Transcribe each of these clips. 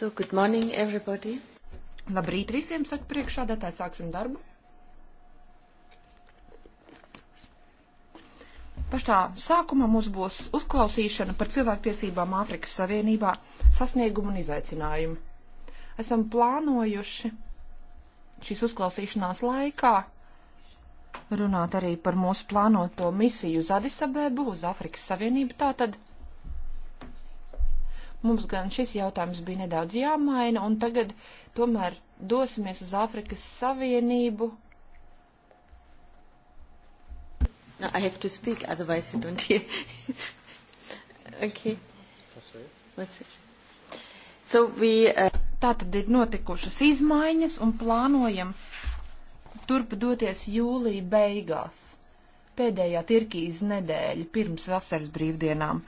So, good morning, everybody. Labrīt visiem, saka priekšādātāji, sāksim darbu. Pašā sākumā mums būs uzklausīšana par cilvēktiesībām Āfrikas Savienībā, sasniegumu un izaicinājumu. Esam plānojuši šīs uzklausīšanās laikā runāt arī par mūsu plānoto misiju uz Adisabēbu, uz Āfrikas Savienību tātad. Mums gan šis jautājums bija nedaudz jāmaina, un tagad tomēr dosimies uz Āfrikas Savienību. No, I have to speak, otherwise you don't hear. okay. What's it? So we, uh... Tātad ir notikušas izmaiņas un plānojam turp doties jūlija beigās, pēdējā Tirkijas nedēļa pirms vasaras brīvdienām.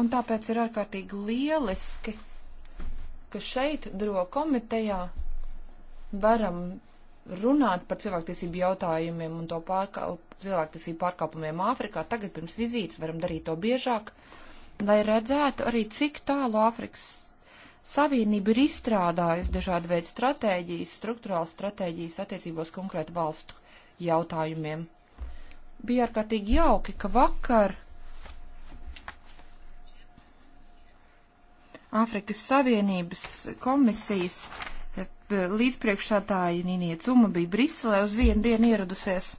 Un tāpēc ir ārkārtīgi lieliski, ka šeit, dro komitejā, varam runāt par cilvēktiesību jautājumiem un to pārkā, cilvēktiesību pārkāpumiem Āfrikā. Tagad pirms vizītes varam darīt to biežāk, lai redzētu arī, cik tālu Āfrikas Savienība ir izstrādājusi dažādu veidu stratēģijas, struktūrālas stratēģijas attiecībos konkrētu valstu jautājumiem. Bija ārkārtīgi jauki, ka vakar Āfrikas Savienības komisijas eh, līdzpriekšsādāja Nīnie Cuma bija Briselē uz vienu dienu ieradusies.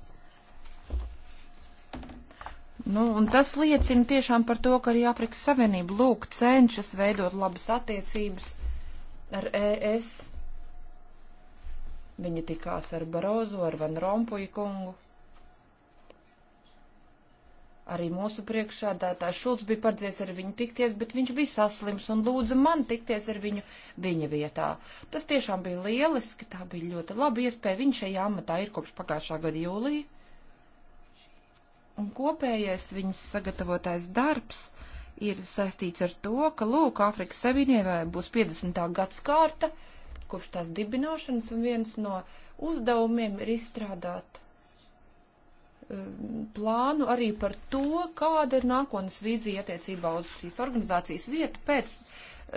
Nu, un tas liecina tiešām par to, ka arī Āfrikas Savienība lūk cenšas veidot labas attiecības ar ES. Viņa tikās ar Barozu, ar Van Rompuju kungu. Arī mūsu priekšādātājs Šulcs bija paredzējis ar viņu tikties, bet viņš bija saslims un lūdza man tikties ar viņu viņa vietā. Tas tiešām bija lieliski, tā bija ļoti laba iespēja. Viņš šajā amatā ir kopš pagājušā gada jūlija. Un kopējais viņas sagatavotais darbs ir saistīts ar to, ka, lūk, Āfrikas Savienībai būs 50. gads kārta kopš tās dibināšanas, un viens no uzdevumiem ir izstrādāt plānu arī par to, kāda ir nākotnes vīzija attiecībā uz šīs organizācijas vietu pēc,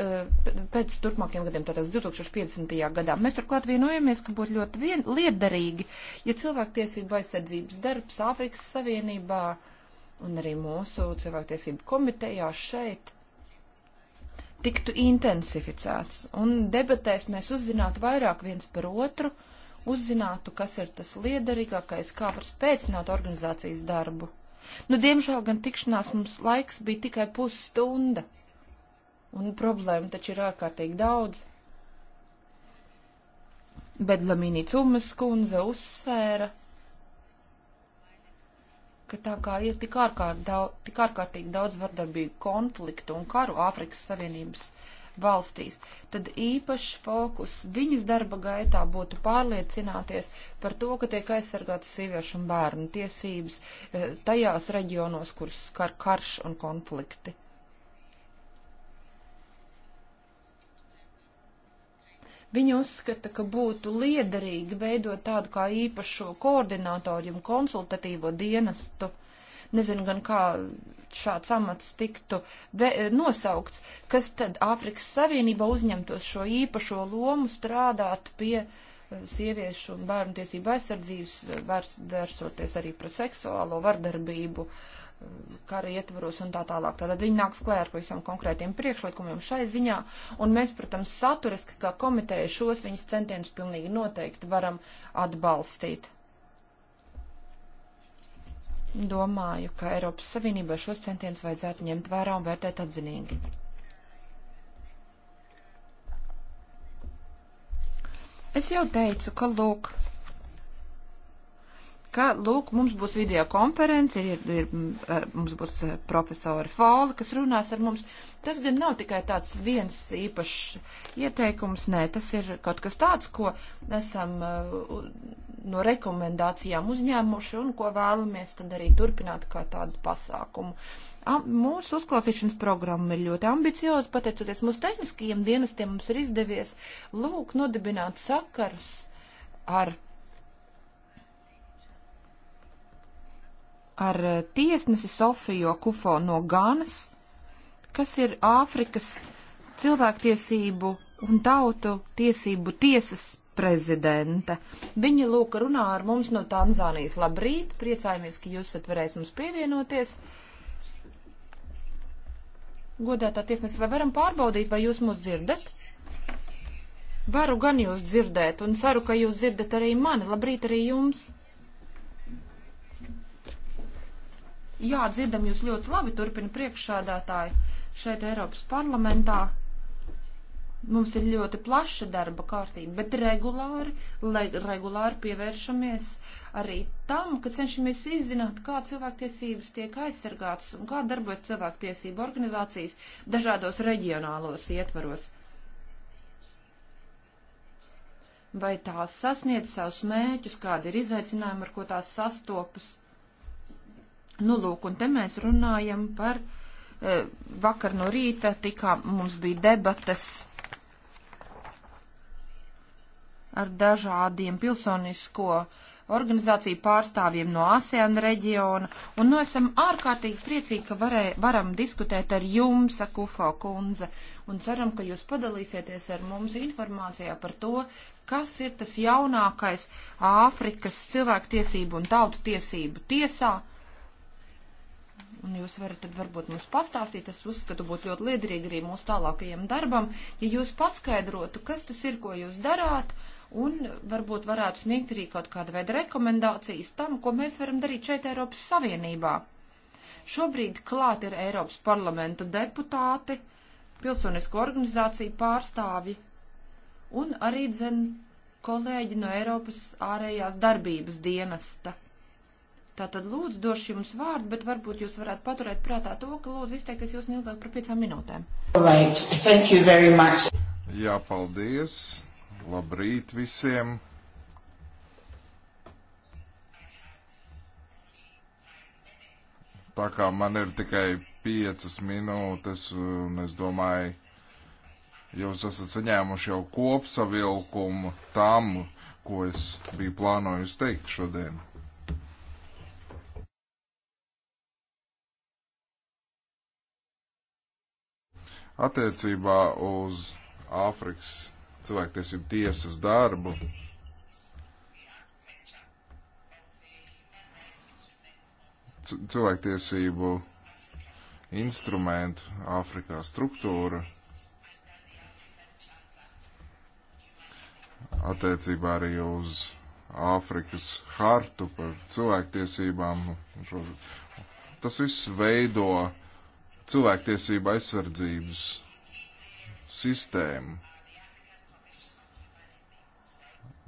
eh, pēc turpmākiem gadiem, tātad 2050. gadā. Mēs turklāt vienojamies, ka būtu ļoti vien, liederīgi, ja cilvēktiesība aizsardzības darbs Āfrikas Savienībā un arī mūsu cilvēktiesību komitejā šeit tiktu intensificēts. Un debatēs mēs uzzinātu vairāk viens par otru uzzinātu, kas ir tas liederīgākais, kā var spēcināt organizācijas darbu. Nu, diemžēl gan tikšanās mums laiks bija tikai pusstunda, un problēma taču ir ārkārtīgi daudz. Bet Lamīnī Cumas kundze uzsvēra, ka tā kā ir tik, ārkārt daudz, tik ārkārtīgi daudz vardarbīgu konfliktu un karu Āfrikas Savienības uh, valstīs, tad īpašs fokus viņas darba gaitā būtu pārliecināties par to, ka tiek aizsargātas sieviešu un bērnu tiesības eh, tajās reģionos, kuras skar karš un konflikti. Viņa uzskata, ka būtu liederīgi veidot tādu kā īpašo koordinātoru un konsultatīvo dienestu. Nezinu gan, kā šāds amats tiktu nosaukts, kas tad Āfrikas Savienībā uzņemtos šo īpašo lomu strādāt pie eh, sieviešu un bērnu tiesību aizsardzības, eh, vērs, vērsoties arī pret seksuālo vardarbību, eh, kara ietvaros un tā tālāk. Tātad viņi nāks klē ar pavisam konkrētiem priekšlikumiem šai ziņā, un mēs, protams, saturiski kā komiteja šos viņas centienus pilnīgi noteikti varam atbalstīt domāju, ka Eiropas Savienībā šos centienus vajadzētu ņemt vērā un vērtēt atzinīgi. Es jau teicu, ka lūk, ka, lūk, mums būs video konference, ir, ir, ar, mums būs eh, profesori Fāli, kas runās ar mums. Tas gan nav tikai tāds viens īpašs ieteikums, nē, tas ir kaut kas tāds, ko esam uh, no rekomendācijām uzņēmuši un ko vēlamies tad arī turpināt kā tādu pasākumu. Am, mūsu uzklausīšanas programma ir ļoti ambicioza, pateicoties mūsu tehniskajiem dienestiem mums ir izdevies lūk nodibināt sakarus ar ar eh, tiesnesi Sofiju Kufo no Ganas, kas ir Āfrikas cilvēktiesību un tautu tiesību tiesas prezidente. Viņa lūk runā ar mums no Tanzānijas. Labrīt, priecājamies, ka jūs esat varējis mums pievienoties. Godētā tiesnese, vai varam pārbaudīt, vai jūs mūs dzirdat? Varu gan jūs dzirdēt, un ceru, ka jūs dzirdat arī mani. Labrīt arī jums! Jā, dzirdam jūs ļoti labi, turpina priekšsādātāji šeit Eiropas parlamentā. Mums ir ļoti plaša darba kārtība, bet regulāri, le, regulāri pievēršamies arī tam, ka cenšamies izzināt, kā cilvēktiesības tiek aizsargātas un kā darbojas cilvēktiesība organizācijas dažādos reģionālos ietvaros. Vai tās sasniedz savus mēķus, kādi ir izaicinājumi, ar ko tās sastopas? Nu, lūk, un te mēs runājam par e, vakar no rīta tikā mums bija debatas ar dažādiem pilsonisko organizāciju pārstāvjiem no ASEAN reģiona, un no nu, esam ārkārtīgi priecīgi, ka varē, varam diskutēt ar jums, Akufo kundze, un ceram, ka jūs padalīsieties ar mums informācijā par to, kas ir tas jaunākais Āfrikas cilvēktiesību un tautu tiesību tiesā Un jūs varat tad varbūt mums pastāstīt, es uzskatu, būtu ļoti liederīgi arī mūsu tālākajam darbam, ja jūs paskaidrotu, kas tas ir, ko jūs darāt, un varbūt varētu sniegt arī kaut kādu veidu rekomendācijas tam, ko mēs varam darīt šeit Eiropas Savienībā. Šobrīd klāt ir Eiropas parlamenta deputāti, pilsonisko organizāciju pārstāvi un arī dzen kolēģi no Eiropas ārējās darbības dienesta. Tātad lūdzu došu jums vārdu, bet varbūt jūs varētu paturēt prātā to, ka lūdzu izteikties jūs neilgāk par piecām minūtēm. Right. Thank you very much. Jā, paldies. Labrīt visiem. Tā kā man ir tikai piecas minūtes, un es domāju, jūs esat saņēmuši jau kopsavilkumu tam, ko es biju plānojis teikt šodien. Attiecībā uz Āfrikas cilvēktiesību tiesas darbu cilvēktiesību instrumentu Āfrikā struktūra attiecībā arī uz Āfrikas hartu par cilvēktiesībām. Tas viss veido cilvēktiesība aizsardzības sistēmu.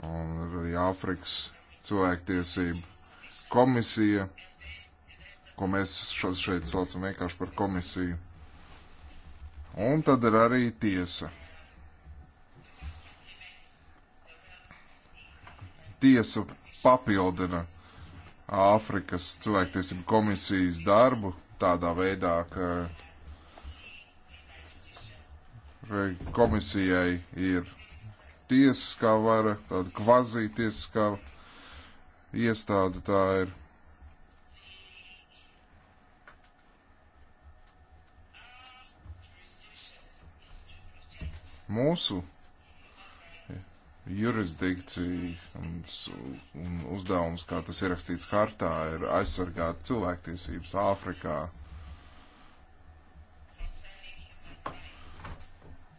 Un arī Āfrikas cilvēktiesība komisija, ko mēs šeit saucam vienkārši par komisiju. Un tad ir arī tiesa. Tiesa papildina Āfrikas cilvēktiesību komisijas darbu, tādā veidā, ka komisijai ir tiesiskā vara, tāda kvazī tiesiskā iestāde tā ir. Mūsu jurisdikcija un uzdevums, kā tas ierakstīts hartā, ir aizsargāt cilvēktiesības Āfrikā.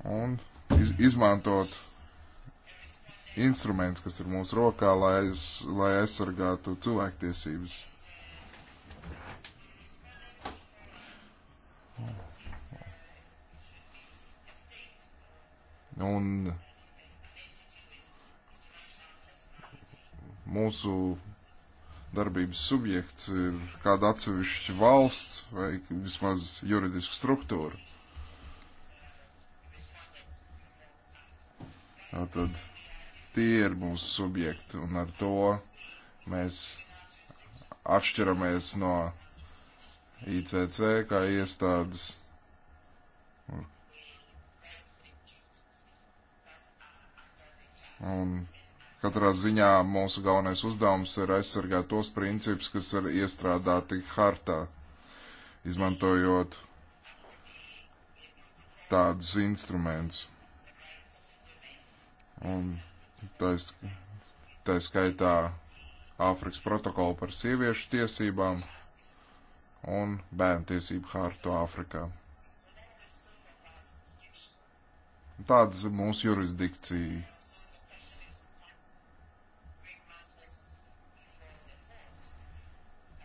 Un iz, izmantot instruments, kas ir mūsu rokā, lai, lai aizsargātu cilvēktiesības. Un mūsu darbības subjekts ir kāda atsevišķa valsts vai vismaz juridiska struktūra. Tātad tie ir mūsu subjekti un ar to mēs atšķiramies no ICC kā iestādes. Un Katrā ziņā mūsu galvenais uzdevums ir aizsargāt tos principus, kas ir iestrādāti hartā, izmantojot tādus instrumentus. Un tā, tā skaitā Āfrikas protokolu par sieviešu tiesībām un bērnu tiesību hārtu Āfrikā. Tāda ir mūsu jurisdikcija.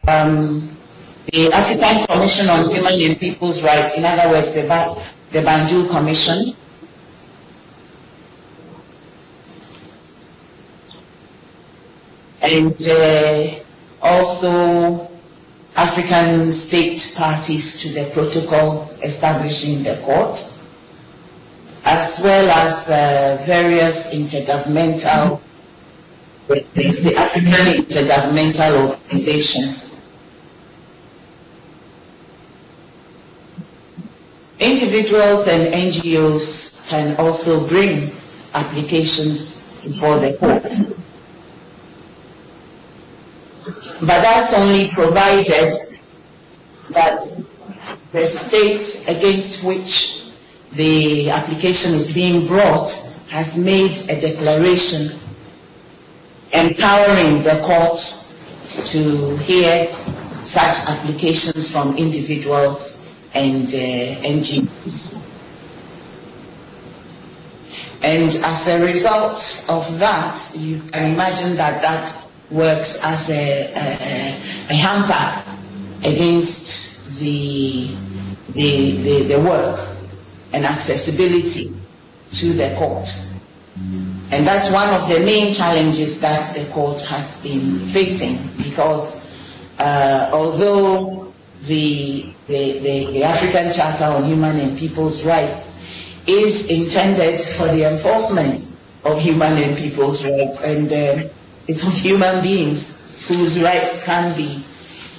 um, the African Commission on Human and People's Rights, in other words, the, ba- the Banjul Commission. And uh, also African state parties to the protocol establishing the court, as well as uh, various intergovernmental mm-hmm these, the African intergovernmental organizations. Individuals and NGOs can also bring applications before the court. But that's only provided that the state against which the application is being brought has made a declaration empowering the courts to hear such applications from individuals and uh, NGOs. And as a result of that, you can imagine that that works as a, a, a hamper against the, the, the, the work and accessibility to the court. Mm-hmm. And that's one of the main challenges that the court has been facing because uh, although the, the, the, the African Charter on Human and People's Rights is intended for the enforcement of human and people's rights and uh, it's human beings whose rights can be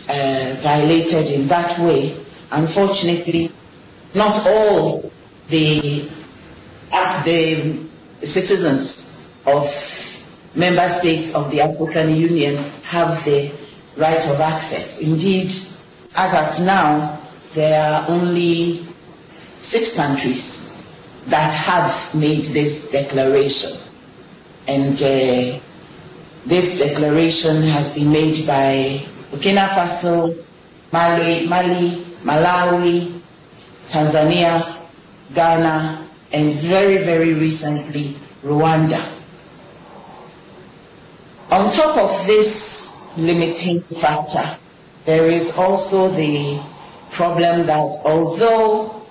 uh, violated in that way. Unfortunately, not all the, uh, the the citizens of member states of the African Union have the right of access. Indeed, as at now, there are only six countries that have made this declaration. And uh, this declaration has been made by Burkina Faso, Mali, Mali Malawi, Tanzania, Ghana, and very, very recently, Rwanda. On top of this limiting factor, there is also the problem that although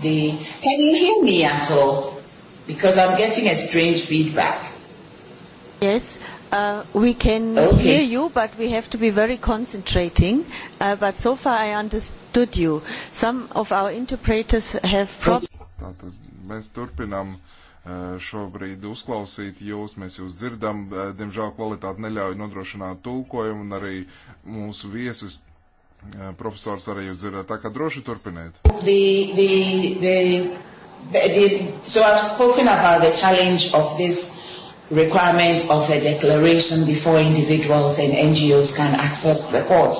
the, can you hear me at all? Because I'm getting a strange feedback. Yes, uh, we can okay. hear you, but we have to be very concentrating. Uh, but so far I understood you. Some of our interpreters have problems. Mēs turpinām eh, šobrīd uzklausīt jūs, mēs jūs dzirdam. Eh, diemžēl kvalitāte neļauj nodrošināt tulkojumu un arī mūsu viesus. Eh, profesors arī jūs dzirdat, tā kā droši turpiniet. The, the, the, the, so I've spoken about the challenge of this requirement of a declaration before individuals and NGOs can access the court.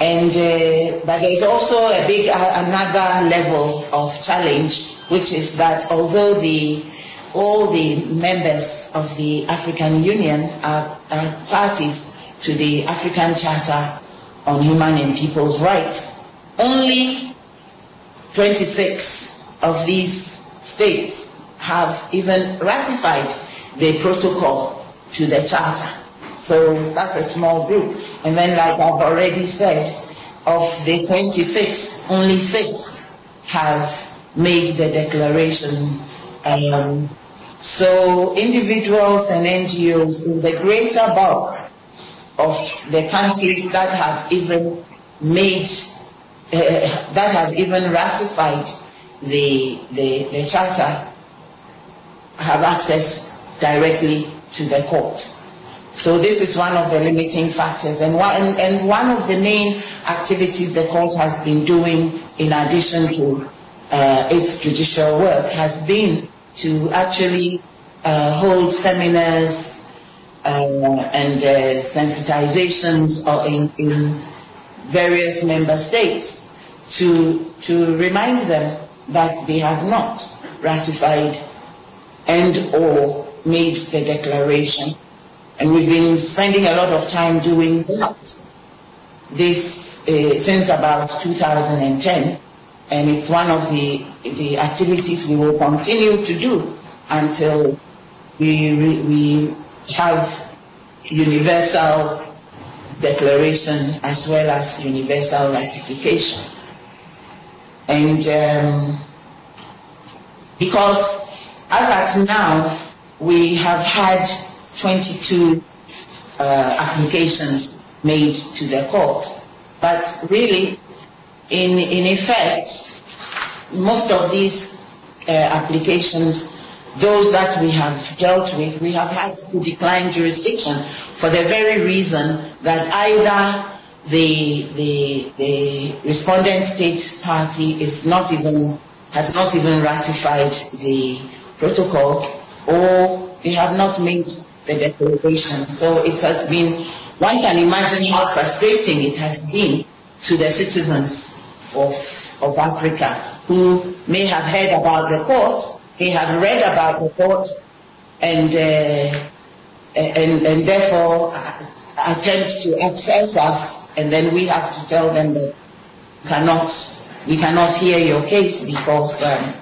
And, uh, but there's also a big, uh, another level of challenge which is that although the, all the members of the African Union are, are parties to the African Charter on Human and People's Rights, only 26 of these states have even ratified the protocol to the charter. So that's a small group. And then, like I've already said, of the 26, only six have made the declaration. Um, so individuals and NGOs in the greater bulk of the countries that have even made, uh, that have even ratified the, the, the charter have access directly to the court. So this is one of the limiting factors and one, and one of the main activities the court has been doing in addition to Uh, its judicial work has been to actually uh, hold seminars uh, and sensitizations in, in various member states to, to remind them that they have not ratified and or made the declaration. And we've been spending a lot of time doing that this uh, since about 2010 and it's one of the, the activities we will continue to do until we, we have universal declaration as well as universal ratification. And um, because as at now, we have had 22 uh, applications made to the court, but really in, in effect, most of these uh, applications, those that we have dealt with, we have had to decline jurisdiction for the very reason that either the, the, the respondent state party is not even, has not even ratified the protocol or they have not made the declaration. So it has been, one can imagine how frustrating it has been to the citizens of, of Africa who may have heard about the court, may have read about the court, and, uh, and, and therefore uh, attempt to access us, and then we have to tell them that we cannot, we cannot hear your case because um,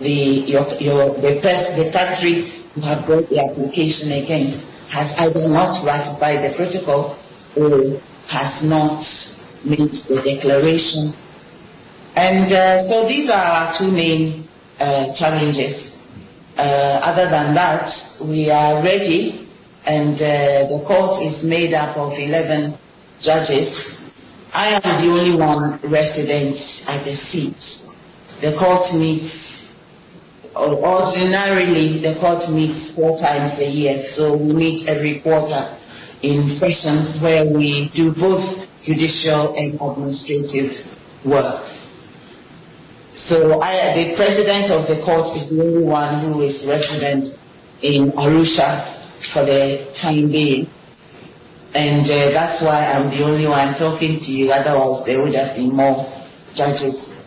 the, your, your, the, pers- the country who have brought the application against has either not ratified the protocol or has not meets the declaration. And uh, so these are our two main uh, challenges. Uh, other than that, we are ready, and uh, the court is made up of 11 judges. I am the only one resident at the seat. The court meets, or ordinarily, the court meets four times a year, so we meet every quarter in sessions where we do both judicial and administrative work. So I, the president of the court is the only one who is resident in Arusha for the time being. And uh, that's why I'm the only one talking to you, otherwise there would have been more judges.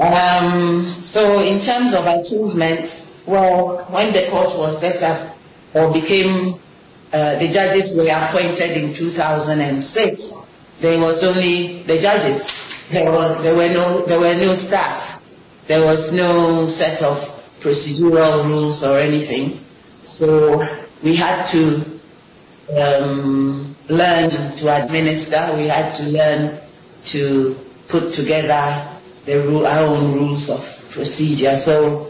Um, so in terms of achievements, well, when the court was set up or became, uh, the judges were appointed in 2006. There was only the judges. There was there were no there were no staff. There was no set of procedural rules or anything. So we had to um, learn to administer. We had to learn to put together the rule, our own rules of procedure. So,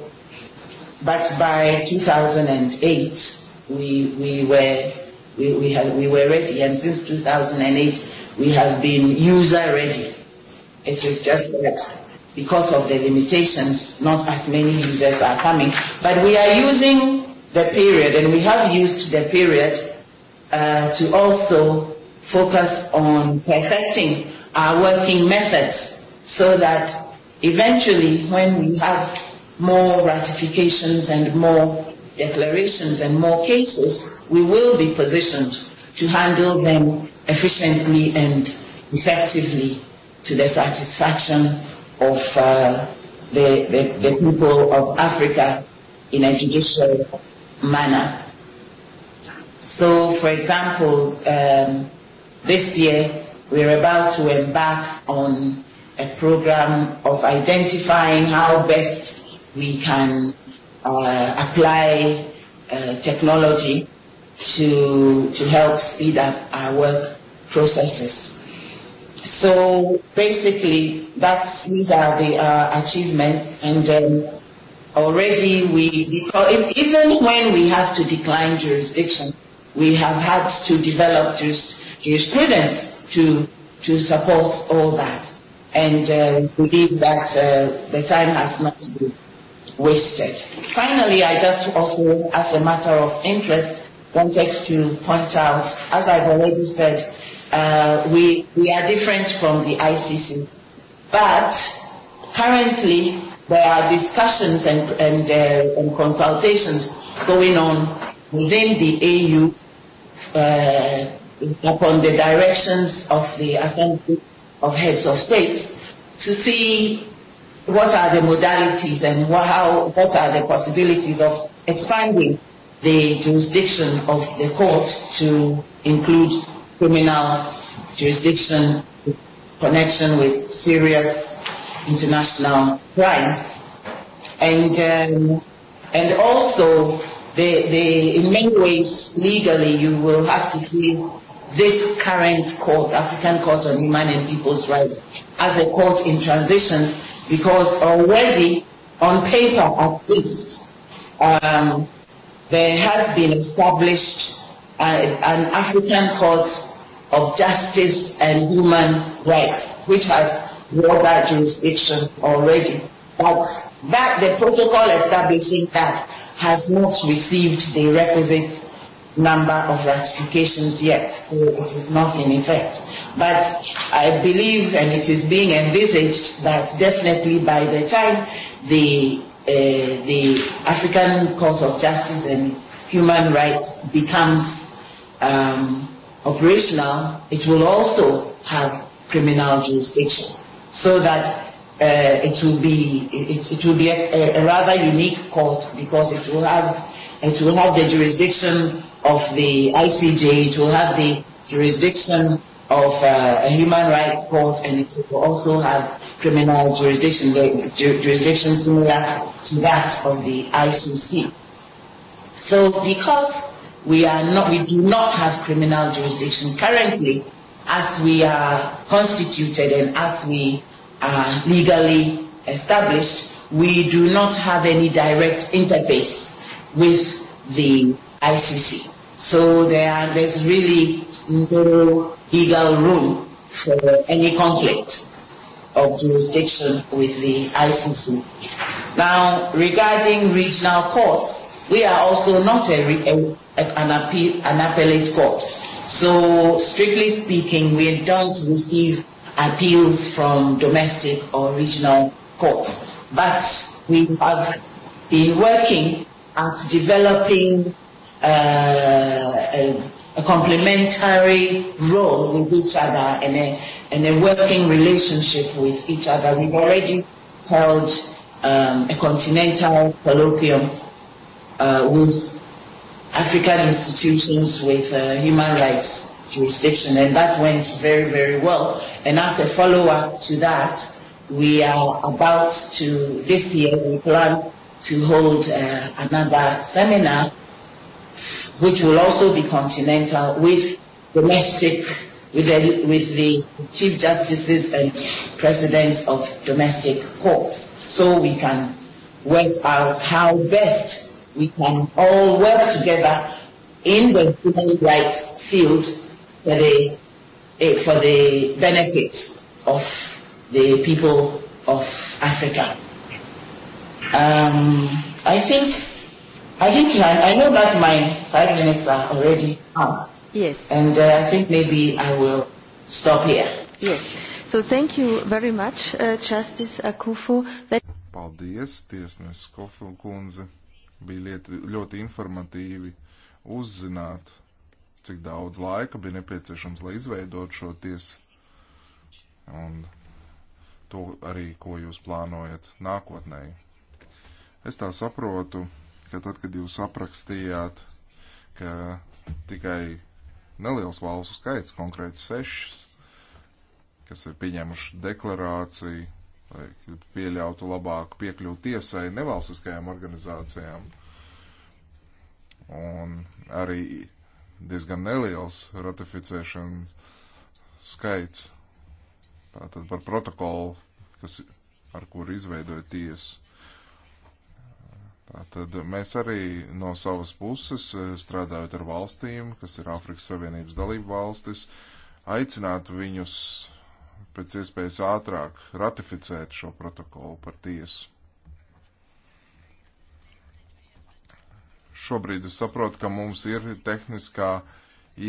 but by 2008, we we were we, we had we were ready, and since 2008, we have been user ready. It is just that because of the limitations, not as many users are coming. But we are using the period, and we have used the period uh, to also focus on perfecting our working methods so that eventually when we have more ratifications and more declarations and more cases, we will be positioned to handle them efficiently and effectively to the satisfaction of uh, the, the, the people of Africa in a judicial manner. So, for example, um, this year we're about to embark on a program of identifying how best we can uh, apply uh, technology to, to help speed up our work processes. So basically, that's, these are the uh, achievements. And um, already we, e-, even when we have to decline jurisdiction, we have had to develop juris, jurisprudence to, to support all that. And uh, believe that uh, the time has not been wasted. Finally, I just also, as a matter of interest, wanted to point out. As I've already said, uh, we, we are different from the ICC. But currently, there are discussions and, and, uh, and consultations going on within the AU uh, upon the directions of the Assembly of Heads of States to see what are the modalities and what, how, what are the possibilities of expanding the jurisdiction of the court to include criminal jurisdiction in connection with serious international crimes. And, um, and also, the, the, in many ways, legally, you will have to see this current court, African Court on Human and People's Rights, as a court in transition because already on paper at least, um, there has been established uh, an African Court of Justice and Human Rights, which has broader jurisdiction already. But that the protocol establishing that has not received the requisite number of ratifications yet, so it is not in effect. But I believe, and it is being envisaged, that definitely by the time the Uh, the African Court of Justice and Human Rights becomes um, operational, it will also have criminal jurisdiction, so that uh, it will be it, it will be a, a rather unique court because it will have it will have the jurisdiction of the ICJ, it will have the jurisdiction of uh, a human rights court, and it will also have criminal jurisdiction, jurisdiction similar to that of the ICC. So because we, are not, we do not have criminal jurisdiction currently, as we are constituted and as we are legally established, we do not have any direct interface with the ICC. So there are, there's really no legal room for any conflict of jurisdiction with the ICC. Now, regarding regional courts, we are also not a, a, an, appeal, an appellate court. So, strictly speaking, we don't receive appeals from domestic or regional courts. But we have been working at developing uh, a, a complementary role with each other and a, and a working relationship with each other. We've already held um, a continental colloquium uh, with African institutions with uh, human rights jurisdiction, and that went very, very well. And as a follow-up to that, we are about to, this year, we plan to hold uh, another seminar, which will also be continental with domestic with the, with the chief justices and presidents of domestic courts so we can work out how best we can all work together in the human rights field for the, eh, for the benefit of the people of Africa. Um, I think I think I, I know that my five minutes are already up. Yes. And uh, I think maybe I will stop here. Yes. So thank you very much, uh, Justice Akufu. That... Paldies, tiesnes Kofu kundze. Bija lieti, ļoti informatīvi uzzināt, cik daudz laika bija nepieciešams, lai izveidot šo tiesu. Un to arī, ko jūs plānojat nākotnē. Es tā saprotu, ka tad, kad jūs aprakstījāt, ka tikai neliels valstu skaits, konkrēti sešas, kas ir pieņēmuši deklarāciju, lai pieļautu labāku piekļuvu tiesai nevalstiskajām organizācijām. Un arī diezgan neliels ratificēšanas skaits tātad par protokolu, kas, ar kuru izveidoja tiesu. Tad mēs arī no savas puses, eh, strādājot ar valstīm, kas ir Āfrikas Savienības dalību valstis, aicinātu viņus pēc iespējas ātrāk ratificēt šo protokolu par tiesu. Šobrīd es saprotu, ka mums ir tehniskā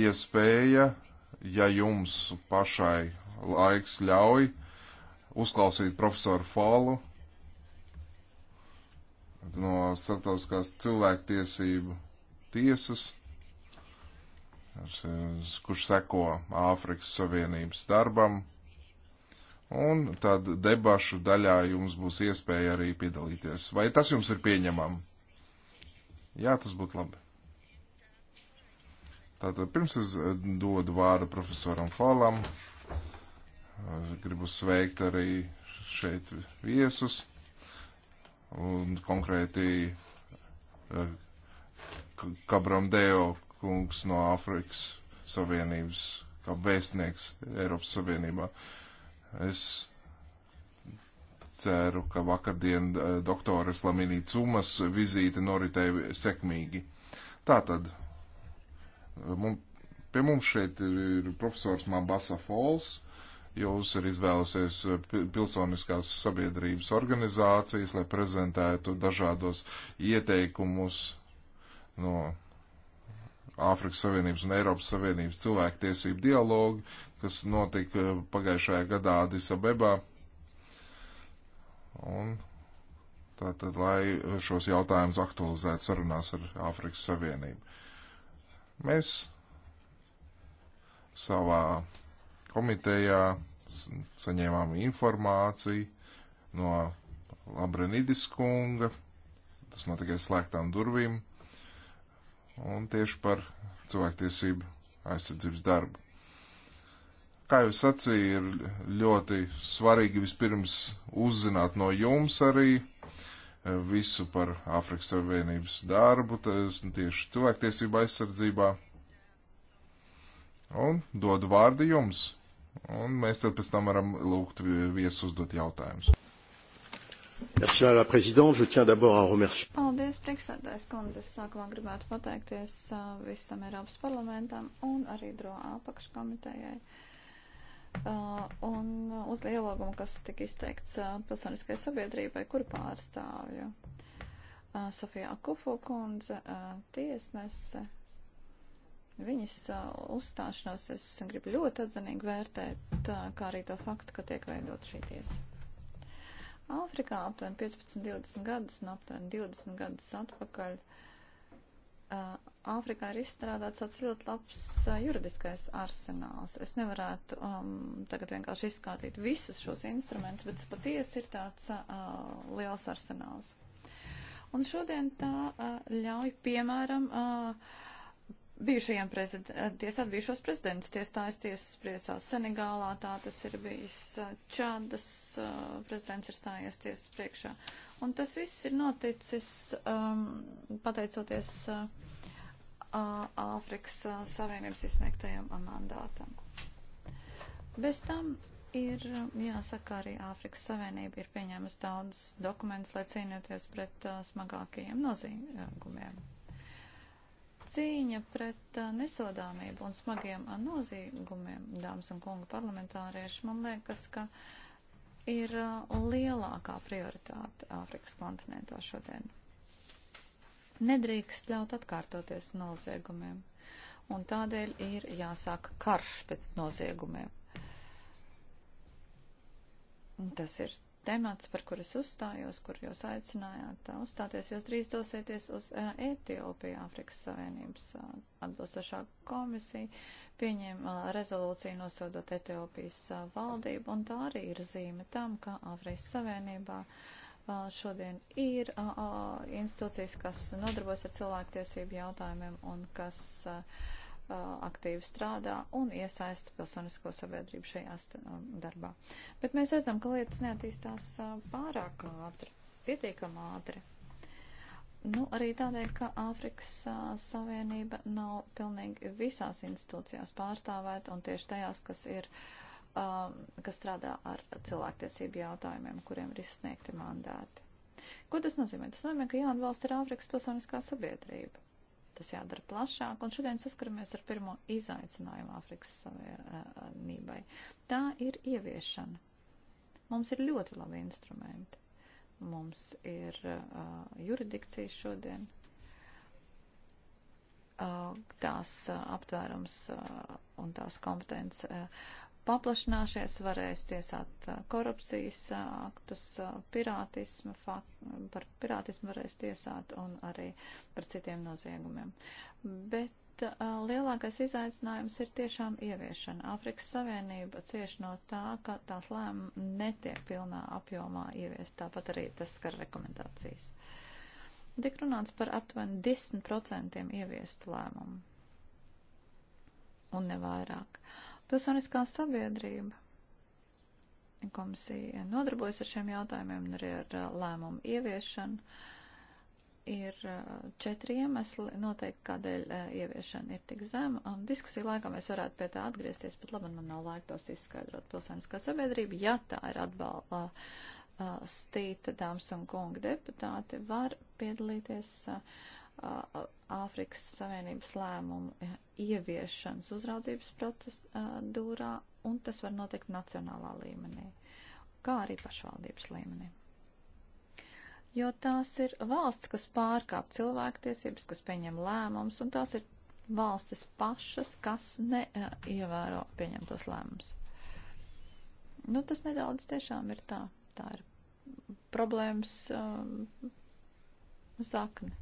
iespēja, ja jums pašai laiks ļauj, uzklausīt profesoru Fālu no starptautiskās cilvēktiesību tiesas, kurš seko Āfrikas Savienības darbam. Un tad debašu daļā jums būs iespēja arī piedalīties. Vai tas jums ir pieņemam? Jā, tas būtu labi. Tātad pirms es eh, dodu vārdu profesoram Falam, eh, gribu sveikt arī šeit viesus un konkrēti eh, Kabram Deo kungs no Āfrikas Savienības, kā vēstnieks Eiropas Savienībā. Es ceru, ka vakardien eh, doktoras Laminī Cumas vizīte noritēja sekmīgi. Tātad, eh, mums, pie mums šeit ir profesors Mabasa Fols, uh, Jūs ir izvēlusies eh, pilsoniskās sabiedrības organizācijas, lai prezentētu dažādos ieteikumus no Āfrikas Savienības un Eiropas Savienības cilvēktiesību dialogu, kas notika eh, pagājušajā gadā Adisabebā. Un tātad, lai šos jautājumus aktualizētu sarunās ar Āfrikas Savienību. Mēs savā komitejā saņēmām informāciju no Labrenidis kunga, tas notika slēgtām durvīm, un tieši par cilvēktiesību aizsardzības darbu. Kā jau sacīju, ir ļoti svarīgi vispirms uzzināt no jums arī eh, visu par Āfrikas Savienības darbu, tas tieši cilvēktiesība aizsardzībā. Un dodu vārdu jums. Un mēs tad pēc tam varam lūgt viesus uzdot jautājumus. Merci, la présidente. Je tiens d'abord à remercier. Paldies, priekšsēdājs kundze. Es sākumā gribētu pateikties visam Eiropas parlamentam un arī DRO apakškomitejai. Un uz dialogumu, kas tika izteikts pilsoniskai sabiedrībai, kur pārstāvju. Sofija Akufo kundze, tiesnese Viņas uzstāšanos es gribu ļoti atzinīgi vērtēt, kā arī to faktu, ka tiek veidot šī tiesa. Āfrikā aptuveni 15-20 gadus un aptuveni 20 gadus atpakaļ Āfrikā ir izstrādāts tāds ļoti labs juridiskais arsenāls. Es nevarētu um, tagad vienkārši izskatīt visus šos instrumentus, bet patiesi ir tāds uh, liels arsenāls. Un šodien tā uh, ļauj, piemēram, uh, bijušajiem tiesāt bijušos prezidentus. Tiesājas tiesas priesās Senegālā, tā tas ir bijis Čādas prezidents ir stājies tiesas priekšā. Un tas viss ir noticis um, pateicoties Āfrikas uh, uh, Savienības izsniegtajam mandātam. Bez tam ir, jāsaka, arī Āfrikas Savienība ir pieņēmusi daudz dokumentus, lai cīnīties pret uh, smagākajiem nozīmēm Cīņa pret uh, nesodāmību un smagiem uh, nozīgumiem, dāmas un kunga parlamentārieši, man liekas, ka ir uh, lielākā prioritāte Āfrikas kontinentā šodien. Nedrīkst ļaut atkārtoties noziegumiem, un tādēļ ir jāsāk karš pret noziegumiem. Tas ir temats, par kur es uzstājos, kur jūs aicinājāt uzstāties, jūs drīz dosieties uz Etiopiju, Afrikas Savienības atbilstošā komisija, pieņēma rezolūciju nosodot Etiopijas valdību, un tā arī ir zīme tam, ka Afrikas Savienībā šodien ir institūcijas, kas nodarbojas ar cilvēktiesību jautājumiem un kas. Uh, aktīvi strādā un iesaista pilsonisko sabiedrību šajā darbā. Bet mēs redzam, ka lietas neattīstās pārāk ātri, pietiekam ātri. Nu, arī tādēļ, ka Āfrikas Savienība nav pilnīgi visās institūcijās pārstāvēta un tieši tajās, kas ir kas strādā ar cilvēktiesību jautājumiem, kuriem ir izsniegti mandāti. Ko tas nozīmē? Tas nozīmē, ka jauna valsts ir Āfrikas pilsoniskā sabiedrība. Tas jādara plašāk, un šodien saskaramies ar pirmo izaicinājumu Āfrikas Savienībai. Tā ir ieviešana. Mums ir ļoti labi instrumenti. Mums ir uh, juridikcija šodien. Uh, tās uh, aptvērums uh, un tās kompetences. Uh, paplašināšies, varēs tiesāt korupcijas aktus, pirātismu, par pirātismu varēs tiesāt un arī par citiem noziegumiem. Bet uh, lielākais izaicinājums ir tiešām ieviešana. Āfrikas Savienība cieši no tā, ka tās lēmumi netiek pilnā apjomā ieviest, tāpat arī tas skar rekomendācijas. Tik runāts par aptuveni 10% ieviestu lēmumu un nevairāk. Uh, Pilsoniskā sabiedrība. Komisija nodarbojas ar šiem jautājumiem un arī ar uh, lēmumu ieviešanu. Ir uh, četri iemesli noteikti, kādēļ uh, ieviešana ir tik zema. Diskusiju laikā mēs varētu pie tā atgriezties, bet labi, man nav laika tos izskaidrot. Pilsoniskā sabiedrība, ja tā ir atbalsta stīta, dāmas un kungi deputāti, var piedalīties. Uh, Uh, Āfrikas Savienības lēmumu ieviešanas uzraudzības procedūrā, uh, un tas var notikt nacionālā līmenī, kā arī pašvaldības līmenī. Jo tās ir valsts, kas pārkāp cilvēktiesības, kas pieņem lēmumus, un tās ir valstis pašas, kas neievēro uh, pieņemtos lēmumus. Nu, tas nedaudz tiešām ir tā. Tā ir problēmas um, sakne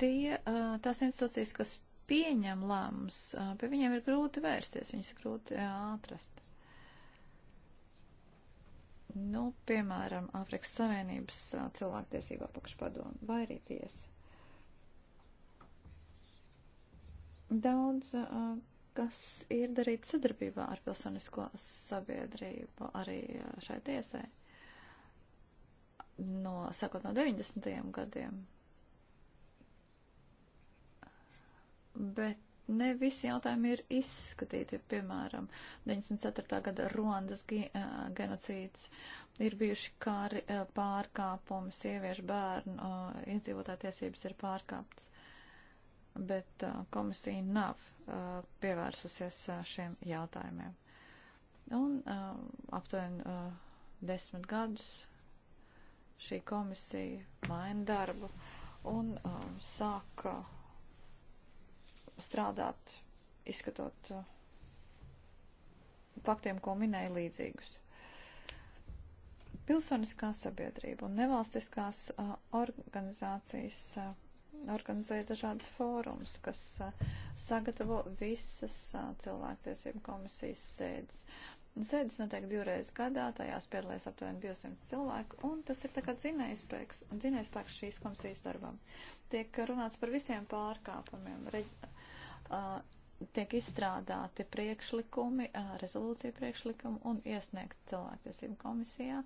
tie, tās institūcijas, kas pieņem lēmums, pie viņiem ir grūti vērsties, viņas ir grūti atrast. Nu, piemēram, Afrikas Savienības cilvēktiesība apakšpadomu vai arī tiesa. Daudz, kas ir darīts sadarbībā ar pilsonisko sabiedrību arī šai tiesai, no, sakot no 90. gadiem, bet ne visi jautājumi ir izskatīti. Piemēram, 94. gada Ruandas genocīds ir bijuši kari pārkāpumi, sieviešu bērnu iedzīvotāju tiesības ir pārkāptas, bet komisija nav pievērsusies šiem jautājumiem. Un aptuveni desmit gadus šī komisija maina darbu un um, sāka strādāt, izskatot uh, faktiem, ko minēja līdzīgus. Pilsoniskā sabiedrība un nevalstiskās uh, organizācijas uh, organizēja dažādas fórums, kas sagatavo visas cilvēktiesību komisijas sēdes. Sēdes notiek divreiz gadā, tajās piedalās aptuveni 200 cilvēku, un tas ir tā kā dzinējspēks, dzinējspēks šīs komisijas darbam. Tiek runāts par visiem pārkāpumiem, re, uh, tiek izstrādāti priekšlikumi, uh, rezolūcija priekšlikumi un iesniegt cilvēktiesību komisijā.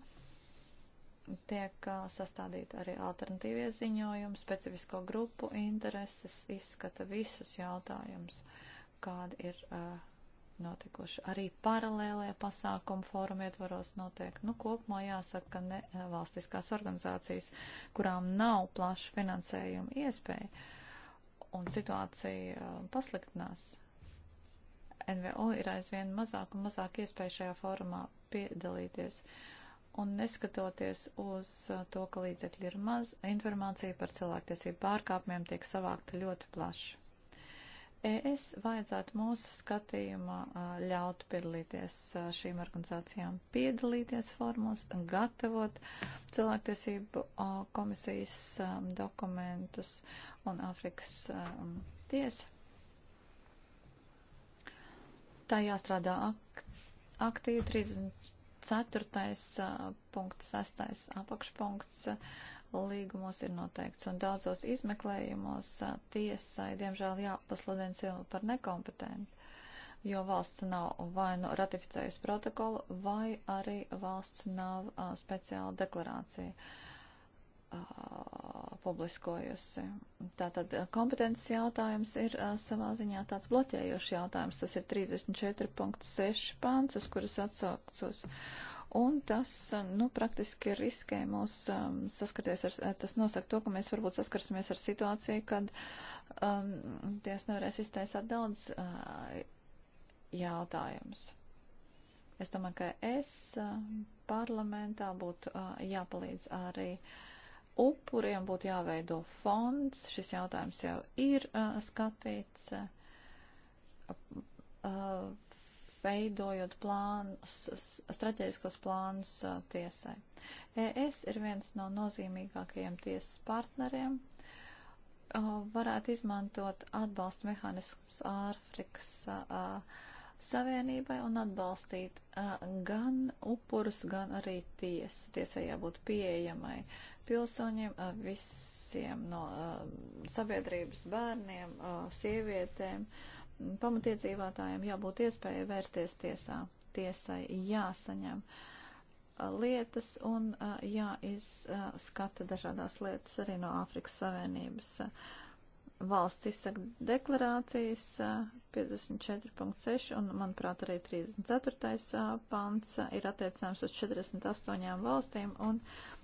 Tiek uh, sastādīti arī alternatīvie ziņojumi, specifisko grupu intereses, izskata visus jautājumus, kādi ir. Uh, notikuši. Arī paralēlajā pasākuma fóruma ietvaros notiek. Nu, kopumā jāsaka, ka ne, eh, valstiskās organizācijas, kurām nav plaša finansējuma iespēja, un situācija eh, pasliktinās. NVO ir aizvien mazāk un mazāk iespēja šajā fórumā piedalīties. Un neskatoties uz eh, to, ka līdzekļi ir maz, informācija par cilvēktiesību pārkāpumiem tiek savākta ļoti plaši. ES vajadzētu mūsu skatījumā ļaut piedalīties šīm organizācijām, piedalīties formos, gatavot cilvēktiesību komisijas dokumentus un Afrikas tiesa. Tā jāstrādā ak aktīvi 34. punkts, 6. apakšpunkts līgumos ir noteikts. Un daudzos izmeklējumos tiesai, diemžēl, jāpasludina cilvēku par nekompetentu, jo valsts nav vai nu ratificējusi protokolu, vai arī valsts nav a, speciāla deklarācija a, publiskojusi. Tātad kompetences jautājums ir a, savā ziņā tāds bloķējošs jautājums. Tas ir 34.6 pants, uz kuras atsaucos un tas, nu, praktiski riskē mūs um, saskaties ar, tas nosaka to, ka mēs varbūt saskarsimies ar situāciju, kad um, tiesa nevarēs iztaisāt daudz uh, jautājumus. Es domāju, ka es uh, parlamentā būtu uh, jāpalīdz arī upuriem, būtu jāveido fonds. Šis jautājums jau ir uh, skatīts. Uh, uh, veidojot plānus, strateģiskos plānus tiesai. ES ir viens no nozīmīgākajiem tiesas partneriem. Varētu izmantot atbalsta mehānismus Āfrikas Savienībai un atbalstīt gan upurus, gan arī tiesu. Tiesai jābūt pieejamai pilsoņiem, visiem no sabiedrības bērniem, sievietēm. Uh, pamatiedzīvotājiem jābūt iespēja vērsties tiesā. Tiesai jāsaņem lietas un jāizskata dažādās lietas arī no Āfrikas Savienības. Valsts izsaka deklarācijas 54.6 un, manuprāt, arī 34. pants ir attiecināms uz 48 valstīm un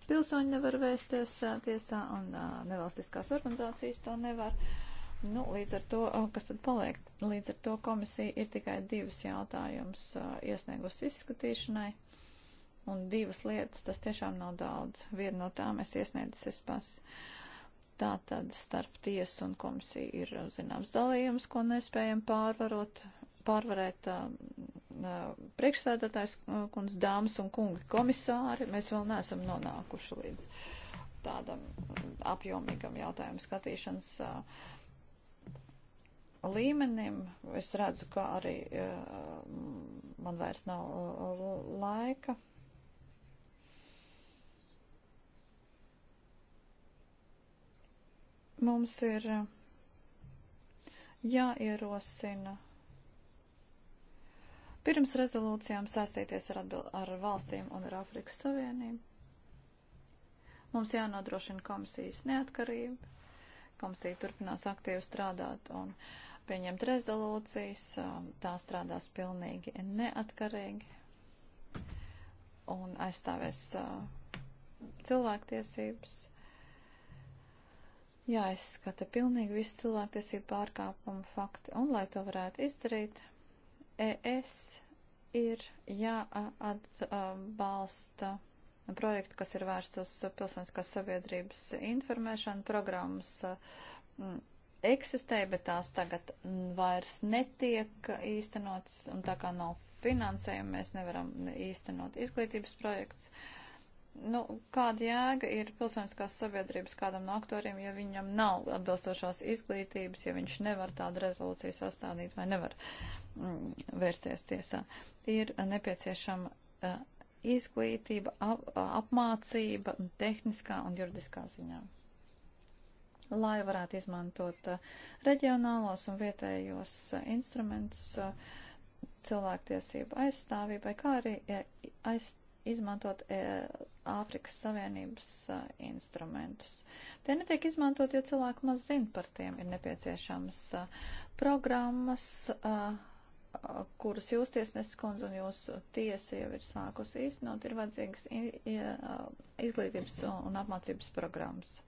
pilsoņi nevar vēsties tiesā un nevalstiskās organizācijas to nevar. Uh, Nu, līdz ar to, kas tad paliek? Līdz ar to komisija ir tikai divas jautājumus iesniegus izskatīšanai, un divas lietas, tas tiešām nav daudz. Viena no tām es iesniedzis es pas. Tā tad starp tiesu un komisiju ir zināms dalījums, ko nespējam pārvarot, pārvarēt uh, priekšsēdētājs kundz dāmas un kungi komisāri. Mēs vēl neesam nonākuši līdz tādam apjomīgam jautājumu skatīšanas uh, līmenim. Es redzu, ka arī e, man vairs nav e, laika. Mums ir jāierosina pirms rezolūcijām sastīties ar, atbil, ar valstīm un ar Afrikas Savienību. Mums jānodrošina komisijas neatkarība. Komisija turpinās aktīvi strādāt un uh, pieņemt rezolūcijas, tā strādās pilnīgi neatkarīgi un aizstāvēs cilvēktiesības. Jāizskata pilnīgi visi cilvēktiesību pārkāpumu fakti, un lai to varētu izdarīt, ES ir jāatbalsta projektu, kas ir vērsts uz pilsoniskās sabiedrības informēšanu, programmas eksistē, bet tās tagad vairs netiek īstenotas, un tā kā nav finansējuma, mēs nevaram īstenot izglītības projekts. Nu, kāda jēga ir pilsoniskās sabiedrības kādam no aktoriem, ja viņam nav atbilstošās izglītības, ja viņš nevar tādu rezolūciju sastādīt vai nevar mm, vērsties tiesā? Ir nepieciešama uh, izglītība, ap, apmācība tehniskā un juridiskā ziņā lai varētu izmantot uh, reģionālos un vietējos uh, instrumentus uh, cilvēktiesību aizstāvībai, kā arī e, aiz, izmantot e, Āfrikas Savienības instrumentus. Tie netiek izmantot, jo cilvēki maz zina par tiem. Ir nepieciešams programmas, kuras jūs tiesnesis kundze un jūsu tiesa jau ir sākusi īstenot, ir vajadzīgas izglītības un apmācības programmas.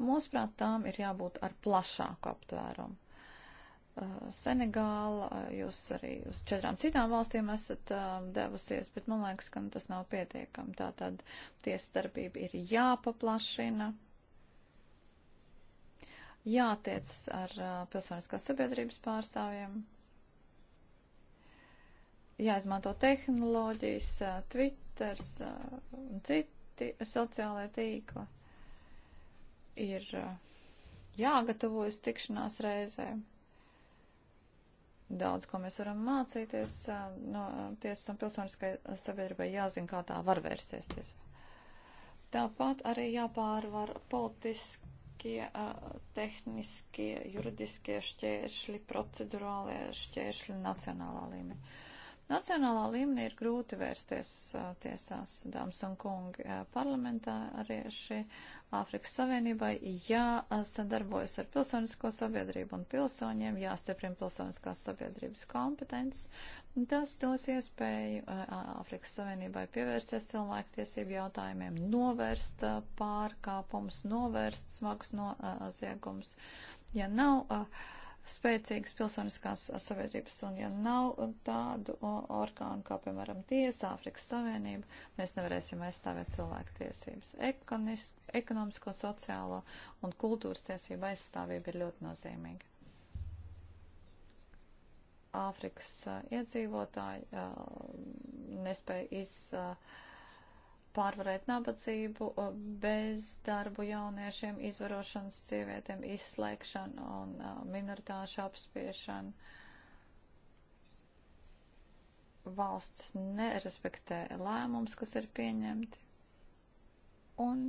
Mūsuprāt, tām ir jābūt ar plašāku aptvērumu. Uh, Senegāla, uh, jūs arī uz četrām citām valstīm esat uh, devusies, bet man liekas, ka nu, tas nav pietiekami. Tātad tiesdarbība ir jāpaplašina, jātiec ar uh, pilsoniskās sabiedrības pārstāvjiem, jāizmanto tehnoloģijas, uh, Twitters uh, un citi sociālai tīkli ir eh, jāgatavojas tikšanās reizēm. Daudz, ko mēs varam mācīties eh, no eh, tiesas un pilsoniskai sabiedrībai, jāzina, kā tā var vērsties tiesā. Tāpat arī jāpārvar politiskie, tehniskie, juridiskie šķēršļi, procedurālie šķēršļi nacionālā līmenī. Nacionālā līmenī ir grūti vērsties tiesās, dāmas un kungi, parlamentā arī šī Āfrikas Savienībai jāsadarbojas ar pilsonisko sabiedrību un pilsoņiem, jāstiprina pilsoniskās sabiedrības kompetences. Tas dos iespēju Āfrikas Savienībai pievērsties cilvēktiesību jautājumiem, novērst pārkāpumus, novērst smagus noziegumus. Ja nav uh, spēcīgas pilsoniskās sabiedrības, un ja nav tādu orgānu kā, piemēram, tiesa, Āfrikas Savienība, mēs nevarēsim aizstāvēt cilvēku tiesības. Ekonis, ekonomisko, sociālo un kultūras tiesību aizstāvība ir ļoti nozīmīga. Āfrikas uh, iedzīvotāji uh, nespēja iz. Uh, pārvarēt nabadzību, uh, bezdarbu jauniešiem, izvarošanas sievietēm, izslēgšanu un uh, minoritāšu apspiešanu. Valsts nerespektē lēmums, kas ir pieņemti, un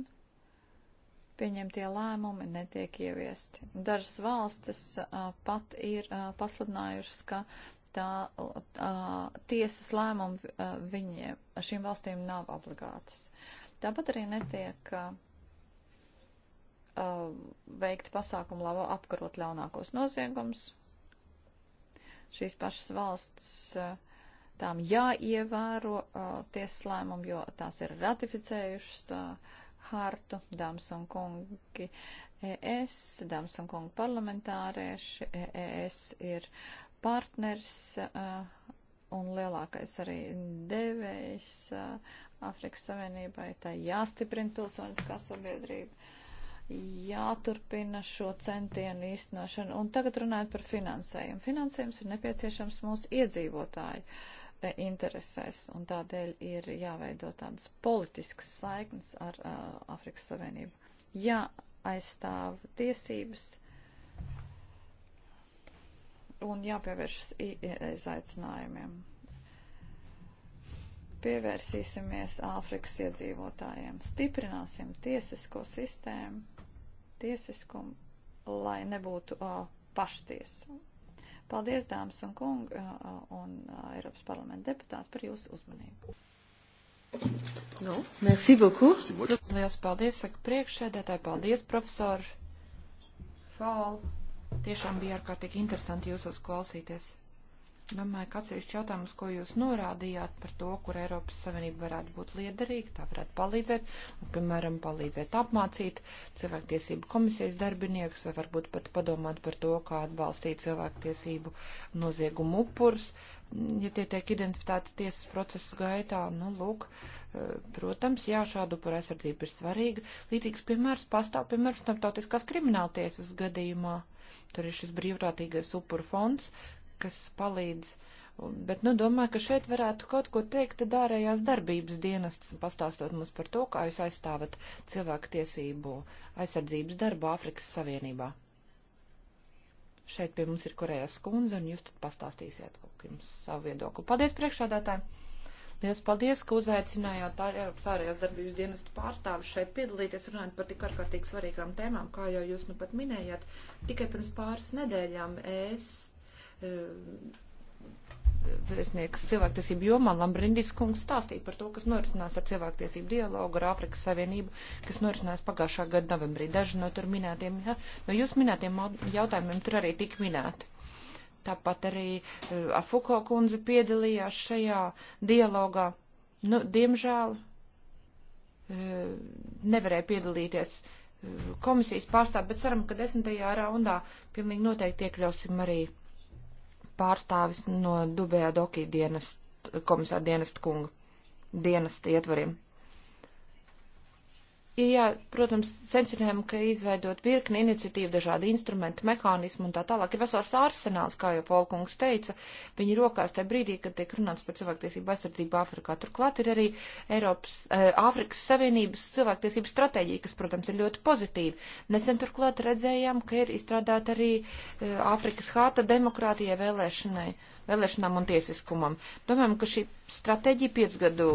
pieņemtie lēmumi netiek ieviesti. Dažas valstis a, uh, pat ir a, pasludinājušas, ka uh, tā, tā tiesas lēmumi viņiem, šīm valstīm nav obligātas. Tāpat arī netiek uh, veikti pasākumi, lai apkarot ļaunākos noziegums. Šīs pašas valsts uh, tām jāievēro uh, tiesas lēmumi, jo tās ir ratificējušas uh, hartu, dāmas un kungi ES, dāmas un kungi parlamentārieši, ES e ir uh, partners eh, un lielākais arī devējs eh, Afrikas Savienībai. Tā jāstiprina pilsoniskā sabiedrība, jāturpina šo centienu īstenošanu. Un tagad runājot par finansējumu. Finansējums ir nepieciešams mūsu iedzīvotāju eh, interesēs, un tādēļ ir jāveido tādas politiskas saiknes ar uh, Afrikas Savienību. Jā, aizstāv tiesības, un jāpievēršas izaicinājumiem. Pievērsīsimies Āfrikas iedzīvotājiem, stiprināsim tiesisko sistēmu, tiesiskumu, lai nebūtu uh, paštiesu. Paldies, dāmas un kungi, uh, un uh, Eiropas parlamenta deputāti par jūsu uzmanību. Nu, merci beaucoup. Liels paldies, saka priekšsēdētāji, paldies, profesori Fāli. Tiešām bija ārkārtīgi interesanti jūsos klausīties. Domāju, ka atsevišķi jautājums, ko jūs norādījāt par to, kur Eiropas Savienība varētu būt liederīga, tā varētu palīdzēt, un, piemēram, palīdzēt apmācīt cilvēktiesību komisijas darbiniekus, vai varbūt pat padomāt par to, kā atbalstīt cilvēktiesību noziegumu upurus, ja tie tiek identificēti tiesas procesu gaitā, nu, lūk, protams, jā, šādu par aizsardzību ir svarīga. Līdzīgs piemērs pastāv, piemēram, starptautiskās krimināltiesas gadījumā. Tur ir šis brīvprātīgais upuru fonds, kas palīdz. Bet, nu, domāju, ka šeit varētu kaut ko teikt dārējās darbības dienestas, pastāstot mums par to, kā jūs aizstāvat cilvēku tiesību aizsardzības darbu Āfrikas Savienībā. Šeit pie mums ir Korejas kundze, un jūs tad pastāstīsiet, lūk, jums savu viedokli. Paldies priekšādātājiem! Liels paldies, ka uzaicinājāt Eiropas ārējās darbības dienestu pārstāvis šeit piedalīties runājot par tik ārkārtīgi svarīgām tēmām, kā jau jūs nu pat minējāt. Tikai pirms pāris nedēļām es, e, vēstnieks cilvēktiesību jomā, Lambrindis kungs stāstīja par to, kas norisinās ar cilvēktiesību dialogu ar Āfrikas Savienību, kas norisinās pagājušā gada novembrī. Daži no tur minētiem, ja, no jūs minētiem jautājumiem tur arī tik minēti. Tāpat arī e, Afuko kundze piedalījās šajā dialogā. Nu, diemžēl e, nevarēja piedalīties e, komisijas pārstāvi, bet ceram, ka desmitajā raundā pilnīgi noteikti iekļausim arī pārstāvis no Dubējā Dokī dienas, komisāra dienesta kunga dienesta ietvariem. Ja, jā, protams, sensitīviem, ka izveidot virkni iniciatīvu, dažādi instrumenti, mehānismi un tā tālāk ir vesels arsenāls, kā jau Folkungs teica, viņi rokās tajā brīdī, kad tiek runāts par cilvēktiesību aizsardzību Āfrikā. Turklāt ir arī Eiropas, eh, Āfrikas Savienības cilvēktiesību stratēģija, kas, protams, ir ļoti pozitīva. Nesen turklāt redzējām, ka ir izstrādāta arī eh, Āfrikas hārta demokrātijai vēlēšanai. Uh, vēlēšanām un tiesiskumam. Domājam, ka šī stratēģija piecgadu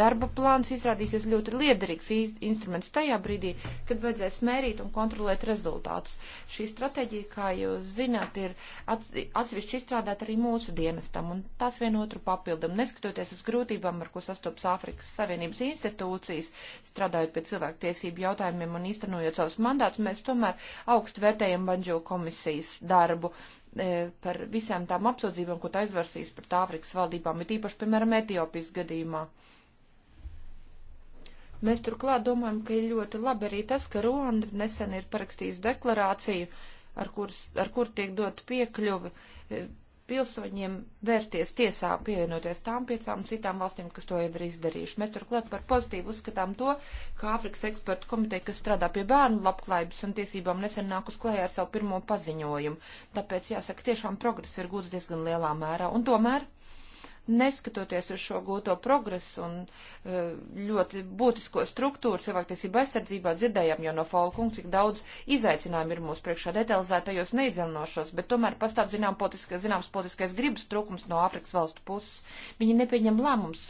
darba plāns izrādīsies ļoti liederīgs instruments tajā brīdī, kad vajadzēs mērīt un kontrolēt rezultātus. Šī stratēģija, kā jūs zināt, ir atsevišķi izstrādāta arī mūsu dienestam, un tas vienotru papildam. Neskatoties uz grūtībām, ar ko sastopas Āfrikas Savienības institūcijas, strādājot pie cilvēktiesību jautājumiem un īstenojot savus mandātus, mēs tomēr augstu vērtējam Banģo komisijas darbu. E, par visām tām apsūdzībām, ko tā aizvarsīs pret Āfrikas valdībām, ir īpaši, piemēram, Etiopijas gadījumā. Mēs turklāt domājam, ka ir ļoti labi arī tas, ka Ruanda nesen ir parakstījusi deklarāciju, ar kur, ar kur tiek dot piekļuvi e, pilsoņiem vērsties tiesā pievienoties tām piecām citām valstīm, kas to jau ir izdarījuši. Mēs turklāt par pozitīvu uzskatām to, ka Āfrikas ekspertu komiteja, kas strādā pie bērnu labklājības un tiesībām, nesen nāk uz klējā ar savu pirmo paziņojumu. Tāpēc, jāsaka, tiešām progress ir gūts diezgan lielā mērā. Un tomēr neskatoties uz šo gūto progresu un e, ļoti būtisko struktūru cilvēktiesību aizsardzībā, dzirdējām jau no Folkungs, cik daudz izaicinājumu ir mūsu priekšā detalizētajos neizdzinošos, bet tomēr pastāv zinām politiskais, zināms politiskais gribas trūkums no Āfrikas valstu puses. Viņi nepieņem lēmums,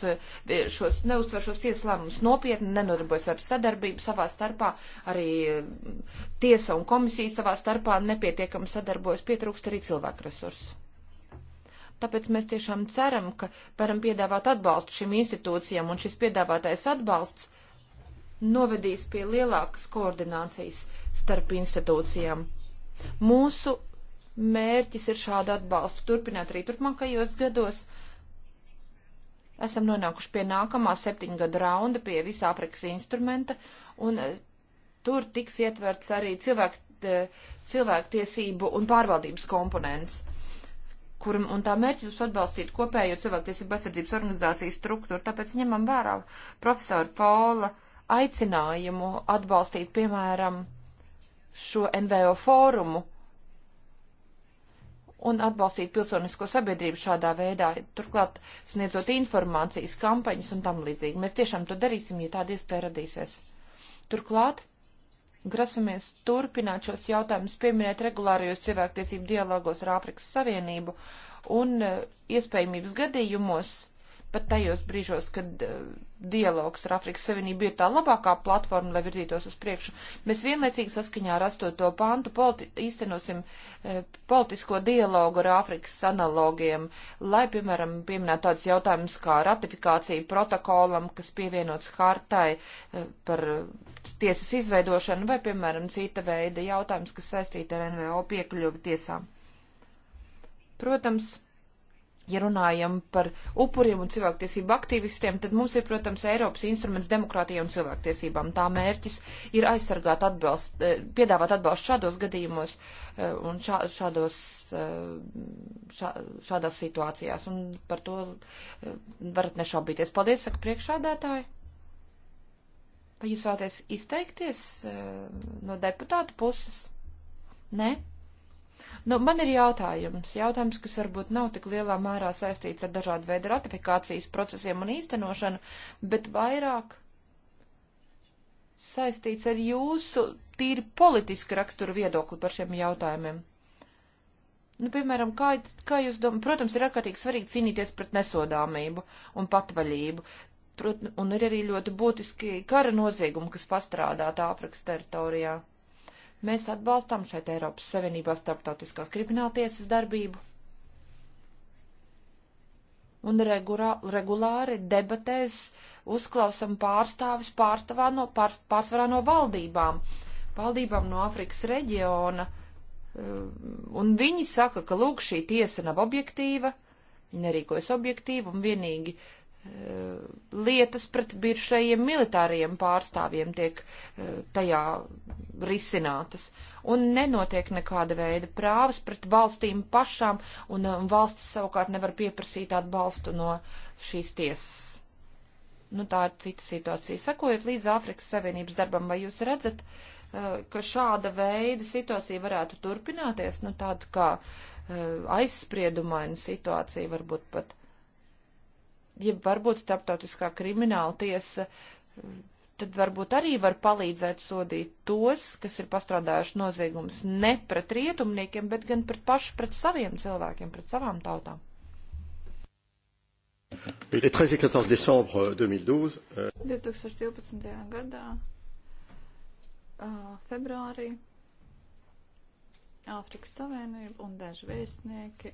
e, šos, neuztver šos tiesas lēmumus nopietni, nenodarbojas ar sadarbību savā starpā, arī e, tiesa un komisija savā starpā nepietiekami sadarbojas, pietrūkst arī cilvēku resursu. Tāpēc mēs tiešām ceram, ka varam piedāvāt atbalstu šīm institūcijām, un šis piedāvātais atbalsts novedīs pie lielākas koordinācijas starp institūcijām. Mūsu mērķis ir šādu atbalstu turpināt arī turpmākajos gados. Esam nonākuši pie nākamā septiņu gadu raunda pie Visāfrikas instrumenta, un eh, tur tiks ietverts arī cilvēku eh, cilvēktiesību un pārvaldības komponents kuram un tā mērķis būs atbalstīt kopējo cilvēktiesību aizsardzības organizācijas struktūru. Tāpēc ņemam vērā profesora Fola aicinājumu atbalstīt, piemēram, šo NVO fórumu un atbalstīt pilsonisko sabiedrību šādā veidā, turklāt sniedzot informācijas kampaņas un tam līdzīgi. Mēs tiešām to darīsim, ja tāda iespēja radīsies. Turklāt grasamies turpināt šos jautājumus pieminēt regulārajos cilvēktiesību dialogos ar Āfrikas Savienību un eh, iespējamības gadījumos pat tajos brīžos, kad uh, dialogs ar Afrikas Savienību ir tā labākā platforma, lai virzītos uz priekšu, mēs vienlaicīgi saskaņā ar 8. pantu politi īstenosim uh, politisko dialogu ar Afrikas analogiem, lai, piemēram, pieminētu tādus jautājumus kā ratifikācija protokolam, kas pievienots hartai uh, par tiesas izveidošanu, vai, piemēram, cita veida jautājums, kas saistīta ar NVO piekļuvi tiesām. Protams, Ja runājam par upuriem un cilvēktiesību aktīvistiem, tad mums ir, protams, Eiropas instruments demokrātijai un cilvēktiesībām. Tā mērķis ir aizsargāt atbalst, eh, piedāvāt atbalstu šādos gadījumos eh, un šā, šādos, eh, šā, šādās situācijās. Un par to varat nešaubīties. Paldies, saka priekšādētāji. Vai jūs vēlaties izteikties no deputātu puses? Nē? Nu, man ir jautājums, jautājums, kas varbūt nav tik lielā mērā saistīts ar dažādu veidu ratifikācijas procesiem un īstenošanu, bet vairāk saistīts ar jūsu tīri politiski raksturu viedokli par šiem jautājumiem. Nu, piemēram, kā, kā jūs domājat, protams, ir ārkārtīgi svarīgi cīnīties pret nesodāmību un patvaļību. Prot, un ir arī ļoti būtiski kara noziegumi, kas pastrādāta Āfrikas teritorijā. Mēs atbalstam šeit Eiropas Savienībā starptautiskās krimināltiesas darbību un regulā, regulāri debatēs uzklausam pārstāvis pārstāvā no, pār, pārsvarā no valdībām, valdībām no Afrikas reģiona, um, un viņi saka, ka lūk šī tiesa nav objektīva, viņi nerīkojas objektīvi un vienīgi Eh, lietas pret bijušajiem militārajiem pārstāvjiem tiek eh, tajā risinātas. Un nenotiek nekāda veida prāvas pret valstīm pašām, un eh, valsts savukārt nevar pieprasīt atbalstu no šīs tiesas. Nu, tā ir cita situācija. Sekojot līdz Āfrikas Savienības darbam, vai jūs redzat, ka šāda veida situācija varētu turpināties, nu, tāda kā aizspriedumaina situācija varbūt pat ja varbūt starptautiskā krimināla tiesa, tad varbūt arī var palīdzēt sodīt tos, kas ir pastrādājuši noziegums ne pret rietumniekiem, bet gan pret pašu, pret saviem cilvēkiem, pret savām tautām. Les 13 et 14 décembre 2012. Euh, 2012. Euh, gadā, februārī, Āfrikas Savienība un daži vēstnieki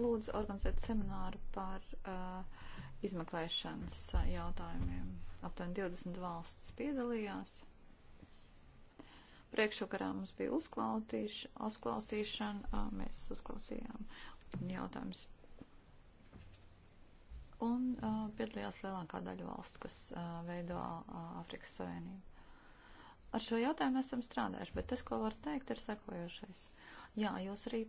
lūdzu organizēt semināru par uh, izmeklēšanas jautājumiem. Aptuveni 20 valsts piedalījās. Priekšvakarā mums bija uzklausīšana, mēs uzklausījām jautājumus. Un uh, piedalījās lielākā daļa valstu, kas uh, veido Āfrikas uh, Savienību. Ar šo jautājumu esam strādājuši, bet tas, ko var teikt, ir sekojošais. Jā, jūs arī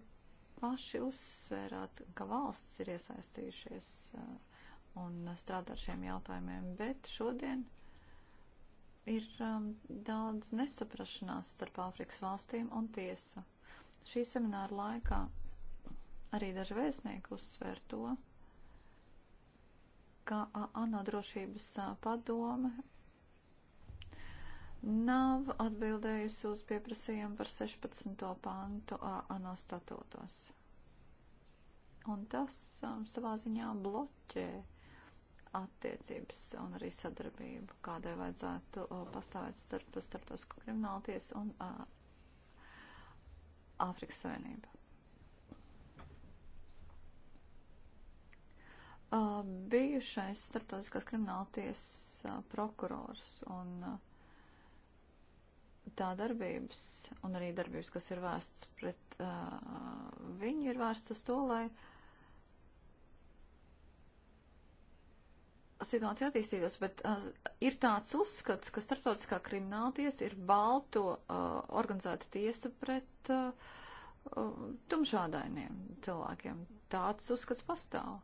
paši uzsvērāt, ka valsts ir iesaistījušies uh, un strādā ar šiem jautājumiem, bet šodien ir um, daudz nesaprašanās starp Āfrikas valstīm un tiesu. Šī semināra laikā arī daži vēstnieki uzsver to, ka ANO drošības padome nav atbildējusi uz pieprasījumu par 16. pantu ANO statūtos. Un tas um, savā ziņā bloķē uh, attiecības un arī sadarbību, kādai vajadzētu pastāvēt starp starptautisko kriminālu tiesu un Āfrikas Savienību. Bijušais starptautiskās krimināla tiesas prokurors un tā darbības, un arī darbības, kas ir vērsts pret uh, viņu, ir vērsts uz to, lai uh, situācija attīstītos, bet uh, ir tāds uzskats, ka starptautiskā krimināla tiesa ir balto uh, organizēta tiesa pret uh, uh, tumšādainiem cilvēkiem. Tāds uzskats pastāv.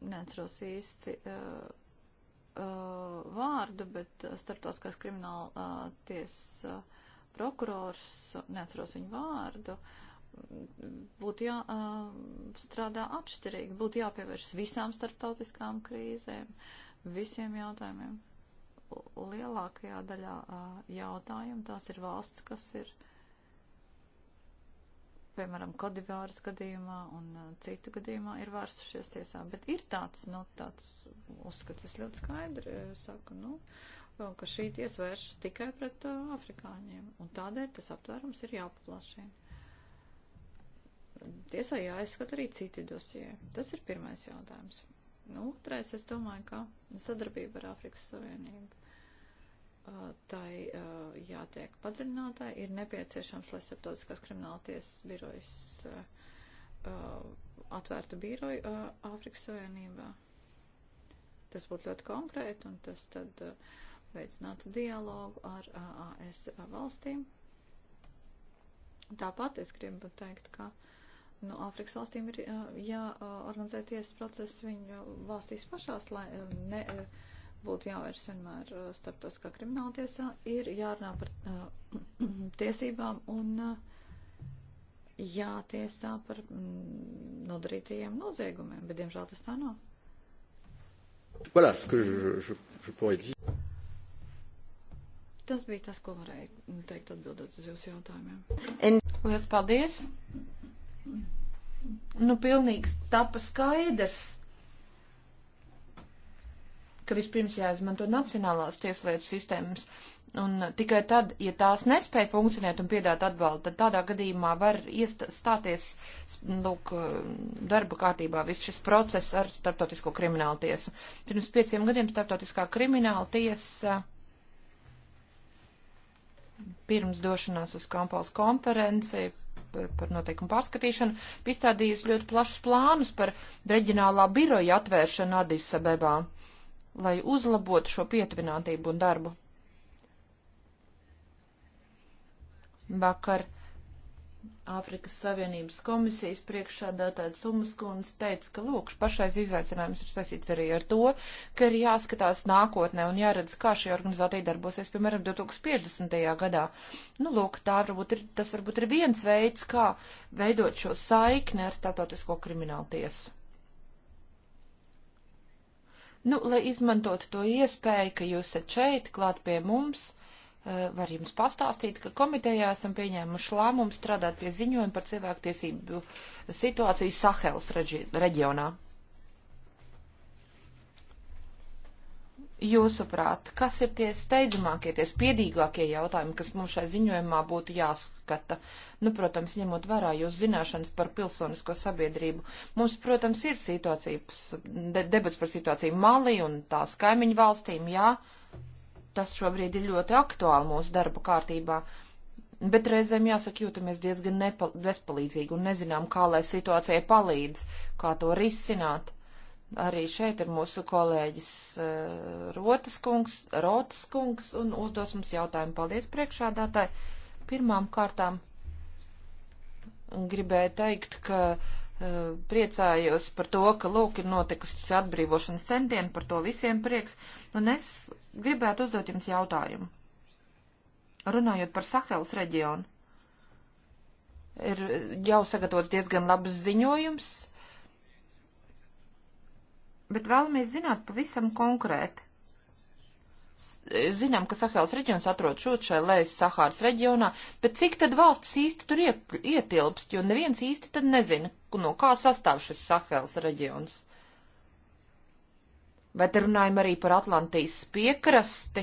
Neatceros īsti uh, uh, vārdu, bet uh, starptautiskās krimināla uh, tiesa uh, prokurors, neatceros viņu vārdu, uh, būtu jāstrādā atšķirīgi, būtu jāpievēršas visām starptautiskām krīzēm, visiem jautājumiem. Lielākajā daļā jautājumu tās ir valsts, kas ir, piemēram, Kodivāras gadījumā un citu gadījumā ir vērsušies tiesā. Bet ir tāds, nu, tāds uzskats, es ļoti skaidri saku, nu, ka šī tiesa vēršas tikai pret uh, afrikāņiem. Un tādēļ tas aptvērums ir jāpaplašina tiesā jāizskata arī citi dosie. Tas ir pirmais jautājums. Nu, otrais, es domāju, ka sadarbība ar Afrikas Savienību. Tai jātiek padziļinātai, ir nepieciešams, lai starptautiskās krimināla tiesas birojas atvērtu biroju Āfrikas Savienībā. Tas būtu ļoti konkrēti un tas tad veicinātu dialogu ar AS valstīm. Tāpat es gribu teikt, ka uh, no nu, Āfrikas valstīm ir jāorganizē tiesas process viņu valstīs pašās, lai eh, ne eh, būtu jāvērš vienmēr eh, starptautiskā krimināla tiesā, ir jārunā par uh, tiesībām un uh, jātiesā par mm, nodarītajiem noziegumiem, bet diemžēl tas tā nav. Voilà, ce que je, je, je pourrais dire. Tas bija tas, ko varēju teikt atbildot uz jūsu jautājumiem. Lielas paldies! nu, pilnīgs tapa skaidrs, ka vispirms jāizmanto nacionālās tieslietu sistēmas, un tikai tad, ja tās nespēja funkcionēt un piedāt atbalstu, tad tādā gadījumā var iestāties, lūk, darba kārtībā viss šis process ar starptautisko kriminālu tiesu. Pirms pieciem gadiem starptautiskā krimināla tiesa pirms došanās uz Kampals konferenci par noteikumu pārskatīšanu, bija izstādījusi ļoti plašus plānus par reģionālā biroja atvēršanu Adisabebā, lai uzlabotu šo pietuvinātību un darbu. Vakar Āfrikas Savienības komisijas priekšsādātāja Sumaskundze teica, ka lūk, pašais izaicinājums ir sasīts arī ar to, ka ir jāskatās nākotnē un jāredz, kā šī organizācija darbosies, piemēram, 2050. gadā. Nu, lūk, tā varbūt ir, tas varbūt ir viens veids, kā veidot šo saikni ar starptautisko kriminālu tiesu. Nu, lai izmantotu to iespēju, ka jūs esat šeit, klāt pie mums, Eh, var jums pastāstīt, ka komitejā esam pieņēmuši lēmumu strādāt pie ziņojuma par cilvēktiesību situāciju Sahels reģi reģionā. Jūsuprāt, kas ir tie steidzamākie, tie spiedīgākie jautājumi, kas mums šai ziņojumā būtu jāskata? Nu, protams, ņemot vērā jūs zināšanas par pilsonisko sabiedrību. Mums, protams, ir situācijas, de debats par situāciju Mali un tās kaimiņu valstīm, jā. Uh, tas šobrīd ir ļoti aktuāli mūsu darba kārtībā. Bet reizēm, jāsaka, jūtamies diezgan bezpalīdzīgi un nezinām, kā lai situācijai palīdz, kā to risināt. Arī šeit ir mūsu kolēģis uh, Rotas kungs, Rotas kungs un uzdos mums jautājumu. Paldies priekšādātāji. Pirmām kārtām gribēju teikt, ka eh, priecājos par to, ka lūk ir notikusi atbrīvošanas centieni, par to visiem prieks. Un es gribētu uzdot jums jautājumu. Runājot par Sahels reģionu, ir jau sagatavots diezgan labs ziņojums, bet vēlamies zināt pavisam konkrēti. Zinām, ka Sahels reģions atrodas šot šai lejas Sahāras reģionā, bet cik tad valsts īsti tur ietilpst, jo neviens īsti tad nezina, no kā sastāv šis Sahels reģions. Vai te runājam arī par Atlantijas piekrasti?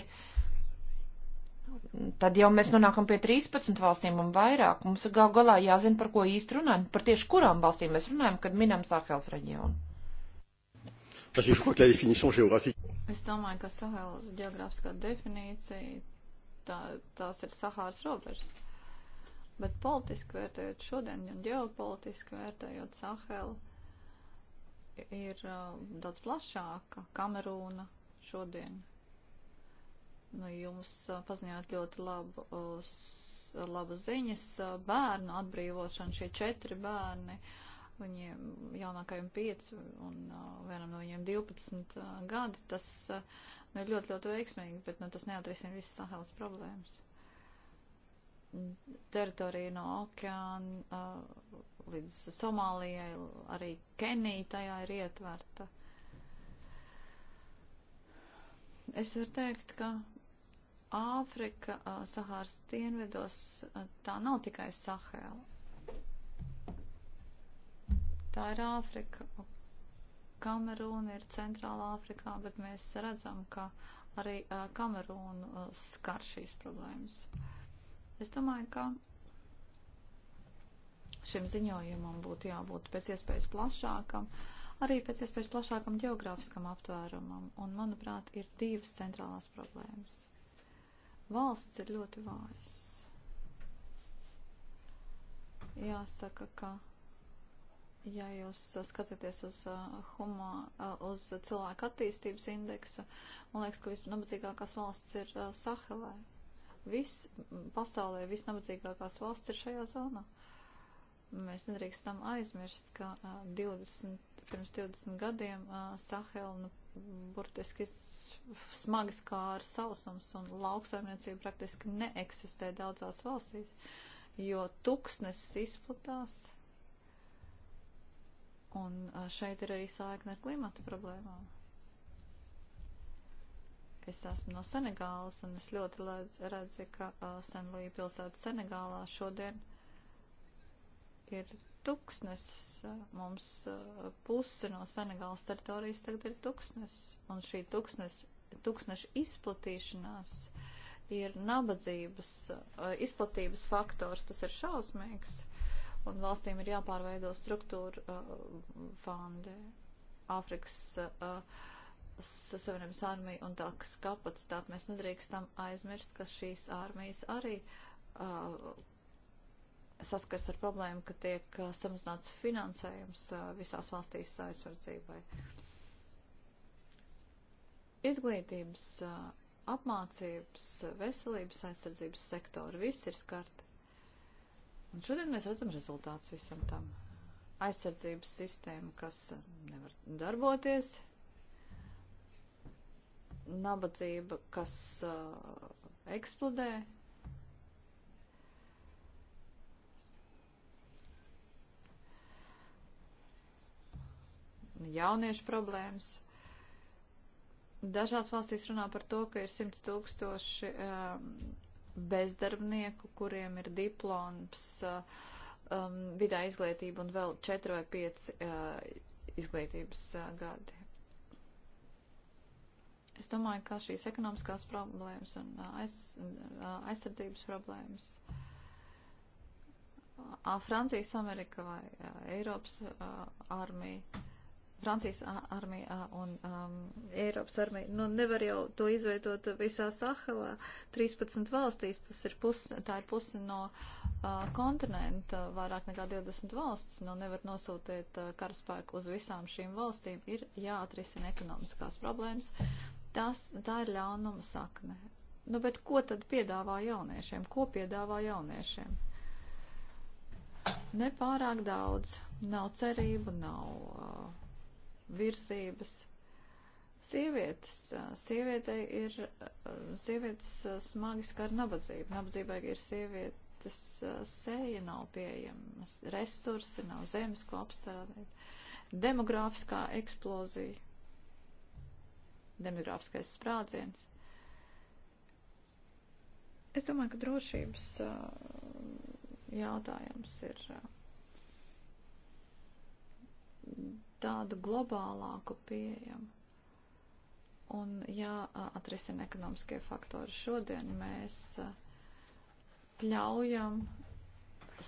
Tad jau mēs nonākam pie 13 valstīm un vairāk. Mums gal galā jāzina, par ko īsti runājam, par tieši kurām valstīm mēs runājam, kad minam Sahels reģionu. Es domāju, ka Sahels geogrāfiskā definīcija, tā, tās ir Sahāras robežas. Bet politiski vērtējot šodien un ģeopolitiski vērtējot Sahelu, ir uh, daudz plašāka. Kamerūna šodien. Nu, jums uh, paziņojāt ļoti labu, uh, labu ziņas. Uh, bērnu atbrīvošana, šie četri bērni, viņiem jaunākajiem pieci un uh, vienam no viņiem 12 uh, gadi, tas uh, nu, ir ļoti, ļoti veiksmīgi, bet nu, tas neatrisina visas Sahelas problēmas. Teritorija no okeāna. Uh, līdz Somālijai, arī Kenija tajā ir ietverta. Es varu teikt, ka Āfrika, Sahāras dienvidos, tā nav tikai Sahēla. Tā ir Āfrika. Kamerūna ir centrāla Āfrikā, bet mēs redzam, ka arī Kamerūnu skar šīs problēmas. Es domāju, ka šim ziņojumam būtu jābūt pēc iespējas plašākam, arī pēc iespējas plašākam geogrāfiskam aptvērumam. Un, manuprāt, ir divas centrālās problēmas. Valsts ir ļoti vājas. Jāsaka, ka, ja jūs skatāties uz, uh, humā, uh, uz cilvēku attīstības indeksu, man liekas, ka visnabadzīgākās valsts ir uh, Sahelē. Viss pasaulē visnabadzīgākās valsts ir šajā zonā. Mēs nedrīkstam aizmirst, ka 20, pirms 20 gadiem Sahel nu, burtiski smagi skāra sausums un lauksaimniecība praktiski neeksistē daudzās valstīs, jo tuksnesis izplatās. Un šeit ir arī sākne ar klimatu problēmām. Es esmu no Senegālas un es ļoti redzu, ka Senlija pilsēta Senegālā šodien uh, ir tuksnes. Mums eh, puse no Senegālas teritorijas tagad ir tuksnes. Un šī tuksnes, tuksneša izplatīšanās ir nabadzības eh, izplatības faktors. Tas ir šausmīgs. Un valstīm ir jāpārveido struktūra eh, fondi. Āfrikas uh, Savienības armija un tāks kapacitāti. Mēs nedrīkstam aizmirst, ka šīs armijas arī uh, saskars ar problēmu, ka tiek uh, samazināts finansējums uh, visās valstīs aizsardzībai. Izglītības, uh, apmācības, veselības aizsardzības sektori, viss ir skarti. Un šodien mēs redzam rezultātus visam tam. Aizsardzības sistēma, kas nevar darboties, nabadzība, kas eksplodē, jauniešu problēmas. Dažās valstīs runā par to, ka ir 100 tūkstoši um, bezdarbnieku, kuriem ir diploms, uh, um, vidā izglītība un vēl 4 vai 5 uh, izglītības uh, gadi. Es domāju, ka šīs ekonomiskās problēmas un aiz, aizsardzības problēmas Francijas, Amerika vai Eiropas armija Francijas armija un um, Eiropas armija. Nu, nevar jau to izveidot visā Sahelā. 13 valstīs tas ir pusi, tā ir pusi no uh, kontinenta, vairāk nekā 20 valstis. Nu, nevar nosūtīt uh, karaspēku uz visām šīm valstīm. Ir jāatrisina ekonomiskās problēmas. Tas, tā ir ļaunuma sakne. Nu, bet ko tad piedāvā jauniešiem? Ko piedāvā jauniešiem? Nepārāk daudz. Nav cerību, nav. Uh, virzības. Sievietes, sievietei ir, sievietes smagi skar nabadzību. Nabadzībai ir sievietes seja nav pieejamas, resursi nav zemes, ko apstādīt. Demogrāfiskā eksplozija, demogrāfiskais sprādziens. Es domāju, ka drošības uh, jautājums ir uh, tādu globālāku pieejamu un jāatrisina ekonomiskie faktori. Šodien mēs pļaujam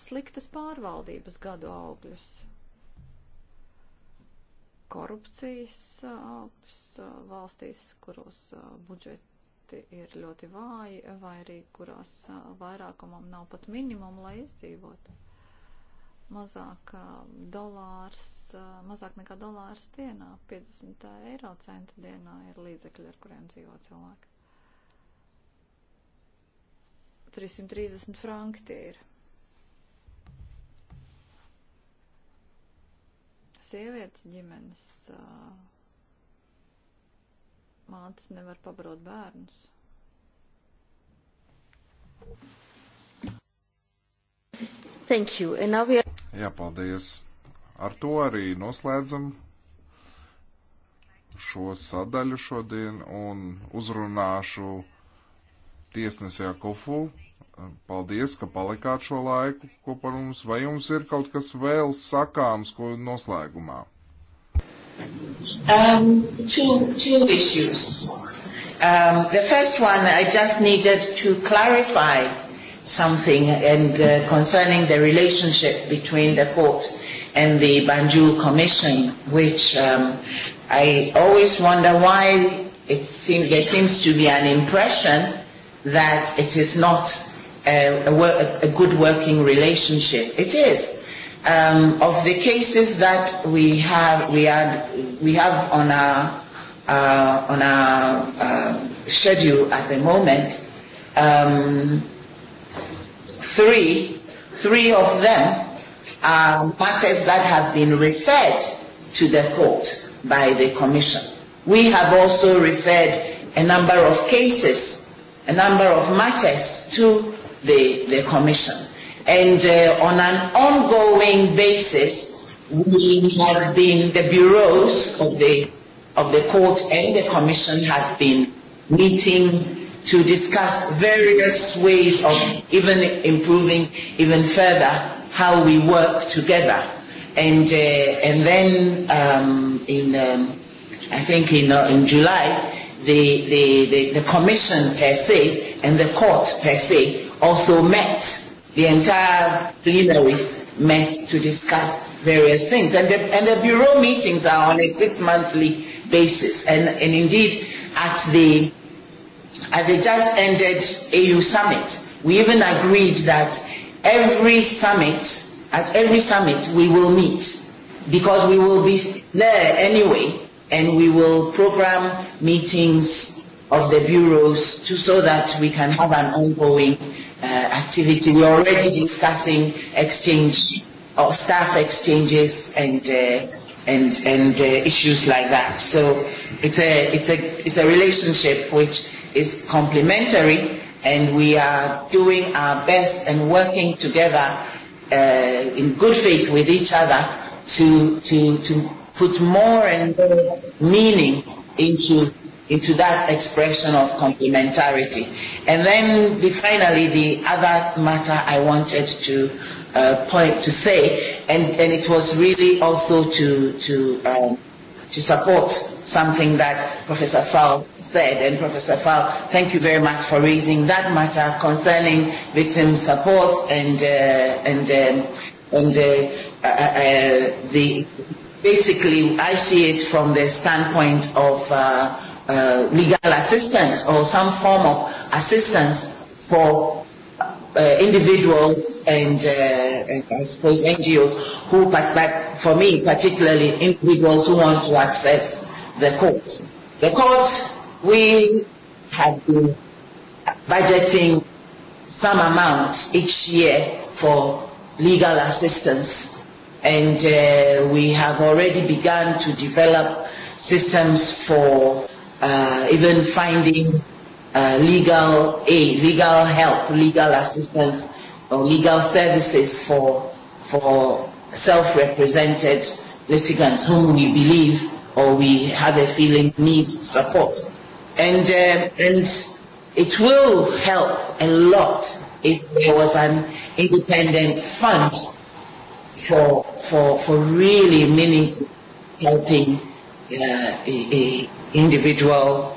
sliktas pārvaldības gadu augļus, korupcijas augļus valstīs, kuros budžeti ir ļoti vāji vai arī kurās vairākumam nav pat minimum, lai izdzīvotu mazāk, dolārs, mazāk nekā dolārs dienā, 50 eiro centi dienā ir līdzekļi, ar kuriem dzīvo cilvēki. 330 franki tie ir. Sievietes ģimenes mātes nevar pabarot bērnus. Thank you. And now we are... Jā, paldies. Ar to arī noslēdzam šo sadaļu šodien un uzrunāšu tiesnesi Jakofu. Paldies, ka palikāt šo laiku kopā ar mums. Vai jums ir kaut kas vēl sakāms, ko noslēgumā? Um, two, two issues. Um, the first one I just needed to clarify something and uh, concerning the relationship between the court and the Banjul Commission, which um, I always wonder why it seems, there seems to be an impression that it is not a, a, work, a good working relationship. It is. Um, of the cases that we have, we, had, we have on our, uh, on our uh, schedule at the moment, um, three, three of them are matters that have been referred to the court by the commission. We have also referred a number of cases, a number of matters to the, the commission. And uh, on an ongoing basis, we have been, the bureaus of the, of the court and the commission have been meeting to discuss various ways of even improving even further how we work together. And, uh, and then um, in, um, I think in, uh, in July, the, the, the, the commission per se and the court per se also met. The entire plenaries met to discuss various things. And the, and the bureau meetings are on a six monthly basis. And, and indeed, at the at the just ended AU summit, we even agreed that every summit, at every summit, we will meet because we will be there anyway and we will program meetings of the bureaus to, so that we can have an ongoing uh, activity. We're already discussing exchange or uh, staff exchanges and uh, and and uh, issues like that. So it's a it's a it's a relationship which is complementary and we are doing our best and working together uh, in good faith with each other to, to, to put more and more meaning into, into that expression of complementarity. And then the, finally, the other matter I wanted to uh, point to say, and, and it was really also to, to um, to support something that Professor Fowl said. And Professor Fowl, thank you very much for raising that matter concerning victim support and uh, and um, and uh, uh, uh, the basically I see it from the standpoint of uh, uh, legal assistance or some form of assistance for uh, individuals and, uh, and I suppose NGOs who, but for me particularly, individuals who want to access the court. The court, we have been budgeting some amount each year for legal assistance and uh, we have already begun to develop systems for uh, even finding uh, legal aid, legal help, legal assistance, or legal services for, for self-represented litigants whom we believe or we have a feeling need support. And, uh, and it will help a lot if there was an independent fund for, for, for really meaningful helping uh, a, a individual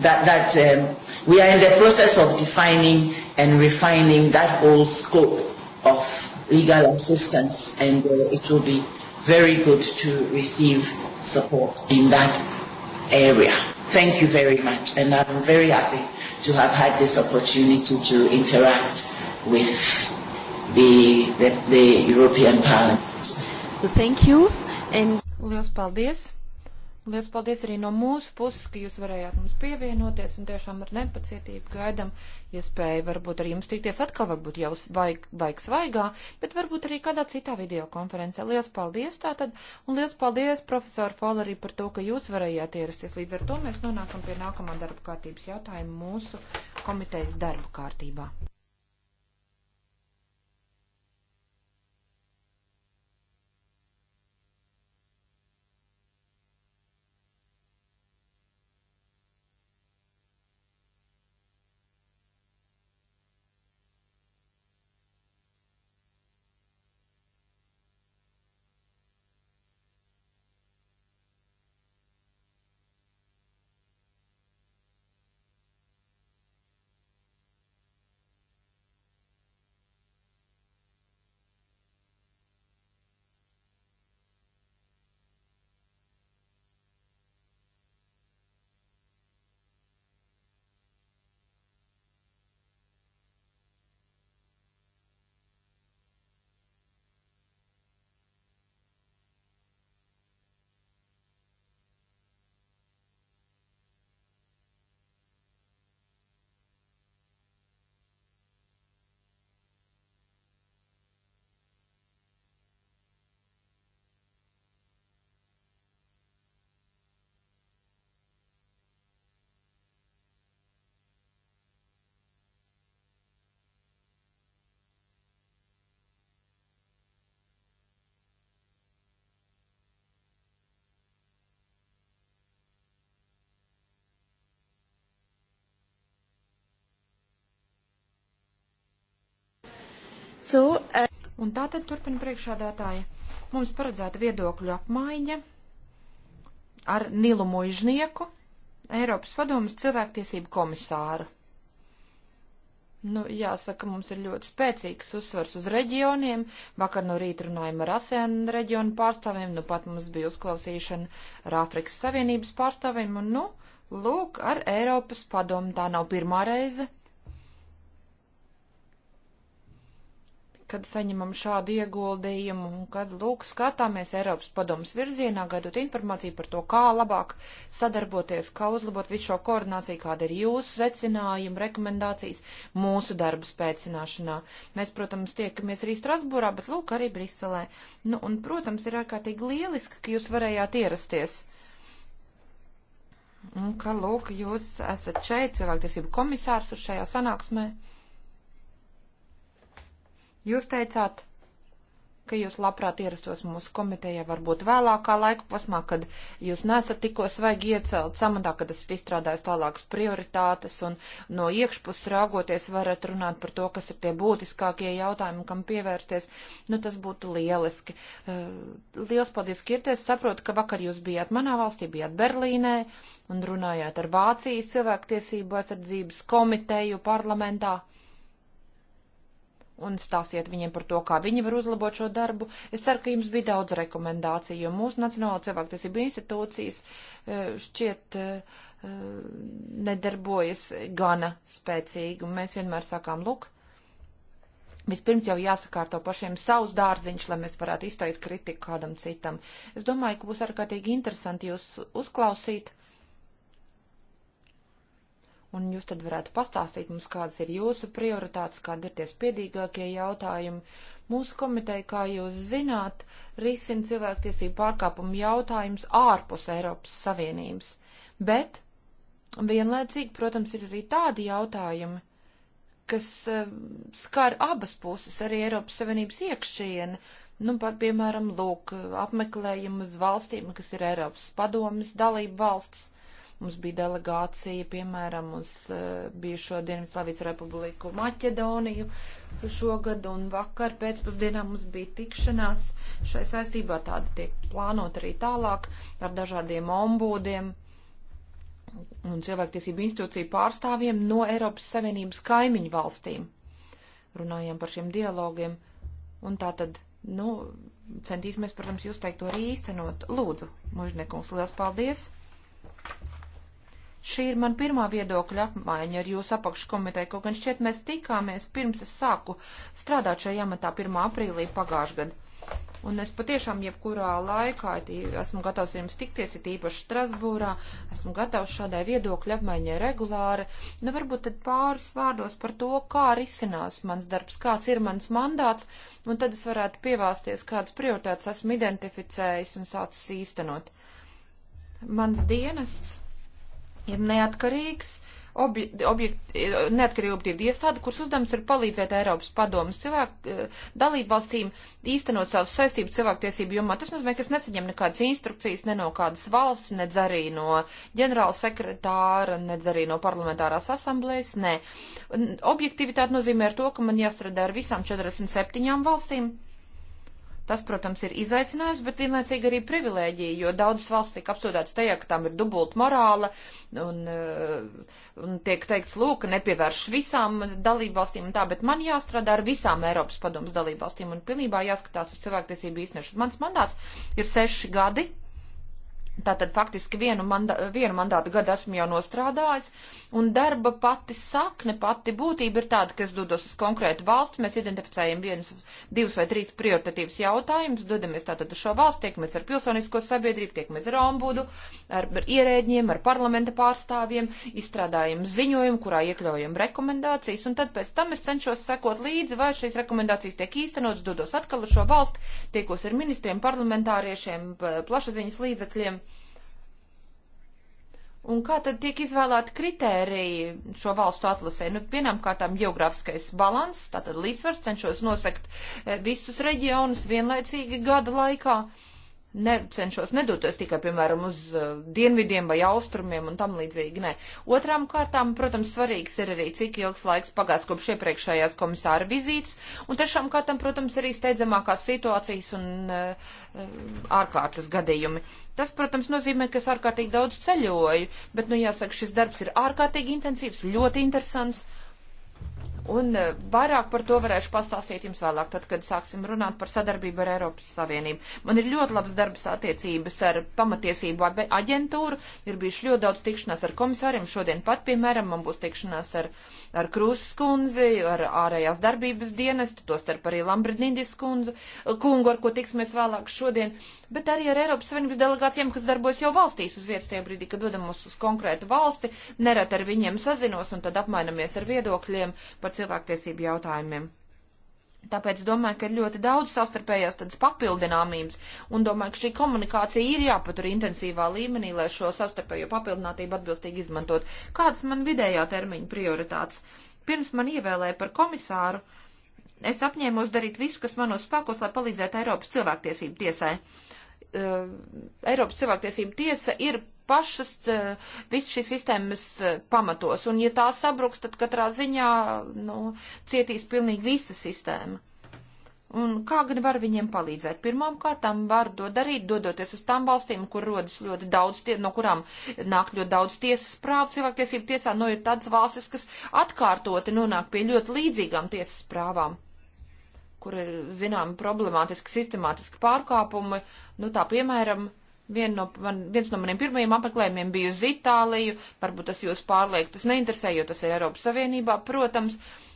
that, that um, we are in the process of defining and refining that whole scope of legal assistance and uh, it will be very good to receive support in that area. Thank you very much and I'm very happy to have had this opportunity to interact with the, the, the European Parliament. So thank you and Liels paldies! Lielas paldies arī no mūsu puses, ka jūs varējāt mums pievienoties un tiešām ar nepacietību gaidam iespēju ja varbūt ar jums tikties atkal, varbūt jau vaig, vaig svaigā, bet varbūt arī kādā citā videokonferencē. Lielas paldies tātad un lielas paldies profesoru Fol arī par to, ka jūs varējāt ierasties. Līdz ar to mēs nonākam pie nākamā darba kārtības jautājuma mūsu komitejas darba kārtībā. So, uh... E, un tātad turpina priekšādātāja. Mums paredzēta viedokļu apmaiņa ar Nilu Muižnieku, Eiropas padomas cilvēktiesību komisāru. Nu, jāsaka, mums ir ļoti spēcīgs uzsvars uz reģioniem. Vakar no rīta runājām ar ASEAN reģionu pārstāvjiem, nu pat mums bija uzklausīšana ar Āfrikas Savienības pārstāvjiem, un nu, lūk, ar Eiropas padomu tā nav pirmā reize, kad saņemam šādu ieguldījumu un kad, lūk, skatāmies Eiropas padomas virzienā, gaidot informāciju par to, kā labāk sadarboties, kā uzlabot visu šo koordināciju, kāda ir jūsu secinājuma, rekomendācijas mūsu darbu spēcināšanā. Mēs, protams, tiekamies arī Strasbūrā, bet, lūk, arī Briselē. Nu, un, protams, ir ārkārtīgi lieliski, ka jūs varējāt ierasties. Un ka, lūk, jūs esat šeit, cilvēktiesību komisārs uz šajā sanāksmē. Jūs teicāt, ka jūs labprāt ierastos mūsu komitejā varbūt vēlākā laika posmā, kad jūs nesat tikko svaigi iecelt samatā, kad esat izstrādājis tālākas prioritātes un no iekšpuses raugoties varat runāt par to, kas ir tie būtiskākie jautājumi, kam pievērsties. Nu, tas būtu lieliski. Eh, liels paldies, Kirties. Saprotu, ka vakar jūs bijāt manā valstī, bijāt Berlīnē un runājāt ar Vācijas cilvēktiesību aizsardzības komiteju parlamentā un stāstiet viņiem par to, kā viņi var uzlabot šo darbu. Es ceru, ka jums bija daudz rekomendāciju, jo mūsu Nacionāla cilvēktiesība institūcijas e, šķiet e, e, nedarbojas gana spēcīgi, un mēs vienmēr sakām, lūk, Vispirms jau jāsakārto pašiem savus dārziņš, lai mēs varētu izteikt kritiku kādam citam. Es domāju, ka būs ārkārtīgi interesanti jūs uzklausīt un jūs tad varētu pastāstīt mums, kādas ir jūsu prioritātes, kādi ir tie spiedīgākie jautājumi. Mūsu komiteja, kā jūs zināt, risina cilvēktiesību pārkāpumu jautājumus ārpus Eiropas Savienības, bet vienlaicīgi, protams, ir arī tādi jautājumi, kas eh, skar abas puses, arī Eiropas Savienības iekšienu. Nu, pat, piemēram, lūk, apmeklējumu uz valstīm, kas ir Eiropas padomas dalība valsts Mums bija delegācija, piemēram, uz uh, bijušo Dienvidslāvijas republiku Maķedoniju šogad, un vakar pēcpusdienā mums bija tikšanās šai saistībā. Tāda tiek plānot arī tālāk ar dažādiem ombūdiem un cilvēktiesību institūciju pārstāvjiem no Eiropas Savienības kaimiņu valstīm. Runājām par šiem dialogiem, un tā tad, nu, centīsimies, protams, jūs teikt to arī īstenot. Lūdzu, mužniekums, liels paldies! Šī ir man pirmā viedokļa apmaiņa ar jūsu apakškomiteju, kaut gan šķiet mēs tikāmies pirms es sāku strādāt šajā amatā 1. aprīlī pagājušajā gadā. Un es patiešām jebkurā laikā esmu gatavs ar jums tikties, it īpaši Strasbūrā, esmu gatavs šādai viedokļa apmaiņai regulāri. Nu, varbūt tad pāris vārdos par to, kā risinās mans darbs, kāds ir mans mandāts, un tad es varētu pievāsties, kādas prioritātes esmu identificējis un sācis īstenot. Mans dienests ir neatkarīgs, obj, objekt, neatkarīga objektīva iestāde, kuras uzdevums ir palīdzēt Eiropas padomus cilvēku eh, dalību valstīm īstenot savas saistības cilvēktiesību jomā. Tas nozīmē, ka es nesaņem nekādas instrukcijas ne no kādas valsts, nedz arī no ģenerāla sekretāra, nedz arī no parlamentārās asamblējas. Nē. Objektivitāte nozīmē ar to, ka man jāstrādā ar visām 47 valstīm Tas, protams, ir izaicinājums, bet vienlaicīgi arī privilēģija, jo daudzas valsts tiek apsūdzētas tajā, ka tām ir dubult morāla un, eh, un tiek teikts, lūk, nepievērš visām dalībvalstīm un tā, bet man jāstrādā ar visām Eiropas padomas dalībvalstīm un pilnībā jāskatās uz cilvēktiesību īstenošanu. Mans mandāts ir seši gadi Tātad faktiski vienu, mandā, vienu mandātu gadu esmu jau nostrādājis, un darba pati sakne, pati būtība ir tāda, ka es dodos uz konkrētu valsti, mēs identificējam vienus, divus vai trīs prioritatīvus jautājumus, dodamies tātad uz šo valsti, tiekamies ar pilsonisko sabiedrību, tiekamies ar ombudu, ar, ar ierēģiem, ar parlamenta pārstāvjiem, izstrādājam ziņojumu, kurā iekļaujam rekomendācijas, un tad pēc tam es cenšos sekot līdzi, vai šīs rekomendācijas tiek īstenotas, dodos atkal uz šo valsti, tiekos ar ministriem, parlamentāriešiem, plašaziņas līdzakļiem Un kā tad tiek izvēlēti kritēriji šo valstu atlasē? Nu, vienām kārtām geogrāfiskais balans, tātad līdzsvars cenšos nosakt eh, visus reģionus vienlaicīgi gada laikā. Uh, ne, cenšos nedoties tikai, piemēram, uz uh, dienvidiem vai austrumiem un tam līdzīgi, nē. Otrām kārtām, protams, svarīgs ir arī, cik ilgs laiks pagās kopš iepriekšējās komisāra vizītes, un trešām kārtām, protams, arī steidzamākās situācijas un uh, uh ārkārtas gadījumi. Tas, protams, nozīmē, ka es ārkārtīgi daudz ceļoju, bet, nu, jāsaka, šis darbs ir ārkārtīgi intensīvs, ļoti interesants. Un eh, vairāk par to varēšu pastāstīt jums vēlāk, tad, kad sāksim runāt par sadarbību ar Eiropas Savienību. Man ir ļoti labas darbas attiecības ar pamatiesību aģentūru, ir bijuši ļoti daudz tikšanās ar komisāriem, šodien pat, piemēram, man būs tikšanās ar, ar Krūsas kundzi, ar ārējās darbības dienestu, to starp arī Lambridnīdis kundzu, kungu, ar ko tiksimies vēlāk šodien, bet arī ar Eiropas Savienības delegācijām, kas darbojas jau valstīs uz vietas tajā brīdī, kad dodam uz konkrētu valsti, nerad ar viņiem sazinos un tad apmainamies ar viedokļiem par cilvēktiesību jautājumiem. Tāpēc domāju, ka ir ļoti daudz savstarpējās tādas papildināmības, un domāju, ka šī komunikācija ir jāpatur intensīvā līmenī, lai šo savstarpējo papildinātību atbilstīgi izmantot. Kādas man vidējā termiņa prioritātes? Pirms man ievēlēja par komisāru, es apņēmos darīt visu, kas manos spēkos, lai palīdzētu Eiropas cilvēktiesību tiesai. Uh, uh, Eiropas cilvēktiesība tiesa ir pašas uh, eh, visu šīs sistēmas uh, pamatos, un ja tā sabruks, tad katrā ziņā nu, cietīs pilnīgi visa sistēma. Un kā gan var viņiem palīdzēt? Pirmām kārtām var to darīt, dodoties uz tām valstīm, kur rodas ļoti daudz, tie, no kurām nāk ļoti daudz tiesas prāvu cilvēktiesību tiesā, no ir tādas valstis, kas atkārtoti nonāk pie ļoti līdzīgām tiesas prāvām kur ir, zinām, problemātiski sistemātiski pārkāpumi. Nu, tā piemēram, vien no man, viens no maniem pirmajiem apmeklējumiem bija uz Itāliju, varbūt tas jūs pārliek, tas neinteresē, jo tas ir Eiropas Savienībā, protams. Uh,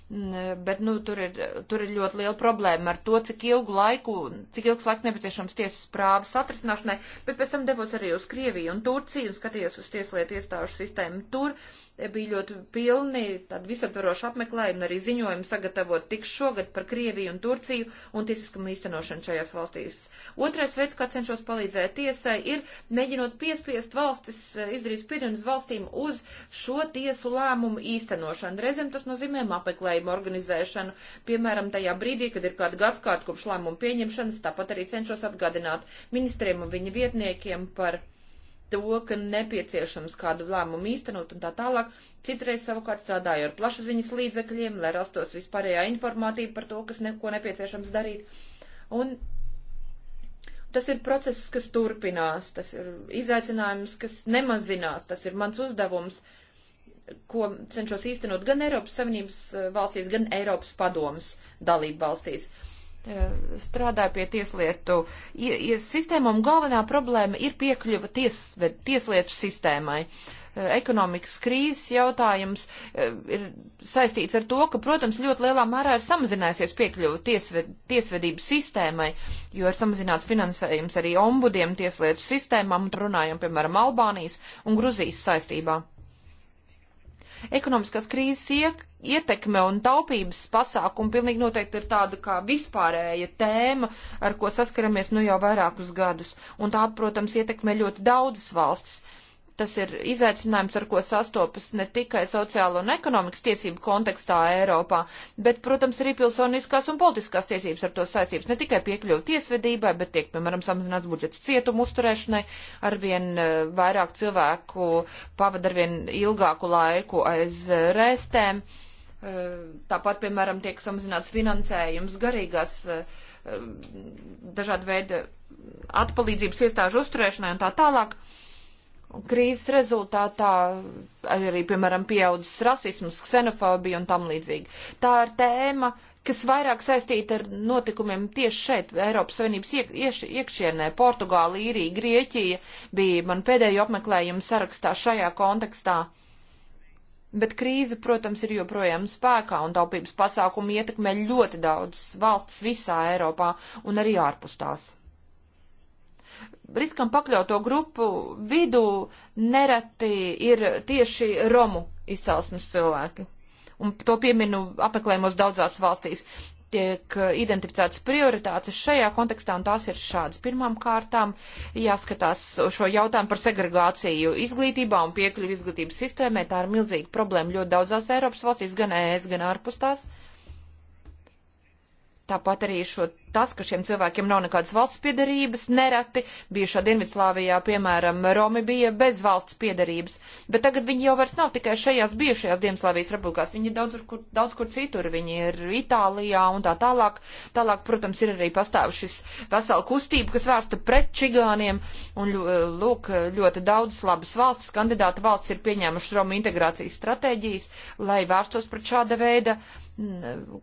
bet, nu, tur ir, tur ir ļoti liela problēma ar to, cik ilgu laiku, cik ilgs laiks nepieciešams tiesas prāvas atrisināšanai, bet pēc tam devos arī uz Krieviju un Turciju un skatījos uz tieslietu iestāžu sistēmu tur bija ļoti pilni, tādi visaptvaroši apmeklējumi un arī ziņojumi sagatavot tik šogad par Krieviju un Turciju un tiesiskumu īstenošanu šajās valstīs. Otrais veids, kā cenšos palīdzēt tiesai, ir mēģinot piespiest valstis, eh, izdarīt spiedienus valstīm uz šo tiesu lēmumu īstenošanu. Reizēm tas nozīmē apmeklējumu apmeklējumu organizēšanu. Piemēram, tajā brīdī, kad ir kāda gadskārta kopš lēmuma pieņemšanas, tāpat arī cenšos atgādināt ministriem un viņa vietniekiem par to, ka nepieciešams kādu lēmumu īstenot un tā tālāk. Citreiz savukārt strādāju ar plašsaziņas līdzekļiem, lai rastos vispārējā informātīva par to, kas neko nepieciešams darīt. Un tas ir process, kas turpinās, tas ir izaicinājums, kas nemazinās, tas ir mans uzdevums. Uh, ko cenšos īstenot gan Eiropas Savienības eh, valstīs, gan Eiropas padomas dalību valstīs. Eh, strādāju pie tieslietu sistēmām. Galvenā problēma ir piekļuva ties, tieslietu sistēmai. Eh, ekonomikas krīzes jautājums ir saistīts ar to, ka, protams, ļoti lielā mērā ir samazinājusies piekļuva tiesved, tiesvedības sistēmai, jo ir samazināts finansējums arī ombudiem tieslietu sistēmām, un runājam, piemēram, Albānijas un Gruzijas saistībā. Ekonomiskās krīzes iek, ietekme un taupības pasākumi pilnīgi noteikti ir tāda kā vispārēja tēma, ar ko saskaramies nu jau vairākus gadus. Un tā, protams, ietekmē ļoti daudzas valstis. Tas ir izaicinājums, ar ko sastopas ne tikai sociālo un ekonomikas tiesību kontekstā Eiropā, bet, protams, arī pilsoniskās un politiskās tiesības ar to saistības. Ne tikai piekļuvi tiesvedībai, bet tiek, piemēram, samazināts budžets cietumu uzturēšanai, arvien eh, vairāk cilvēku pavada arvien ilgāku laiku aiz eh, rēstēm. Eh, tāpat, piemēram, tiek samazināts finansējums garīgās dažāda veida atpalīdzības iestāžu uzturēšanai un tā tālāk krīzes rezultātā arī, piemēram, pieaudzis rasisms, ksenofobija un tam līdzīgi. Tā ir tēma, kas vairāk saistīta ar notikumiem tieši šeit, Eiropas Savienības iek, ieš, iekšienē. Portugāla, Īrija, Grieķija bija man pēdējo apmeklējumu sarakstā šajā kontekstā. Bet krīze, protams, ir joprojām spēkā un taupības pasākumi ietekmē ļoti daudz valsts visā Eiropā un arī ārpus tās riskam pakļauto grupu vidū nereti ir tieši romu izcelsmes cilvēki. Un to pieminu apmeklējumos daudzās valstīs. Tiek identificētas prioritātes šajā kontekstā, un tās ir šādas. Pirmām kārtām jāskatās šo jautājumu par segregāciju izglītībā un piekļuvu izglītības sistēmē. Tā ir milzīga problēma ļoti daudzās Eiropas valstīs, gan ES, gan ārpus tās. Uh, Tāpat arī šo, tas, ka šiem cilvēkiem nav nekādas valsts piedarības, nereti bijušā Dienvidslāvijā, piemēram, Romi bija bez valsts piedarības, bet tagad viņi jau vairs nav tikai šajās bijušajās Dienvidslāvijas republikās, viņi ir daudz kur, daudz kur citur, viņi ir Itālijā un tā tālāk. Tālāk, protams, ir arī pastāv šis vesela kustība, kas vērsta pret čigāniem, un lūk, ļoti daudz labas valsts, kandidāta valsts ir pieņēmušas Romu integrācijas stratēģijas, lai vērstos pret šāda veida uh,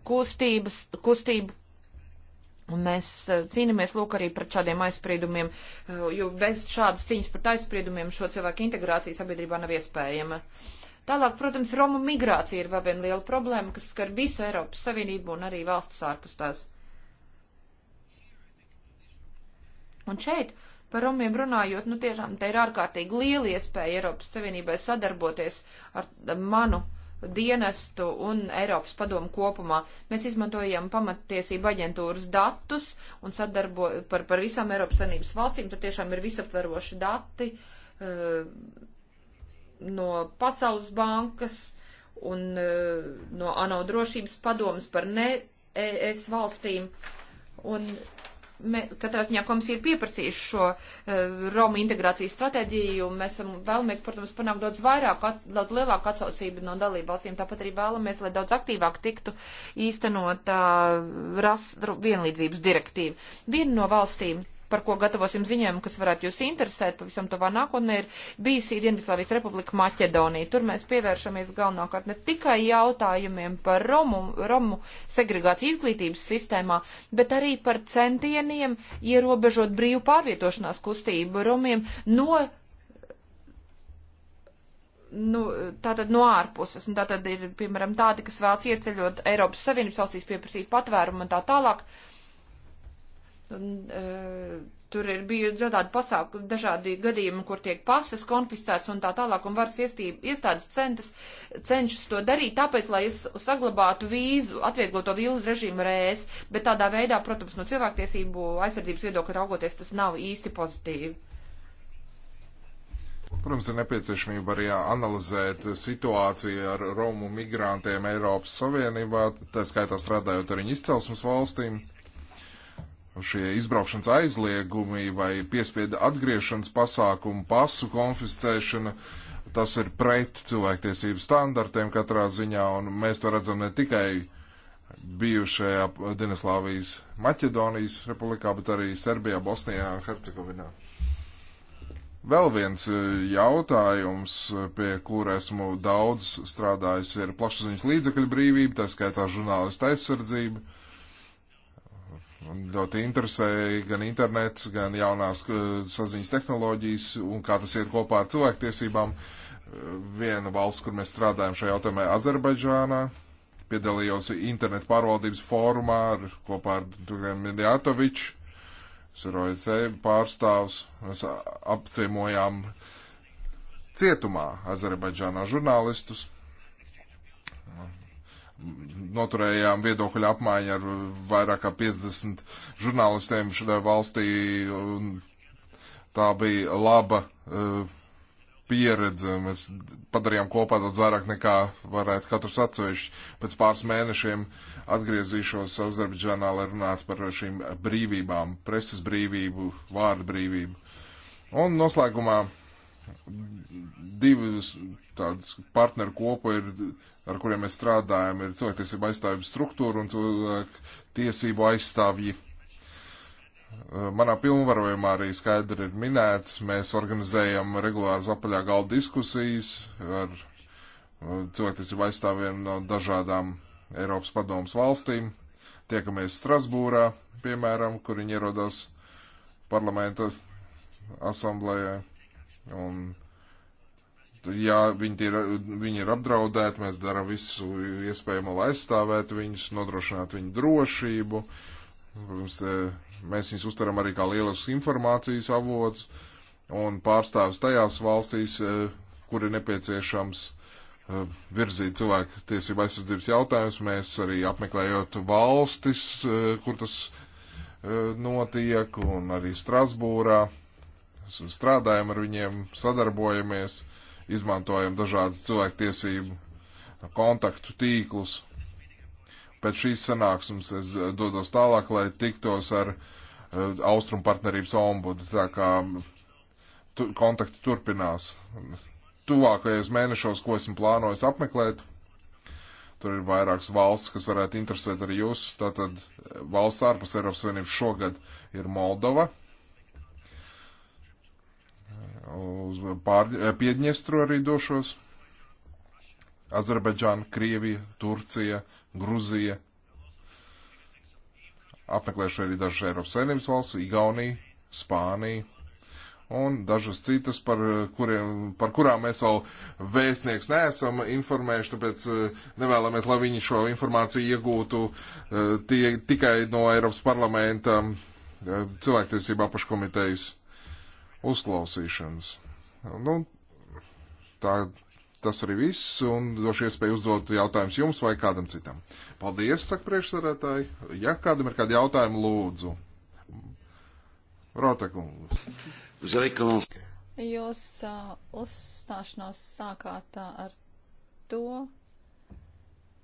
kustības, kustību. Un mēs eh, cīnāmies lūk arī pret šādiem aizspriedumiem, eh, jo bez šādas cīņas pret aizspriedumiem šo cilvēku integrācija sabiedrībā nav iespējama. Tālāk, protams, Romu migrācija ir vēl viena liela problēma, kas skar visu Eiropas Savienību un arī valsts ārpus tās. Un šeit par Romiem runājot, nu tiešām te ir ārkārtīgi liela iespēja Eiropas Savienībai sadarboties ar manu uh, dienestu un Eiropas padomu kopumā. Mēs izmantojam pamattiesību aģentūras datus un sadarbo par, par visām Eiropas Savienības valstīm. Tur tiešām ir visaptveroši dati uh, no Pasaules bankas un uh, no ANO drošības padomas par ne ES valstīm. Un me, katrā ziņā komisija ir pieprasījusi šo uh, eh, Romu integrācijas stratēģiju, un mēs esam, vēlamies, protams, panākt daudz vairāk, at, daudz lielāku atsaucību no dalībvalstīm, tāpat arī vēlamies, lai daudz aktīvāk tiktu īstenot uh, eh, ras, vienlīdzības direktīvu. Viena no valstīm par ko gatavosim ziņojumu, kas varētu jūs interesēt pavisam tuvā nākotnē, ir bijusi Dienvidslāvijas Republika Maķedonija. Tur mēs pievēršamies galvenokārt ne tikai jautājumiem par Romu, Romu segregāciju izglītības sistēmā, bet arī par centieniem ierobežot brīvu pārvietošanās kustību Romiem no nu, tātad no ārpuses. Un tātad ir, piemēram, tādi, kas vēlas ieceļot Eiropas Savienības valstīs, pieprasīt patvērumu un tā tālāk. Uh, Un, e, tur ir bijuši dažādi pasākumi, dažādi gadījumi, kur tiek pasas konfiscēts un tā tālāk, un varas iestība, iestādes centas, cenšas to darīt, tāpēc, lai es saglabātu vīzu, atviegloto vīzu režīmu rēs, bet tādā veidā, protams, no cilvēktiesību aizsardzības viedokļa raugoties, tas nav īsti pozitīvi. Protams, ir nepieciešamība arī analizēt situāciju ar Romu migrantiem Eiropas Savienībā, tā skaitā strādājot ar viņu izcelsmes valstīm šie izbraukšanas aizliegumi vai piespiedu atgriešanas pasākumu, pasu konfiscēšana, tas ir pret cilvēktiesību standartiem katrā ziņā, un mēs to redzam ne tikai bijušajā Dienaslāvijas Maķedonijas republikā, bet arī Serbijā, Bosnijā un Hercegovinā. Vēl viens e, jautājums, e, pie kura esmu daudz strādājis, ir plašsaziņas līdzekļu brīvība, tā skaitā žurnālistu aizsardzība Man ļoti interesē gan internets, gan jaunās eh, saziņas tehnoloģijas un kā tas iet kopā ar cilvēktiesībām. Eh, viena valsts, kur mēs strādājam šajā jautājumā, Azerbaidžānā, piedalījos internetu pārvaldības fórumā ar, kopā ar Mediatoviču, Saroicei e pārstāvs. Mēs apciemojām cietumā Azerbaidžānā žurnālistus noturējām viedokļu apmaiņu ar vairāk kā 50 žurnālistiem šajā valstī. Tā bija laba uh, pieredze. Mēs padarījām kopā daudz vairāk nekā varētu katrs atsevišķi. Pēc pāris mēnešiem atgriezīšos Azerbaidžānā, lai runātu par šīm brīvībām, preses brīvību, vārdu brīvību. Un noslēgumā divas tādas partneru kopu, ir, ar kuriem mēs strādājam, ir cilvēktiesība aizstāvju struktūra un cilvēku tiesību aizstāvji. Uh, manā pilnvarojumā arī skaidri ir minēts, mēs organizējam regulāras apaļā galda diskusijas ar uh, cilvēktiesību aizstāvjiem no dažādām Eiropas padomas valstīm. Tiekamies Strasbūrā, piemēram, kur viņi ierodas parlamenta asamblējai un ja viņi ir, viņi ir apdraudēti, mēs darām visu iespējamo, lai aizstāvētu viņus, nodrošinātu viņu drošību. Protams, te, mēs viņus uztaram arī kā lielas informācijas avots un pārstāvis tajās valstīs, eh, kur ir nepieciešams eh, virzīt cilvēku tiesību aizsardzības jautājumus. Mēs arī apmeklējot valstis, eh, kur tas notiek, un arī Strasbūrā strādājam ar viņiem, sadarbojamies izmantojam dažādas cilvēktiesību kontaktu tīklus. Pēc šīs sanāksmes es dodos tālāk, lai tiktos ar eh, Austrum partnerības ombudu, tā kā tu, kontakti turpinās. Tuvākajos mēnešos, ko esmu plānojis apmeklēt, tur ir vairākas valsts, kas varētu interesēt arī jūs. Tātad eh, valsts ārpus Eiropas Savienības šogad ir Moldova, uz pār, eh, Piedņestru arī došos. Azerbaidžāna, Krievija, Turcija, Gruzija. Apmeklēšu arī dažas Eiropas Savienības valsts, Igaunija, Spānija un dažas citas, par, eh, kuriem, par kurām mēs vēl vēstnieks neesam informējuši, tāpēc eh, nevēlamies, lai viņi šo informāciju iegūtu tie, tikai no Eiropas parlamenta cilvēktiesība apaškomitejas uzklausīšanas. Nu, tā, tas arī viss, un došu iespēju uzdot jautājumus jums vai kādam citam. Paldies, saka priekšsarētāji. Ja kādam ir kādi jautājumi, lūdzu. Rotekungs. Jūs uh, uzstāšanos sākāt uh, ar to,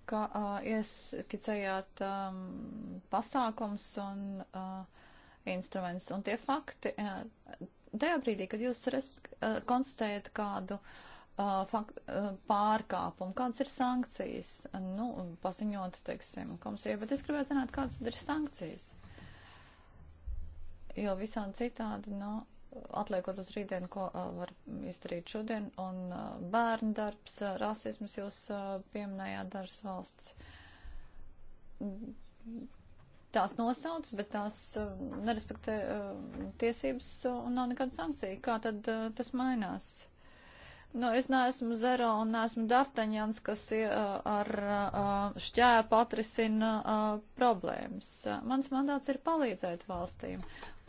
ka uh, ieskicējāt um, pasākums un uh, instruments. Un tie fakti, uh, tajā brīdī, kad jūs rest, uh, eh, konstatējat kādu uh, eh, fakt, uh, eh, pārkāpumu, kādas ir sankcijas, nu, paziņot, teiksim, komisijai, bet es gribētu zināt, kādas ir sankcijas. Jo visādi citādi, nu, atliekot uz rītdienu, ko uh, var izdarīt šodien, un uh, bērnu darbs, uh, rasisms jūs uh, pieminējāt dažas valsts tās nosauc, bet tās eh, nerespektē eh, tiesības eh, un nav nekāda sankcija. Kā tad tas mainās? Nu, es neesmu Zero un neesmu Dartaņans, kas ar šķēpu atrisina problēmas. Mans mandāts ir palīdzēt valstīm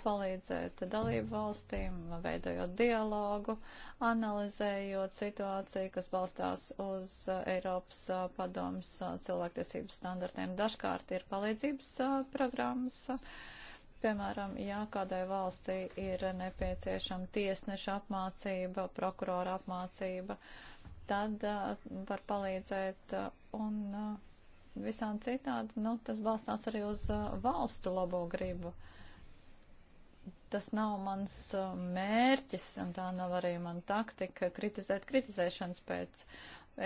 palīdzēt dalību valstīm, veidojot dialogu, analizējot situāciju, kas balstās uz uh, Eiropas uh, padomas uh, cilvēktiesību standartiem. Dažkārt ir palīdzības programmas. Piemēram, ja kādai valstī ir nepieciešama tiesneša apmācība, prokurora apmācība, tad uh, var palīdzēt uh, un uh, visām citādi, nu, tas balstās arī uz uh, valstu labo gribu. Uh, Tas nav mans uh, mērķis, un tā nav arī man taktika kritizēt kritizēšanas pēc.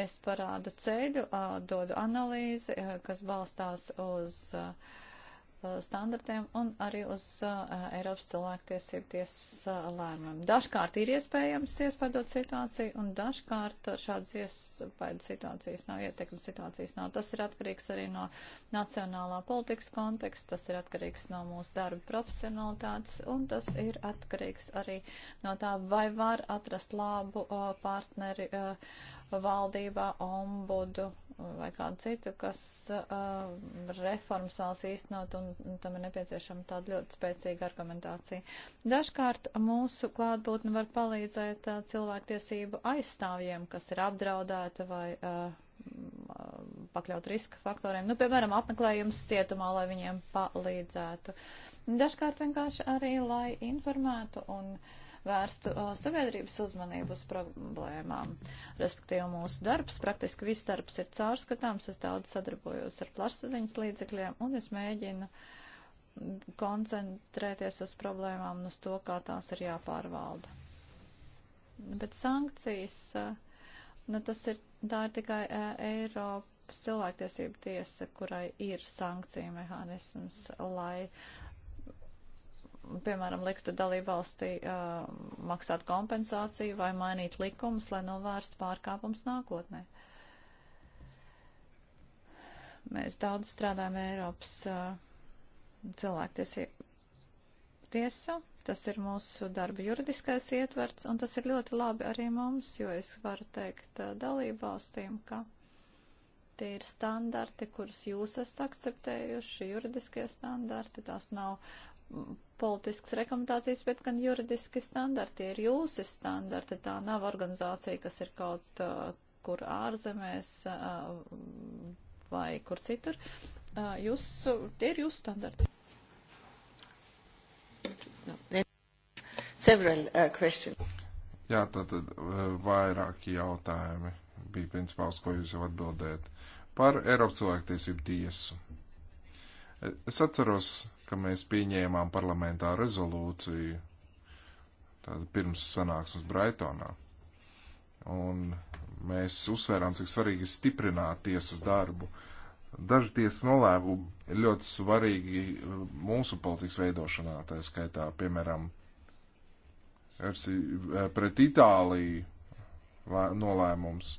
Es parādu ceļu, uh, dodu analīzi, uh, kas balstās uz uh, Uh, standartiem un arī uz uh, Eiropas cilvēktiesību tiesas uh, lēmumiem. Dažkārt ir iespējams iespējot situāciju, un dažkārt šādas iespējas situācijas nav, ietekmes situācijas nav. Tas ir atkarīgs arī no nacionālā politikas konteksta, tas ir atkarīgs no mūsu darba profesionalitātes, un tas ir atkarīgs arī no tā, vai var atrast labu uh, partneri uh, valdībā, ombudu vai kādu citu, kas uh, reformas vēlas īstenot, un, un tam ir nepieciešama tāda ļoti spēcīga argumentācija. Dažkārt mūsu klātbūtne var palīdzēt uh, cilvēktiesību aizstāvjiem, kas ir apdraudēti vai uh, pakļaut riska faktoriem, nu, piemēram, apmeklējums cietumā, lai viņiem palīdzētu. Dažkārt vienkārši arī, lai informētu un uh, vērstu uh, sabiedrības uzmanību uz problēmām. Respektīvi mūsu darbs, praktiski viss darbs ir caurskatāms, es daudz sadarbojos ar plašsaziņas līdzekļiem un es mēģinu koncentrēties uz problēmām un uz to, kā tās ir jāpārvalda. Bet sankcijas, uh, nu tas ir, tā ir tikai uh, Eiropas cilvēktiesība tiesa, kurai ir sankcija mehānisms, lai uh, piemēram, liktu dalību valstī uh, maksāt kompensāciju vai mainīt likumus, lai novērstu pārkāpums nākotnē. Mēs daudz strādājam Eiropas uh, cilvēktiesību tiesu. Tas ir mūsu darba juridiskais ietverts, un tas ir ļoti labi arī mums, jo es varu teikt uh, dalību valstīm, ka tie ir standarti, kurus jūs esat akceptējuši, juridiskie standarti, tās nav politiskas rekomendācijas, bet gan juridiski standarti. Ir jūsu standarti, tā nav organizācija, kas ir kaut uh, kur ārzemēs uh, vai kur citur. Uh, jūs, tie ir jūsu standarti. Several, uh, Jā, tātad vairāki jautājumi bija principā, uz ko jūs jau atbildējat. Par Eiropas cilvēktiesību tiesu. Es atceros, ka mēs pieņēmām parlamentā rezolūciju tāda pirms sanāksmes Braitonā. Un mēs uzsvērām, cik svarīgi ir stiprināt tiesas darbu. Daži tiesas nolēmumi ir ļoti svarīgi uh, mūsu politikas veidošanā, tā skaitā, piemēram, uh, pret Itāliju nolēmums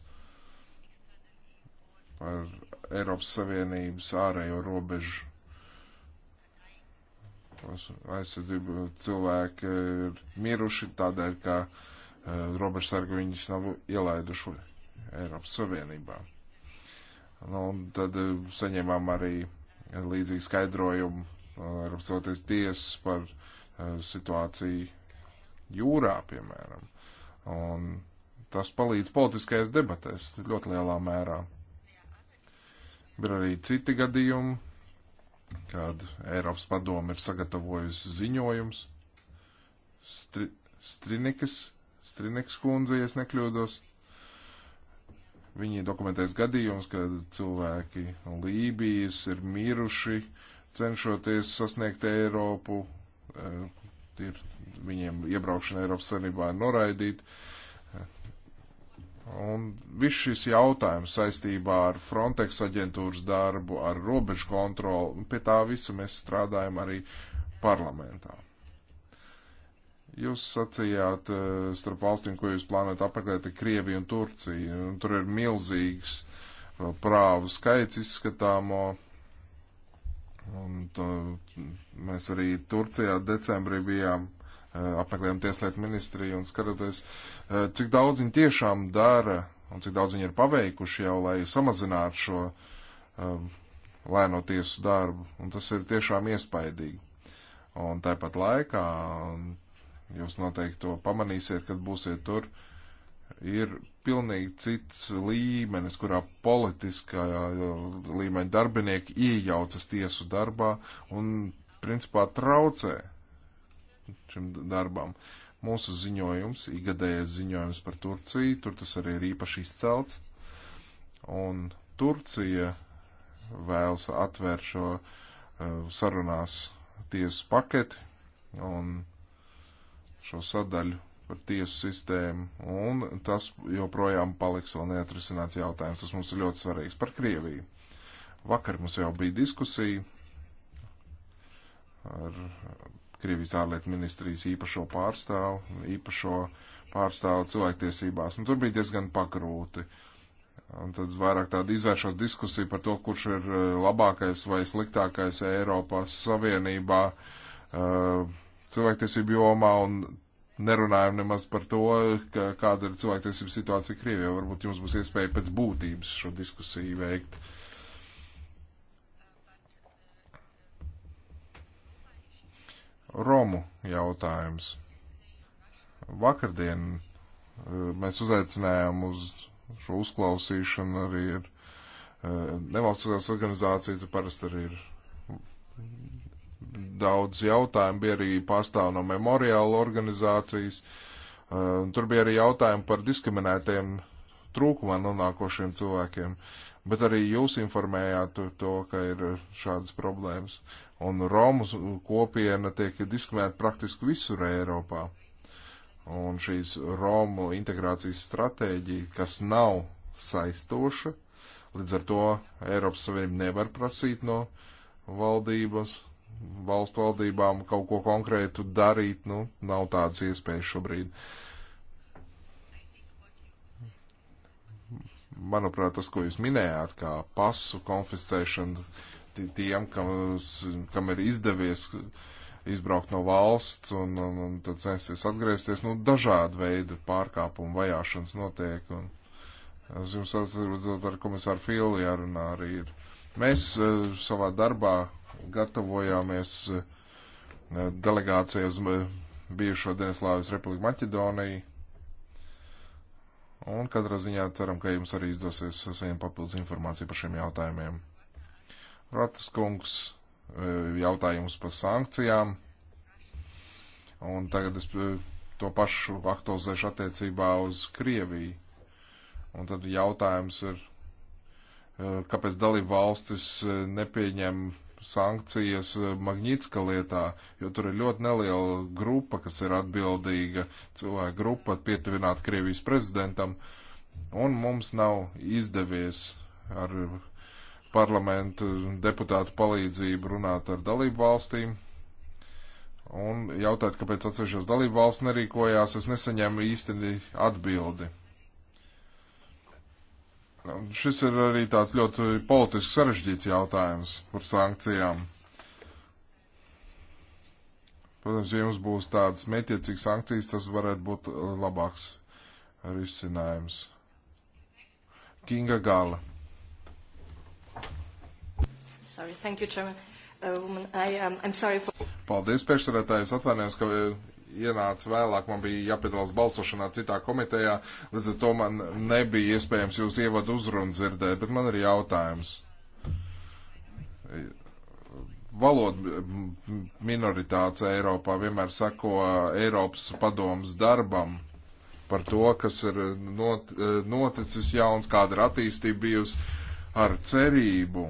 par Eiropas Savienības ārējo robežu aizsardzību cilvēki ir miruši tādēļ, ka uh, robežsargi viņus nav ielaiduši Eiropas Savienībā. Nu, un tad uh, saņēmām arī līdzīgu skaidrojumu uh, Eiropas Savienības tiesas par situāciju jūrā, piemēram. Un tas palīdz politiskajās debatēs ļoti lielā mērā. Ir arī citi gadījumi, kad Eiropas padomu ir sagatavojusi ziņojums. Stri, Strinikas, Strinikas kundze, ja es nekļūdos. Viņi dokumentēs gadījums, kad cilvēki Lībijas ir miruši, cenšoties sasniegt Eiropu, eh, ir viņiem iebraukšana Eiropas Savienībā noraidīta Un viss šis jautājums saistībā ar Frontex aģentūras darbu, ar robežu kontroli, pie tā visa mēs strādājam arī parlamentā. Jūs sacījāt eh, starp valstīm, ko jūs plānojat apmeklēt, ir Krievija un Turcija. Un tur ir milzīgs eh, prāvu skaits izskatāmo. Un to, mēs arī Turcijā decembrī bijām Eh, apmeklējam Tieslietu ministriju un skatoties, eh, cik daudz viņi tiešām dara un cik daudz viņi ir paveikuši jau, lai samazinātu šo um, lēno tiesu darbu. Un tas ir tiešām iespaidīgi. Un tāpat laikā, un jūs noteikti to pamanīsiet, kad būsiet tur, ir pilnīgi cits līmenis, kurā politiskā līmeņa darbinieki iejaucas tiesu darbā un principā traucē šim darbam. Mūsu ziņojums, ikgadējais ziņojums par Turciju, tur tas arī ir īpaši izcelts. Un Turcija vēlas atvērt šo uh, sarunās tiesas paketi un šo sadaļu par tiesu sistēmu, un tas joprojām paliks vēl neatrisināts jautājums. Tas mums ir ļoti svarīgs par Krieviju. Vakar mums jau bija diskusija ar Krievijas ārlietu ministrijas īpašo pārstāvu, īpašo pārstāvu cilvēktiesībās. Un nu, tur bija diezgan pagrūti. Un tad vairāk tāda izvēršas diskusija par to, kurš ir eh, labākais vai sliktākais Eiropas Savienībā eh, cilvēktiesību jomā un nerunājam nemaz par to, ka, kāda ir cilvēktiesību situācija Krievijā. Varbūt jums būs iespēja pēc būtības šo diskusiju veikt. Uh, Romu jautājums. Vakardien e, mēs uzaicinājām uz šo uzklausīšanu arī ir e, nevalstiskās organizācijas, parasti arī ir daudz jautājumu, bija arī pārstāv no memoriāla organizācijas, e, un tur bija arī jautājumi par diskriminētiem trūkumā nonākošiem cilvēkiem. Uh, bet arī jūs informējāt to, ka ir šādas problēmas. Un Romas kopiena tiek diskriminēta praktiski visur Eiropā. Un šīs Romu integrācijas stratēģija, kas nav saistoša, līdz ar to Eiropas Savienība nevar prasīt no valdības, valstu valdībām kaut ko konkrētu darīt, nu, nav tādas iespējas šobrīd. Uh, manuprāt, tas, ko jūs minējāt, kā pasu konfiscēšana tiem, kam, kam ir izdevies izbraukt no valsts un, un, un tad censties atgriezties, nu, dažādi veidi pārkāpumu vajāšanas notiek. Un, es jums atceros, ar komisāru Fīlu jārunā arī ir. Mēs e, savā darbā gatavojāmies e, delegācijas bijušo Denislāvijas Republiku Maķedoniju Un katrā ziņā ceram, ka jums arī izdosies saņemt papildus informāciju par šiem jautājumiem. Ratas kungs, e, jautājums par sankcijām. Un tagad es e, to pašu aktualizēšu attiecībā uz Krieviju. Un tad jautājums ir, e, kāpēc dalību valstis nepieņem sankcijas eh, Magnitska lietā, jo tur ir ļoti neliela grupa, kas ir atbildīga cilvēka grupa pietuvināt Krievijas prezidentam, un mums nav izdevies ar parlamentu deputātu palīdzību runāt ar dalību valstīm. Un jautāt, kāpēc atsevišķos dalību valsts nerīkojās, es nesaņēmu īstenī atbildi. Nu, šis ir arī tāds ļoti politiski sarežģīts jautājums par sankcijām. Protams, ja jums būs tādas mētiecīgas sankcijas, tas varētu būt uh, labāks risinājums. Kinga Gala. Sorry, thank you, Chairman. Uh, woman, I, um, I'm sorry for... Paldies, priekšsarētājs. Atvainojos, ka ienāca vēlāk, man bija jāpiedalās balsošanā citā komitejā, līdz ar to man nebija iespējams jūs ievadu uzrunu dzirdēt, bet man ir jautājums. Valoda minoritāte Eiropā vienmēr sako Eiropas padomas darbam par to, kas ir not, e, noticis jauns, kāda ir attīstība bijusi ar cerību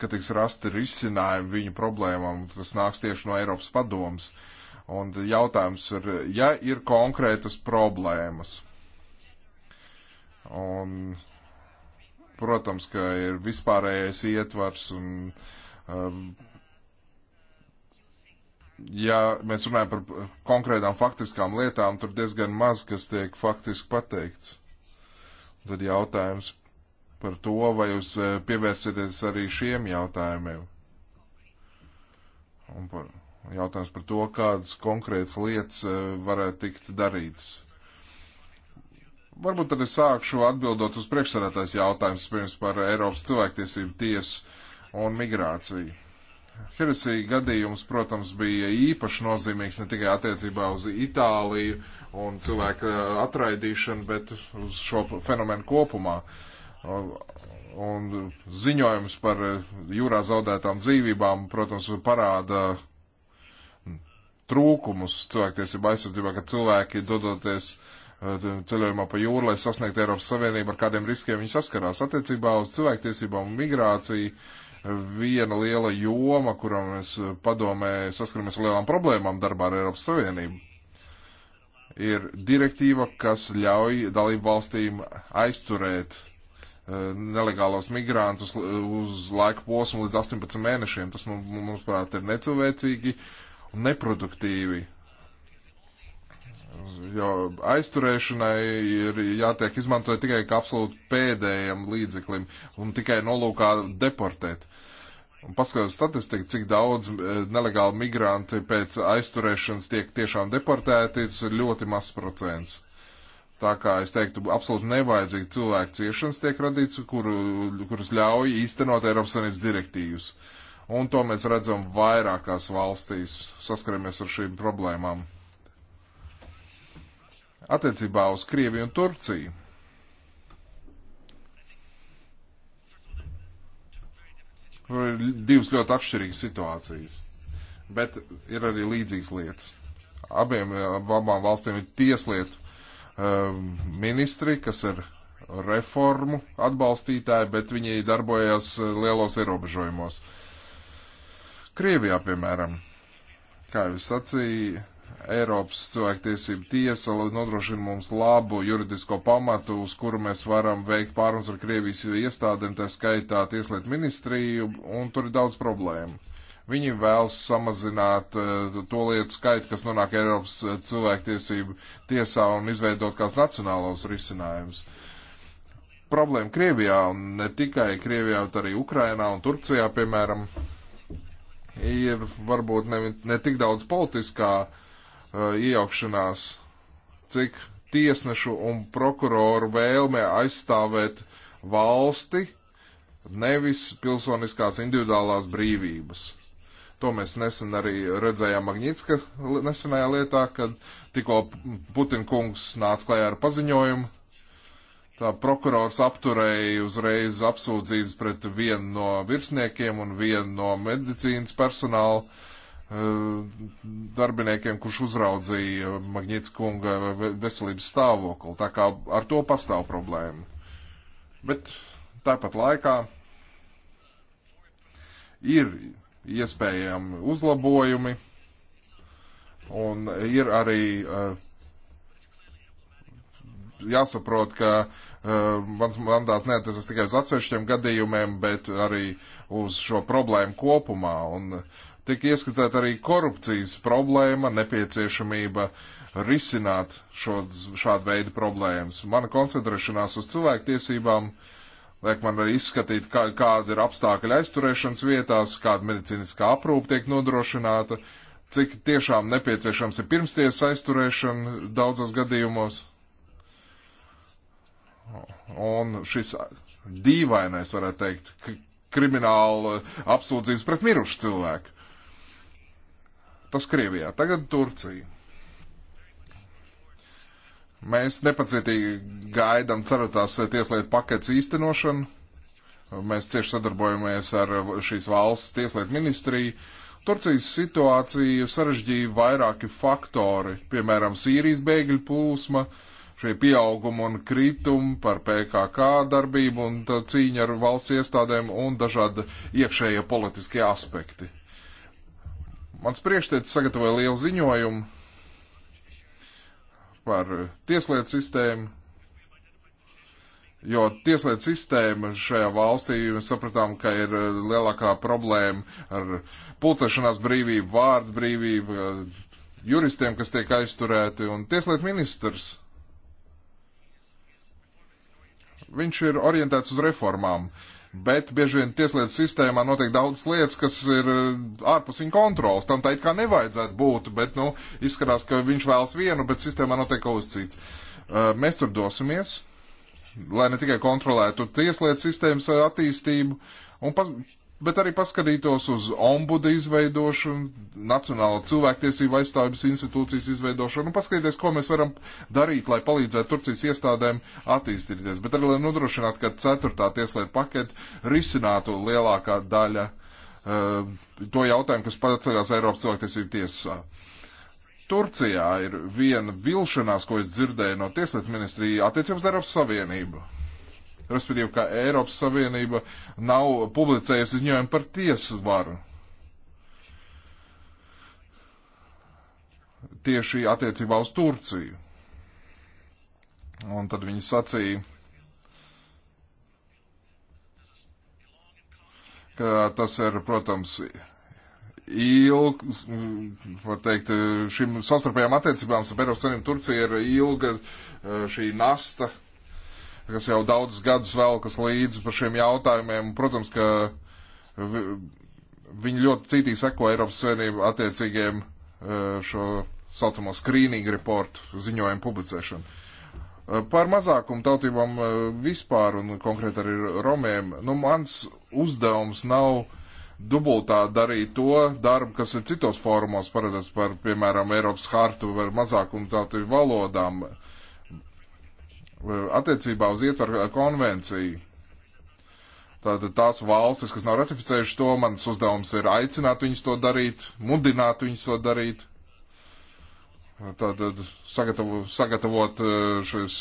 ka tiks rasti risinājumi viņu problēmām, tas nāks tieši no Eiropas padomas. Un jautājums ir, ja ir konkrētas problēmas, un, protams, ka ir vispārējais ietvars, un, uh, ja mēs runājam par konkrētām faktiskām lietām, tur diezgan maz, kas tiek faktiski pateikts. Tad jautājums par to, vai jūs eh, pievērsieties arī šiem jautājumiem. Un par, jautājums par to, kādas konkrētas lietas eh, varētu tikt darītas. Varbūt tad es sākšu atbildot uz priekšsarētājs jautājums pirms par Eiropas cilvēktiesību tiesu un migrāciju. Heresī gadījums, protams, bija īpaši nozīmīgs ne tikai attiecībā uz Itāliju un cilvēku eh, atraidīšanu, bet uz šo fenomenu kopumā. Uh, Un ziņojums par eh, jūrā zaudētām dzīvībām, protams, parāda mm, trūkumus cilvēktiesība aizsardzībā, ka cilvēki dodoties eh, ceļojumā pa jūru, lai sasniegtu Eiropas Savienību, ar kādiem riskiem viņi saskarās. Attiecībā uz cilvēktiesībām un migrāciju eh, viena liela joma, kurā mēs padomē saskaramies ar lielām problēmām darbā ar Eiropas Savienību, ir direktīva, kas ļauj dalību valstīm aizturēt nelegālos migrantus uz laika posmu līdz 18 mēnešiem. Tas, mums prāt, ir necilvēcīgi un neproduktīvi. Jo aizturēšanai ir jātiek izmantot tikai kā absolūti pēdējam līdzeklim un tikai nolūkā deportēt. Un paskatās statistiku, cik daudz eh, nelegāli migranti pēc aizturēšanas tiek tiešām deportēti, tas ir ļoti mazs procents. Tā kā es teiktu, absolūti nevajadzīgi cilvēku ciešanas tiek radīts, kur, kuras ļauj īstenot Eiropas Savienības direktīvas. Un to mēs redzam vairākās valstīs, saskaramies ar šīm problēmām. Attiecībā uz Krieviju un Turciju. Tur ir divas ļoti atšķirīgas situācijas, bet ir arī līdzīgas lietas. Abiem abām valstīm ir tieslietu Ehm, ministri, kas ir reformu atbalstītāji, bet viņi darbojās eh, lielos ierobežojumos. Krievijā, piemēram, kā jau es sacīju, Eiropas cilvēktiesība tiesa nodrošina mums labu juridisko pamatu, uz kuru mēs varam veikt pārunas ar Krievijas iestādēm, tā skaitā Tieslietu ministriju, un tur ir daudz problēmu. Viņi vēlas samazināt eh, to lietu skaitu, kas nonāk Eiropas eh, cilvēktiesību tiesā un izveidot kāds nacionālos risinājumus. Problēma Krievijā, un ne tikai Krievijā, bet arī Ukrainā un Turcijā, piemēram, ir varbūt ne, ne tik daudz politiskā uh, iejaukšanās, cik tiesnešu un prokuroru vēlme aizstāvēt valsti, nevis pilsoniskās individuālās brīvības. To mēs nesen arī redzējām Magnitska nesenajā lietā, kad tikko Putina kungs nāca klajā ar paziņojumu. Tā prokurors apturēja uzreiz apsūdzības pret vienu no virsniekiem un vienu no medicīnas personāla eh, darbiniekiem, kurš uzraudzīja Magnitska kunga veselības stāvokli. Tā kā ar to pastāv problēma. Bet tāpat laikā ir iespējami uzlabojumi, un ir arī eh, jāsaprot, ka eh, mans mandāts neatiecas tikai uz atsevišķiem gadījumiem, bet arī uz šo problēmu kopumā. Un tika ieskatīta arī korupcijas problēma, nepieciešamība risināt šo, šādu veidu problēmas. Mana koncentrēšanās uz cilvēktiesībām uh, Liek man arī izskatīt, kā, kāda ir apstākļa aizturēšanas vietās, kāda medicīniskā aprūpa tiek nodrošināta, cik tiešām nepieciešams ir pirmstiesa aizturēšana daudzos gadījumos. Un šis dīvainais, varētu teikt, krimināla apsūdzības pret mirušu cilvēku. Tas Krievijā, tagad Turcija. Mēs nepacietīgi gaidām ceratās tieslietu paketes īstenošanu. Mēs cieši sadarbojamies ar šīs valsts tieslietu ministriju. Turcijas situāciju sarežģīja vairāki faktori, piemēram, Sīrijas bēgļu plūsma, šie pieaugumi un kritumi par PKK darbību un cīņa ar valsts iestādēm un dažādi iekšējie politiskie aspekti. Mans priekšteicis sagatavoja lielu ziņojumu, par eh, tieslietu sistēmu, jo tieslietu sistēma šajā valstī, mēs sapratām, ka ir eh, lielākā problēma ar pulcēšanās brīvību, vārdu brīvību, eh, juristiem, kas tiek aizturēti, un tieslietu ministrs. Viņš ir orientēts uz reformām. Uh, bet bieži vien tieslietu sistēmā notiek daudz lietas, kas ir eh, ārpus viņa kontrolas. Tam tā it kā nevajadzētu būt, bet, nu, izskatās, ka viņš vēlas vienu, bet sistēmā notiek kaut kas cits. Eh, mēs tur dosimies, lai ne tikai kontrolētu tieslietu sistēmas eh, attīstību un bet arī paskatītos uz ombuda izveidošanu, Nacionālo cilvēktiesību aizstāvības institūcijas izveidošanu un paskatīties, ko mēs varam darīt, lai palīdzētu Turcijas iestādēm attīstīties, bet arī lai nodrošinātu, ka ceturtā tieslietu paketa risinātu lielākā daļa uh, to jautājumu, kas paceļās Eiropas cilvēktiesību tiesā. Turcijā ir viena vilšanās, ko es dzirdēju no tieslietu ministrija attiecībā uz Eiropas Savienību respektīvi, ka Eiropas Savienība nav publicējusi ziņojumu par tiesu varu. Tieši attiecībā uz Turciju. Un tad viņi sacīja, ka tas ir, protams, ilgs, var teikt, šīm sastarpējām attiecībām starp Eiropas Savienību un Turciju ir ilga eh, šī nasta, kas jau daudzus gadus velkas līdzi par šiem jautājumiem. Protams, ka viņi ļoti cītīgi seko Eiropas Savienību attiecīgiem e, šo saucamo screening reportu ziņojumu publicēšanu. E, par mazākumu tautībām e, vispār un konkrēti arī romiem, nu mans uzdevums nav dubultā darīt to darbu, kas ir citos fórumos paredzēts par, piemēram, Eiropas hartu vai mazākumu tautību valodām. Uh, Eh, attiecībā uz ietvaru eh, konvenciju. Tātad tās valstis, kas nav ratificējuši to, mans uzdevums ir aicināt viņus to darīt, mudināt viņus to darīt, tātad sagatavo, sagatavot eh, šīs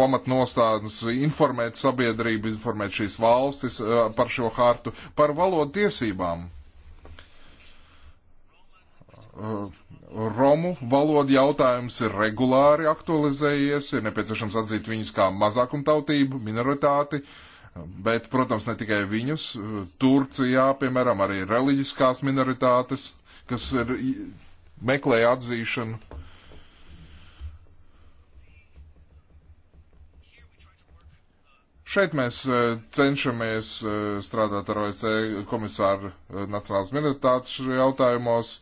pamatnostādnes, informēt sabiedrību, informēt šīs valstis par šo hartu, par valodu tiesībām. Romu valodu jautājums ir regulāri aktualizējies, ir nepieciešams atzīt viņus kā mazākumtautību, minoritāti, bet, protams, ne tikai viņus. Turcijā, piemēram, arī reliģiskās minoritātes, kas ir, meklē atzīšanu. Šeit mēs e, cenšamies e, strādāt ar OEC komisāru e, nacionālās minoritātes jautājumos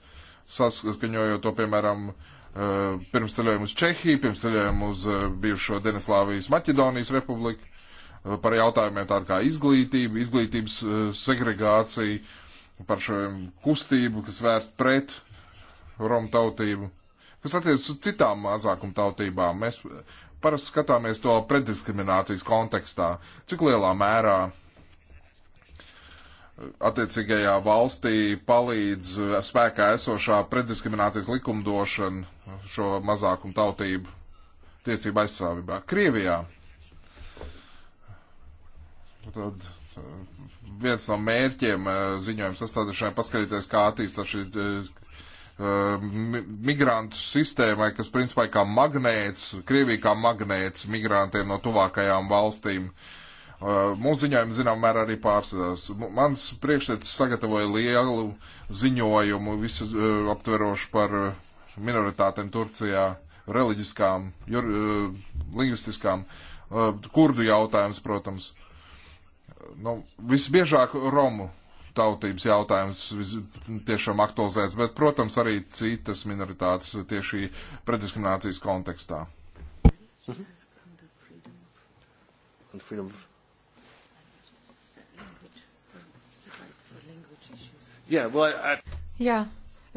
saskaņojot to, piemēram, eh, pirms ceļojumu uz Čehiju, pirms ceļojumu uz eh, bijušo Deneslāvijas Maķedonijas republiku, eh, par jautājumiem tādu kā izglītība, izglītības segregācija, par šo kustību, kas vērst pret Romu tautību, kas attiecas uz citām mazākumu tautībām. Mēs parasti skatāmies to preddiskriminācijas kontekstā, cik lielā mērā attiecīgajā valstī palīdz spēkā esošā preddiskriminācijas likumdošana šo mazākumu tautību tiesību aizstāvībā. Krievijā tad eh, viens no mērķiem eh, ziņojums sastādīšanai paskatīties, kā attīstās šī eh, migrantu sistēmai, kas principā kā magnēts, Krievija kā magnēts migrantiem no tuvākajām valstīm uh, Uh, Mūsu ziņojumi, zinām, mērā arī pārsēdās. Mans priekšsēdētājs sagatavoja lielu ziņojumu, visu uh, aptverošu par uh, minoritātēm Turcijā, reliģiskām, jur, lingvistiskām, kurdu jautājums, protams. Nu, visbiežāk Romu tautības jautājums tiešām aktualizēts, bet, protams, arī citas minoritātes tieši prediskriminācijas kontekstā. Mm -hmm. Yeah, well, I... Jā,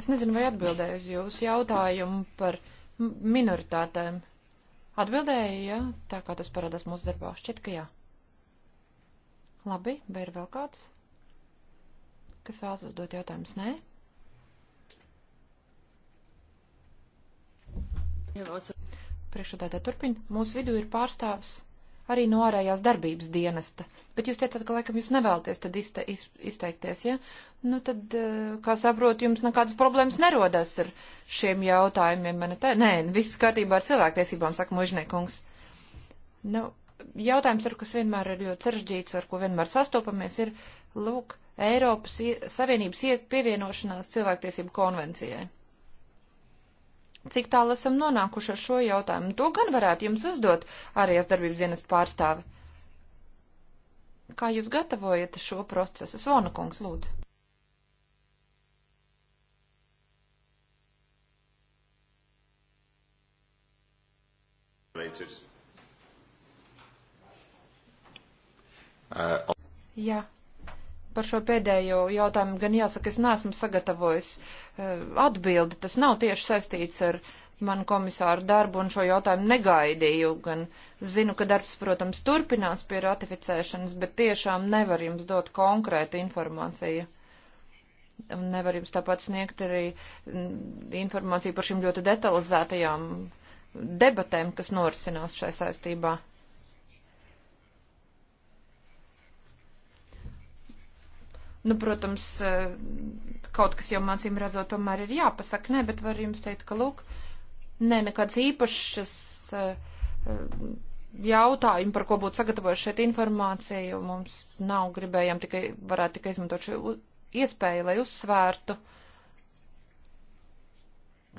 es nezinu, vai atbildēju uz jūsu jautājumu par minoritātēm. Atbildēju, jā, tā kā tas parādās mūsu darbā. Šķiet, ka jā. Labi, vai ir vēl kāds, kas vēlas uzdot jautājumus? Nē. Priekšādātā turpina. Mūsu vidū ir pārstāvs arī no ārējās darbības dienesta, bet jūs teicat, ka laikam jūs nevēlaties tad izte, iz, izteikties, ja? Nu tad, eh, kā saprotu, jums nekādas problēmas nerodas ar šiem jautājumiem. Man te, nē, viss kārtībā ar cilvēktiesībām, saka Mužniekungs. Nu, jautājums, ar kas vienmēr ir ļoti sarežģīts, ar ko vienmēr sastopamies, ir, lūk, Eiropas Savienības iet pievienošanās cilvēktiesību konvencijai. Cik tālu esam nonākuši ar šo jautājumu? To gan varētu jums uzdot arī asdarbības dienas pārstāvi. Kā jūs gatavojat šo procesu? Svona kungs, lūdzu. eliminated. Uh, Jā, par šo pēdējo jautājumu gan jāsaka, es neesmu sagatavojis uh, atbildi. Tas nav tieši saistīts ar manu komisāru darbu un šo jautājumu negaidīju. Gan zinu, ka darbs, protams, turpinās pie ratificēšanas, bet tiešām nevar jums dot konkrēta informācija. Un nevar jums tāpat sniegt arī mm, informāciju par šīm ļoti detalizētajām debatēm, kas norisinās šai saistībā. Nu, protams, eh, kaut kas jau mācīm redzot, tomēr ir jāpasaka, nē, bet var jums teikt, ka, lūk, nē, nekāds īpašs eh, jautājumi, par ko būtu sagatavojuši šeit informāciju, mums nav gribējām tikai, varētu tikai izmantot šo iespēju, lai uzsvērtu uh,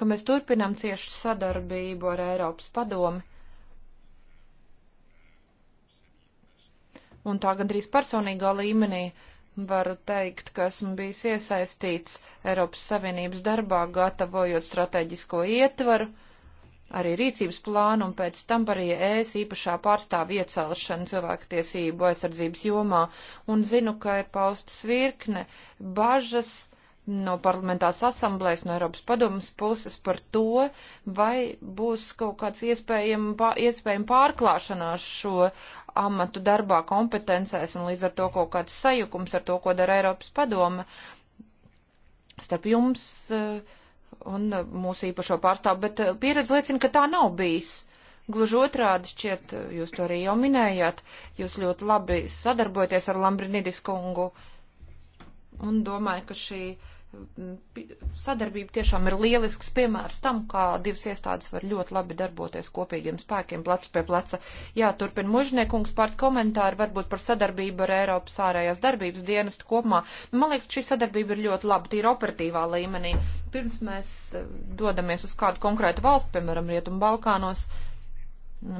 ka mēs turpinām ciešu sadarbību ar Eiropas padomi. Un tā gandrīz personīgā līmenī varu teikt, ka esmu bijis iesaistīts Eiropas Savienības darbā, gatavojot strateģisko ietvaru, arī rīcības plānu un pēc tam arī ēs īpašā pārstāvu iecelšanu cilvēktiesību aizsardzības jomā. Un zinu, ka ir paustas virkne bažas no parlamentās asamblēs, no Eiropas padomas puses par to, vai būs kaut kāds iespējami, iespējami pārklāšanās šo amatu darbā kompetencēs un līdz ar to kaut kāds sajukums ar to, ko dara Eiropas padoma starp jums eh, un mūsu īpašo pārstāvu, bet eh, pieredze liecina, ka tā nav bijis. Gluži otrādi šķiet, eh, jūs to arī jau minējāt, jūs ļoti labi sadarbojaties ar Lambrinidis kungu un domāju, ka šī uh, sadarbība tiešām ir lielisks piemērs tam, kā divas iestādes var ļoti labi darboties kopīgiem spēkiem plecu pie pleca. Jā, turpin mužniekungs pāris komentāri varbūt par sadarbību ar Eiropas ārējās darbības dienestu kopumā. Nu, man liekas, šī sadarbība ir ļoti laba, tīri operatīvā līmenī. Pirms mēs eh, dodamies uz kādu konkrētu valstu, piemēram, Rietumu Balkānos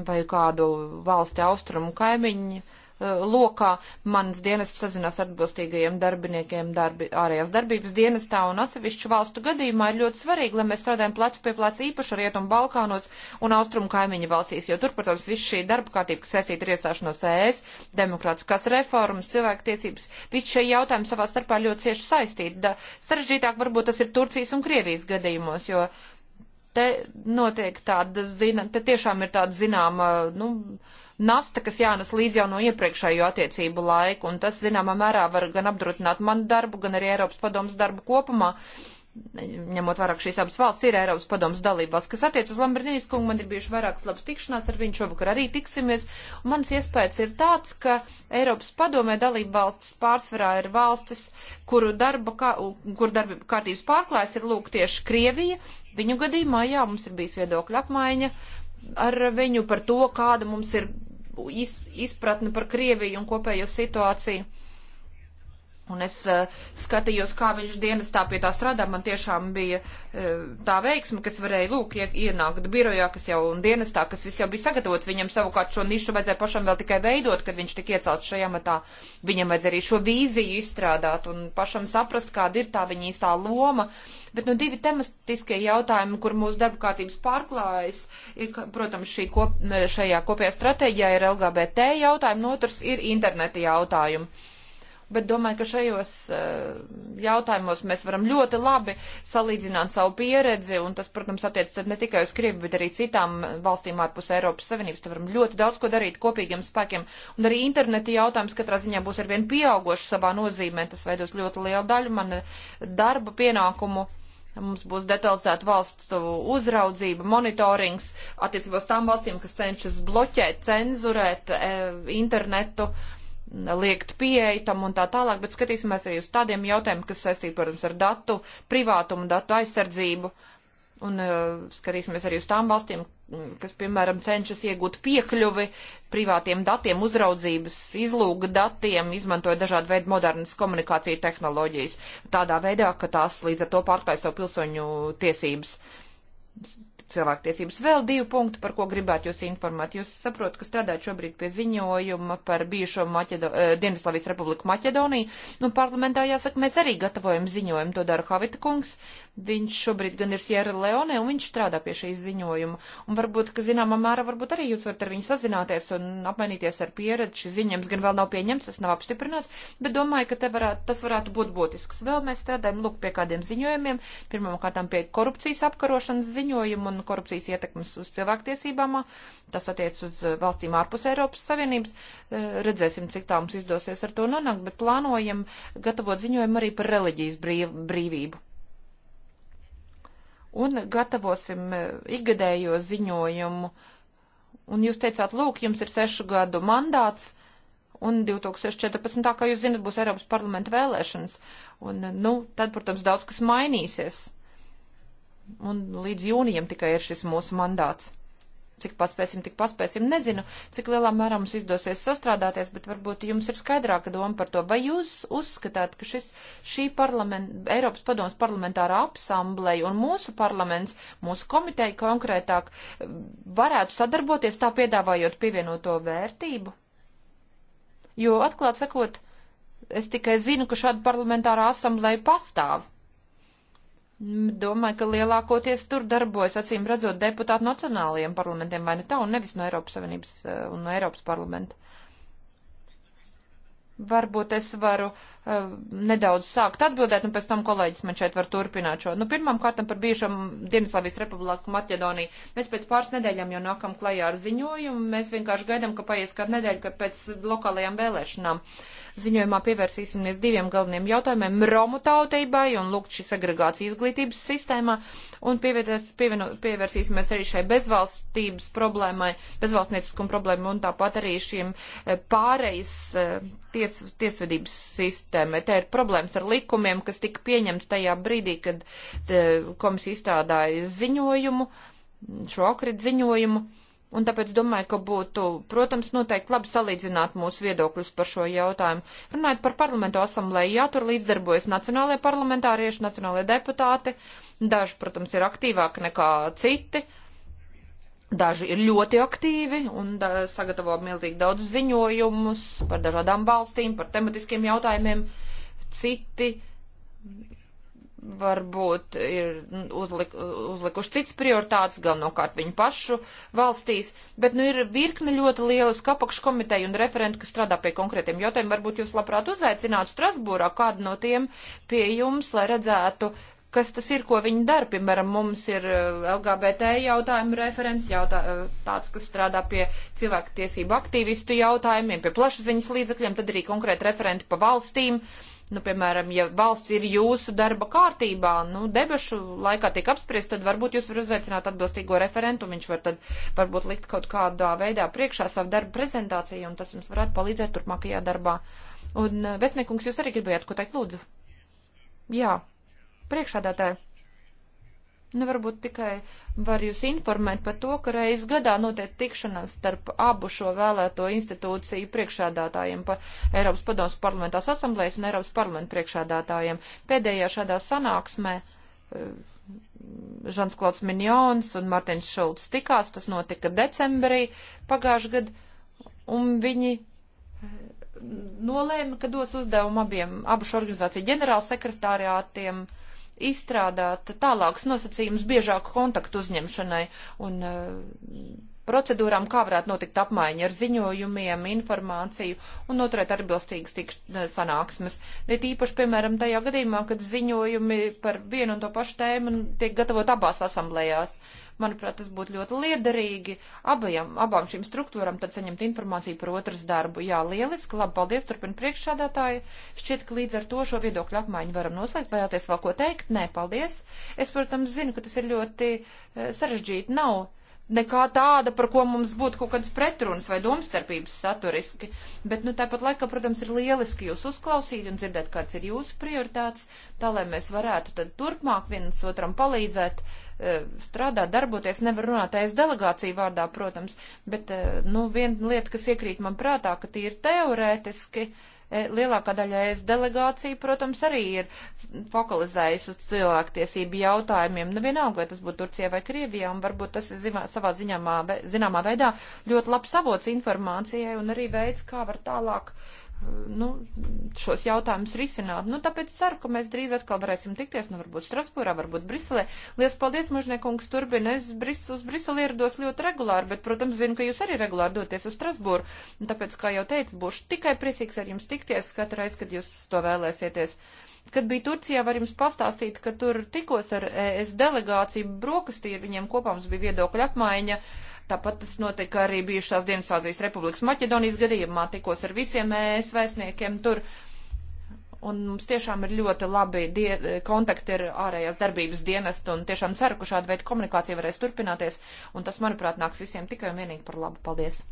vai kādu valsti austrumu kaimiņu Eh, lokā. Mans dienests sazinās atbilstīgajiem darbiniekiem darbi, ārējās darbības dienestā un atsevišķu valstu gadījumā ir ļoti svarīgi, lai mēs strādājam plecu pie pleca īpaši Rietumu Balkānos un Austrumu kaimiņu valstīs, jo tur, protams, viss šī darba kārtība, kas saistīta ar iestāšanos ES, demokrātiskās reformas, cilvēktiesības, visi šie jautājumi savā starpā ļoti cieši saistīti. Da, sarežģītāk varbūt tas ir Turcijas un Krievijas gadījumos, jo uh, te notiek tāda, zina, te tiešām ir tāda zināma, nu, nasta, kas jānes līdz jau no iepriekšējo attiecību laiku, un tas, zināmā mērā, var gan apdrutināt manu darbu, gan arī Eiropas padomas darbu kopumā, ņemot vairāk šīs abas valsts ir Eiropas padomas dalībās. Kas attiec uz Lambrinīs kungu, man ir bijuši vairākas labas tikšanās, ar viņu šovakar arī tiksimies. Un mans iespējas ir tāds, ka Eiropas padomē dalībvalstis pārsvarā ir valstis, kuru darba, kā, kur darba kārtības pārklājas ir lūk tieši Krievija. Viņu gadījumā, jā, mums ir bijis viedokļa apmaiņa ar viņu par to, kāda mums ir iz, izpratne par Krieviju un kopējo situāciju. Un es uh, skatījos, kā viņš dienas tā pie tā strādā. Man tiešām bija uh, tā veiksme, kas varēja, lūk, ienākt birojā, kas jau un dienas tā, kas viss jau bija sagatavots. Viņam savukārt šo nišu vajadzēja pašam vēl tikai veidot, kad viņš tika iecelts šajā matā. Viņam vajadzēja arī šo vīziju izstrādāt un pašam saprast, kāda ir tā viņa īstā loma. Bet, nu, divi tematiskie jautājumi, kur mūsu darba kārtības pārklājas, ir, protams, šī kop, šajā kopējā stratēģijā ir LGBT jautājumi, un otrs ir interneta jautājumi bet domāju, ka šajos eh, jautājumos mēs varam ļoti labi salīdzināt savu pieredzi, un tas, protams, attiec ne tikai uz Krieviju, bet arī citām valstīm ārpus Eiropas Savienības. Te varam ļoti daudz ko darīt kopīgiem spēkiem, un arī interneta jautājums katrā ziņā būs arvien pieaugošs savā nozīmē, tas veidos ļoti lielu daļu man darba pienākumu. Mums būs detalizēta valsts uzraudzība, monitorings attiecībā uz tām valstīm, kas cenšas bloķēt, cenzurēt e, internetu. E, liekt pieeja tam un tā tālāk, bet skatīsimies arī uz tādiem jautājumiem, kas saistīti, protams, ar datu privātumu, datu aizsardzību. Un uh, skatīsimies arī uz tām valstīm, kas, piemēram, cenšas iegūt piekļuvi privātiem datiem, uzraudzības, izlūga datiem, izmantoja dažādu veidu modernas komunikāciju tehnoloģijas, tādā veidā, ka tās līdz ar to pārklāja savu pilsoņu tiesības cilvēktiesības. Vēl divi punkti, par ko gribētu jūs informēt. Jūs saprotat, ka strādājat šobrīd pie ziņojuma par bijušo Maķedo eh, Dienvidslāvijas republiku Maķedoniju. Nu, parlamentā jāsaka, mēs arī gatavojam ziņojumu, to dara Havita kungs. Viņš šobrīd gan ir Sierra Leone un viņš strādā pie šī ziņojuma. Un varbūt, ka zināmā mērā, varbūt arī jūs varat ar viņu sazināties un apmainīties ar pieredzi. Šis ziņojums gan vēl nav pieņemts, tas nav apstiprināts, bet domāju, ka varētu, tas varētu būt būtisks. Vēl mēs strādājam, lūk, pie kādiem ziņojumiem. Pirmām kārtām pie korupcijas apkarošanas ziņojuma un korupcijas ietekmes uz cilvēktiesībām. Tas attiec uz eh, valstīm ārpus Eiropas Savienības. Eh, redzēsim, cik tā mums izdosies ar to nonākt, bet plānojam gatavot ziņojumu arī par reliģijas brīv, brīvību un gatavosim e, ikgadējo ziņojumu. Un jūs teicāt, lūk, jums ir sešu gadu mandāts, un 2014. kā jūs zinat, būs Eiropas parlamenta vēlēšanas. Un, e, nu, tad, protams, daudz kas mainīsies. Un līdz jūnijam tikai ir šis mūsu mandāts. Cik paspēsim, tik paspēsim. Nezinu, cik lielā mērā mums izdosies sastrādāties, bet varbūt jums ir skaidrāka doma par to. Vai jūs uzskatāt, ka šis, šī parlament, Eiropas padomas parlamentārā apsambleja un mūsu parlaments, mūsu komiteja konkrētāk, varētu sadarboties tā piedāvājot pievienoto vērtību? Jo, atklāt sakot, es tikai zinu, ka šāda parlamentārā asambleja pastāv. Mm, domāju, ka lielākoties tur darbojas, acīm redzot, deputāti nacionālajiem parlamentiem, vai ne nu tā, un nevis no Eiropas Savienības eh, un no Eiropas parlamenta. Varbūt es varu uh, Eh, nedaudz sākt atbildēt, un pēc tam kolēģis man šeit var turpināt šo. Nu, pirmām kārtam par bijušo Dienaslavijas republiku Maķedoniju. Mēs pēc pāris nedēļām jau nākam klajā ar ziņojumu, mēs vienkārši gaidām, ka paies kāda nedēļa, ka pēc lokālajām vēlēšanām ziņojumā pievērsīsimies diviem galveniem jautājumiem - Romu tautībai un lūgt šī segregācija izglītības sistēmā, un pievieno, pievērsīsimies arī šai bezvalstības problēmai, bezvalstnieciskuma problēmai, un tāpat arī šiem eh, pārejas eh, ties, tiesvedības sistēmai sistēmai. Te ir problēmas ar likumiem, kas tika pieņemts tajā brīdī, kad komisija izstrādāja ziņojumu, šo okrit ziņojumu. Un tāpēc domāju, ka būtu, protams, noteikti labi salīdzināt mūsu viedokļus par šo jautājumu. Runājot par parlamentu asamblēju, jā, tur līdzdarbojas nacionālajie parlamentārieši, nacionālajie deputāti. Daži, protams, ir aktīvāki nekā citi. Uh, Daži ir ļoti aktīvi un da, sagatavo milzīgi daudz ziņojumus par dažādām valstīm, par tematiskiem jautājumiem. Citi varbūt ir uzlik, uzlikuši cits prioritātes, galvenokārt viņu pašu valstīs, bet nu ir virkne ļoti lielas kapakškomiteju un referentu, kas strādā pie konkrētiem jautājumiem. Varbūt jūs labprāt uzaicinātu Strasbūrā kādu no tiem pie jums, lai redzētu, kas tas ir, ko viņi dara. Piemēram, mums ir eh, LGBT jautājumu referents, jautā, eh, tāds, kas strādā pie cilvēku tiesību aktīvistu jautājumiem, pie plašsaziņas līdzakļiem, tad arī konkrēti referenti pa valstīm. Nu, piemēram, ja valsts ir jūsu darba kārtībā, nu, debašu laikā tiek apspriest, tad varbūt jūs varat uzaicināt atbilstīgo referentu, viņš var tad varbūt likt kaut kādā veidā priekšā savu darbu prezentāciju, un tas jums varētu palīdzēt turpmākajā darbā. Un, eh, Vesnikungs, jūs arī gribējāt ko teikt, lūdzu? Jā. Priekšādātāji, nu varbūt tikai var jūs informēt par to, ka reiz gadā notiek tikšanās starp abu šo vēlēto institūciju priekšādātājiem pa Eiropas padomus parlamentās asamblējas un Eiropas parlamentu priekšādātājiem. Pēdējā šādā sanāksmē eh, Žans Klauds Minjons un Martins Šulcs tikās, tas notika decembrī pagājušajā gadā, un viņi eh, nolēma, ka dos uzdevumu abiem, abu šo organizāciju ģenerālsekretāriātiem uh, izstrādāt tālākus nosacījumus biežāku kontaktu uzņemšanai un eh, procedūrām, kā varētu notikt apmaiņa ar ziņojumiem, informāciju un noturēt atbilstīgas tikš, eh, sanāksmes. Ne tīpaši, piemēram, tajā gadījumā, kad ziņojumi par vienu un to pašu tēmu tiek gatavot abās asamblējās. Uh, Manuprāt, tas būtu ļoti liederīgi abajam, abām šīm struktūram tad saņemt informāciju par otras darbu. Jā, lieliski, labi, paldies, turpin priekšsādātāji. Šķiet, ka līdz ar to šo viedokļu apmaiņu varam noslēgt. Vajāties vēl ko teikt? Nē, paldies. Es, protams, zinu, ka tas ir ļoti eh, sarežģīti. Nav nekā tāda, par ko mums būtu kaut kādas pretrunas vai domstarpības saturiski. Bet, nu, tāpat laikā, protams, ir lieliski jūs uzklausīt un dzirdēt, kāds ir jūsu prioritāts, tā lai mēs varētu tad turpmāk viens otram palīdzēt E, strādāt, darboties, nevar runāt aiz delegāciju vārdā, protams, bet, e, nu, viena lieta, kas iekrīt man prātā, ka tie ir teorētiski, e, lielākā daļa es delegācija, protams, arī ir fokalizējusi uz cilvēktiesību jautājumiem. Nu, vienalga, vai tas būtu Turcija vai Krievijā, un varbūt tas ir zimā, savā ziņamā, zināmā veidā ļoti labs avots informācijai un arī veids, kā var tālāk uh, Eh, nu, šos jautājumus risināt. Nu, tāpēc ceru, ka mēs drīz atkal varēsim tikties, nu, varbūt Strasbūrā, varbūt Briselē. Lielas paldies, mužniekungs, turbin. Es bris, uz Briseli ierados ļoti regulāri, bet, protams, zinu, ka jūs arī regulāri doties uz Strasbūru. Un tāpēc, kā jau teicu, būšu tikai priecīgs ar jums tikties katru reizi, kad jūs to vēlēsieties. Uh, Kad biju Turcijā, var jums pastāstīt, ka tur tikos ar ES delegāciju brokastī, ar viņiem kopā mums bija viedokļa apmaiņa. Tāpat tas notika arī bijušās Dienasāzijas Republikas Maķedonijas gadījumā, tikos ar visiem ES vēstniekiem tur. Un mums tiešām ir ļoti labi die, kontakti ar ārējās darbības dienestu un tiešām ceru, ka šāda veida komunikācija varēs turpināties. Un tas, manuprāt, nāks visiem tikai un vienīgi par labu. Paldies!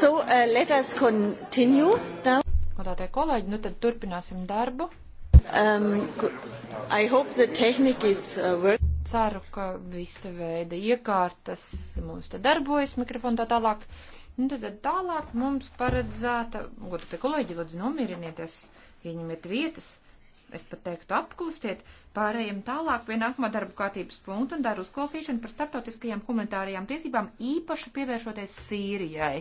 So, uh, let us continue now. Godātie kolēģi, nu tad turpināsim darbu. Um, I hope the technique is uh, working. Ceru, ka visa veida iekārtas mums te darbojas, mikrofonu tā tālāk. Nu tad, tad tālāk mums paredzēta, godātie kolēģi, lūdzu nomierinieties, ieņemiet vietas es pat teiktu, apklustiet, pārējiem tālāk pie nākamā darba kārtības punkta un daru uzklausīšanu par starptautiskajām humanitārajām tiesībām, īpaši pievēršoties Sīrijai.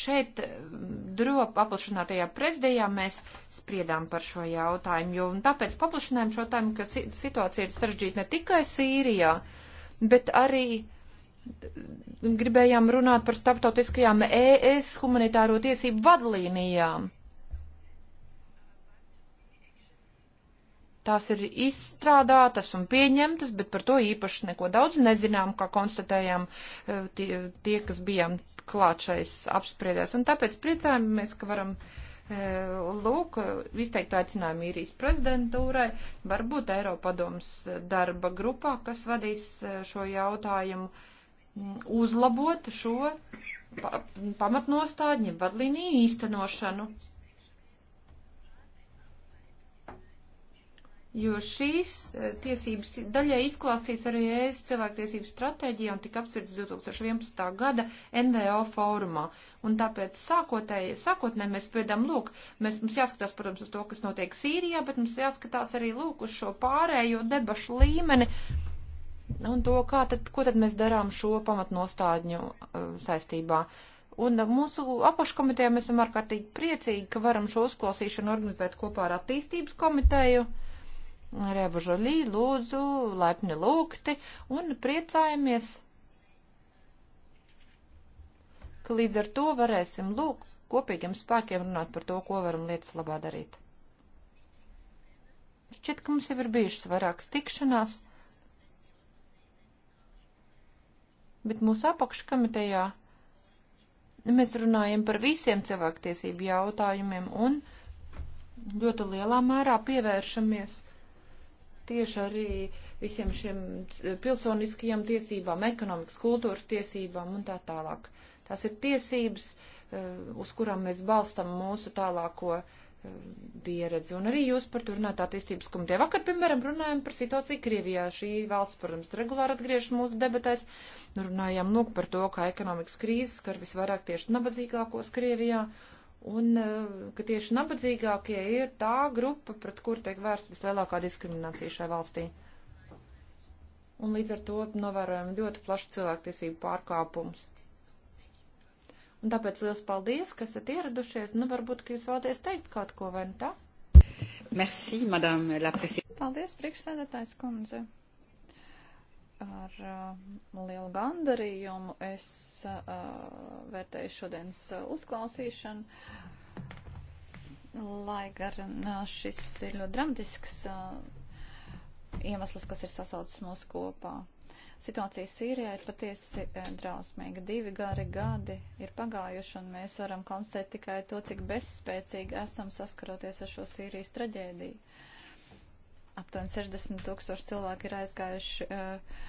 Šeit mm, dro paplašinātajā prezidijā mēs spriedām par šo jautājumu, jo un tāpēc paplašinājām šo tēmu, ka situācija ir sarežģīta ne tikai Sīrijā, bet arī mm, gribējām runāt par starptautiskajām ES humanitāro tiesību vadlīnijām. Tās ir izstrādātas un pieņemtas, bet par to īpaši neko daudz nezinām, kā konstatējām eh, tie, tie kas bijām klāt šais apspriedēs. Un tāpēc priecājamies, ka varam e, lūk, izteikt aicinājumu īrijas prezidentūrai, varbūt Eiropadoms darba grupā, kas vadīs e, šo jautājumu, uzlabot šo pamatnostādņu vadlīniju īstenošanu. jo šīs eh, tiesības daļai izklāstīts arī ES cilvēktiesību stratēģijā un tika apsvērts 2011. gada NVO fórumā. Un tāpēc sākotnēji sākotnē mēs pēdām, lūk, mēs, mums jāskatās, protams, uz to, kas notiek Sīrijā, bet mums jāskatās arī, lūk, uz šo pārējo debašu līmeni un to, kā tad, ko tad mēs darām šo pamatnostādņu uh, saistībā. Un mūsu apakškomitejā mēs esam ārkārtīgi priecīgi, ka varam šo uzklausīšanu organizēt kopā ar attīstības komiteju. Uh, Reva Žolī, lūdzu, laipni lūgti un priecājamies, ka līdz ar to varēsim lūk kopīgiem spēkiem runāt par to, ko varam lietas labā darīt. Šķiet, ka mums jau ir bijušas vairākas tikšanās, bet mūsu apakškamitejā mēs runājam par visiem cilvēktiesību jautājumiem un ļoti lielā mērā pievēršamies tieši arī visiem šiem pilsoniskajiem tiesībām, ekonomikas, kultūras tiesībām un tā tālāk. Tās ir tiesības, e, uz kurām mēs balstam mūsu tālāko e, pieredzi. Un arī jūs par to runājat attīstības komitē. Vakar, piemēram, runājām par situāciju Krievijā. Šī valsts, protams, regulāri atgriež mūsu debatēs. Runājām, lūk, par to, kā ekonomikas krīzes skar visvairāk tieši nabadzīgākos Krievijā. Uh, Un eh, ka tieši nabadzīgākie ir tā grupa, pret kur tiek vērsta vislielākā diskriminācija šajā valstī. Un līdz ar to novērojam ļoti plašu cilvēktiesību pārkāpumus. Un tāpēc liels paldies, ka esat ieradušies. Nu, varbūt, ka jūs vēlaties teikt kaut ko, vai ne tā? Merci, madame la presidente. Paldies, priekšsēdētājs kundze ar uh, lielu gandarījumu es uh, vērtēju šodienas uh, uzklausīšanu, lai gan šis ir ļoti dramatisks iemesls, kas ir sasaucis mūs kopā. Situācija Sīrijā ir patiesi drausmīga. Divi gari gadi ir pagājuši, un mēs varam konstatēt tikai to, cik bezspēcīgi esam saskaroties ar šo Sīrijas traģēdiju. Aptuveni 60 tūkstoši cilvēki ir aizgājuši eh,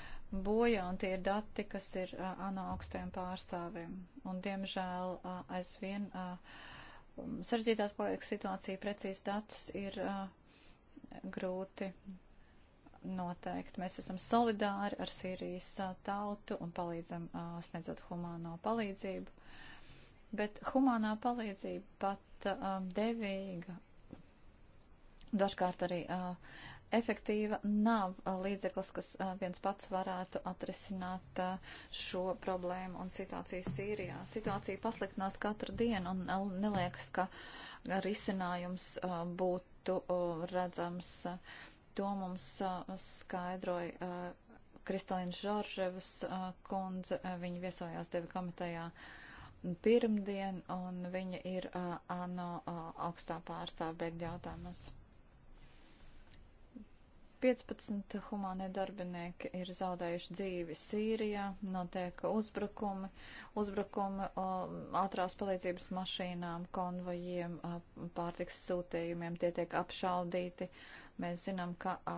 bojā, un tie ir dati, kas ir eh, ANO augstiem pārstāvim. Un, diemžēl, eh, aizvien um, sarežģītās paliek situācija, precīzi datus ir grūti noteikti. Mēs esam solidāri ar Sīrijas tautu un palīdzam sniedzot humāno palīdzību. Bet humānā palīdzība pat devīga, dažkārt arī efektīva nav uh, līdzeklis, kas uh, viens pats varētu atrisināt uh, šo problēmu un situāciju Sīrijā. Situācija pasliktinās katru dienu un neliekas, ka risinājums būtu redzams. To mums skaidroja Kristalīna Žorževas kundze, viņa viesojās Dievi komitejā pirmdien, un viņa ir ANO augstā pārstāvbēgļa jautājumus. 15 humānie darbinieki ir zaudējuši dzīvi Sīrijā, notiek uzbrukumi, uzbrukumi ātrās palīdzības mašīnām, konvojiem, o, pārtiks sūtījumiem, tie tiek apšaudīti. Mēs zinām, ka o,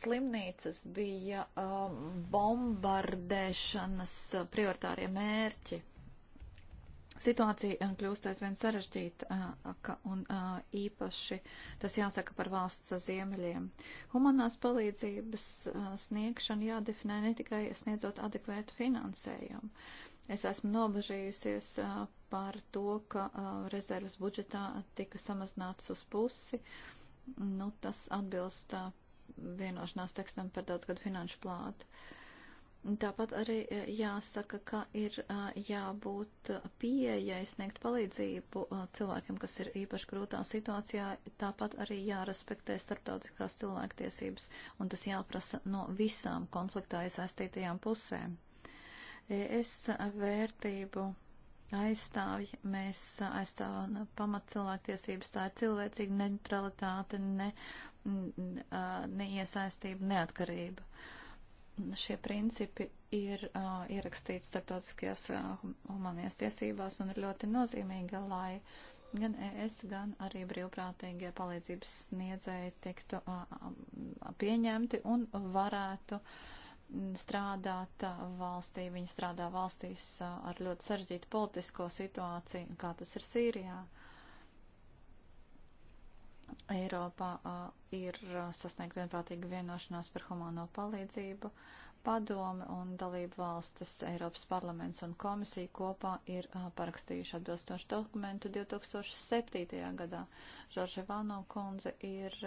slimnīcas bija o, bombardēšanas prioritārie mērķi. Situācija eh, kļūst aizvien sarežģītāka eh, un eh, īpaši tas jāsaka par valsts ziemeļiem. Humanās palīdzības sniegšana jādefinē ne tikai sniedzot adekvētu finansējumu. Es esmu nobežījusies par to, ka rezervas budžetā tika samazināts uz pusi. Nu, tas atbilst vienošanās tekstam par daudzgadu finanšu plātu. Uh, Tāpat arī e, jāsaka, ka ir e, jābūt e, pieejai sniegt palīdzību cilvēkiem, kas ir īpaši grūtā situācijā. Tāpat arī jārespektē starptautiskās cilvēktiesības, un tas jāprasa no visām konfliktā iesaistītajām pusēm. Es vērtību aizstāvju, mēs aizstāvam pamat cilvēktiesības, tā ir cilvēcīga neutralitāte, ne, neiesaistība, neatkarība šie principi ir uh, ierakstīti starptautiskajās uh, humanajās tiesībās un ir ļoti nozīmīgi, lai gan ES, gan arī brīvprātīgie palīdzības sniedzēji tiktu uh, pieņemti un varētu strādāt valstī. Viņi strādā valstīs uh, ar ļoti sarežģītu politisko situāciju, kā tas ir Sīrijā. Uh, Eiropā ir sasniegta vienprātīga vienošanās par humāno palīdzību. Padome un dalību valstis, Eiropas parlaments un komisija kopā ir parakstījuši atbilstošu dokumentu 2007. gadā. Žorža Vano kundze ir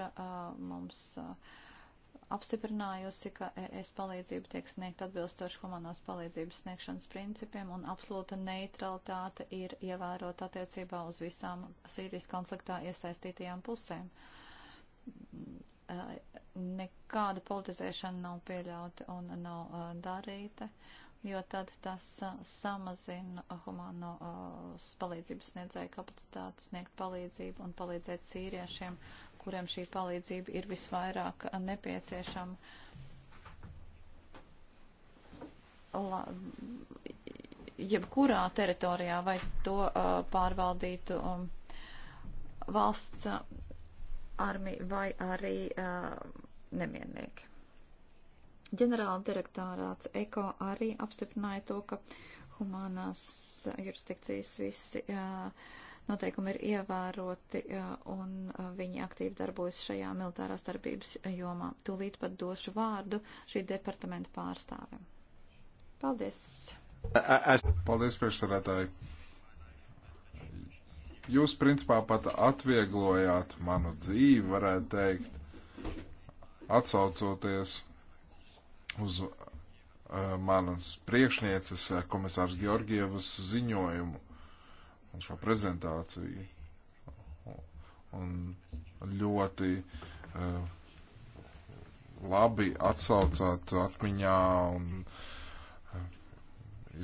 mums. Uh, apstiprinājusi, ka ES palīdzība tiek sniegt atbilstoši humanās palīdzības sniegšanas principiem un absolūta neutralitāte ir ievērota attiecībā uz visām Sīrijas konfliktā iesaistītajām pusēm. Mm, nekāda politizēšana nav pieļauta un nav darīta, jo tad tas samazina humanās palīdzības sniedzēju kapacitāti sniegt palīdzību un palīdzēt sīriešiem. Uh, kuriem šī palīdzība ir visvairāk nepieciešama. La, jebkurā teritorijā, vai to uh, pārvaldītu um, valsts uh, armija vai arī uh, nemiernieki. Ģenerāla direktārāts ECO arī apstiprināja to, ka humānās jurisdikcijas visi. Uh, noteikumi ir ievēroti un viņi aktīvi darbojas šajā militārās darbības jomā. Tūlīt pat došu vārdu šī departamenta pārstāvim. Paldies! Paldies, priekšsarētāji! Jūs, principā, pat atvieglojāt manu dzīvi, varētu teikt, atsaucoties uz uh, manas priekšnieces komisārs Georgievas ziņojumu šo prezentāciju. Un ļoti uh, labi atsaucāt atmiņā un uh,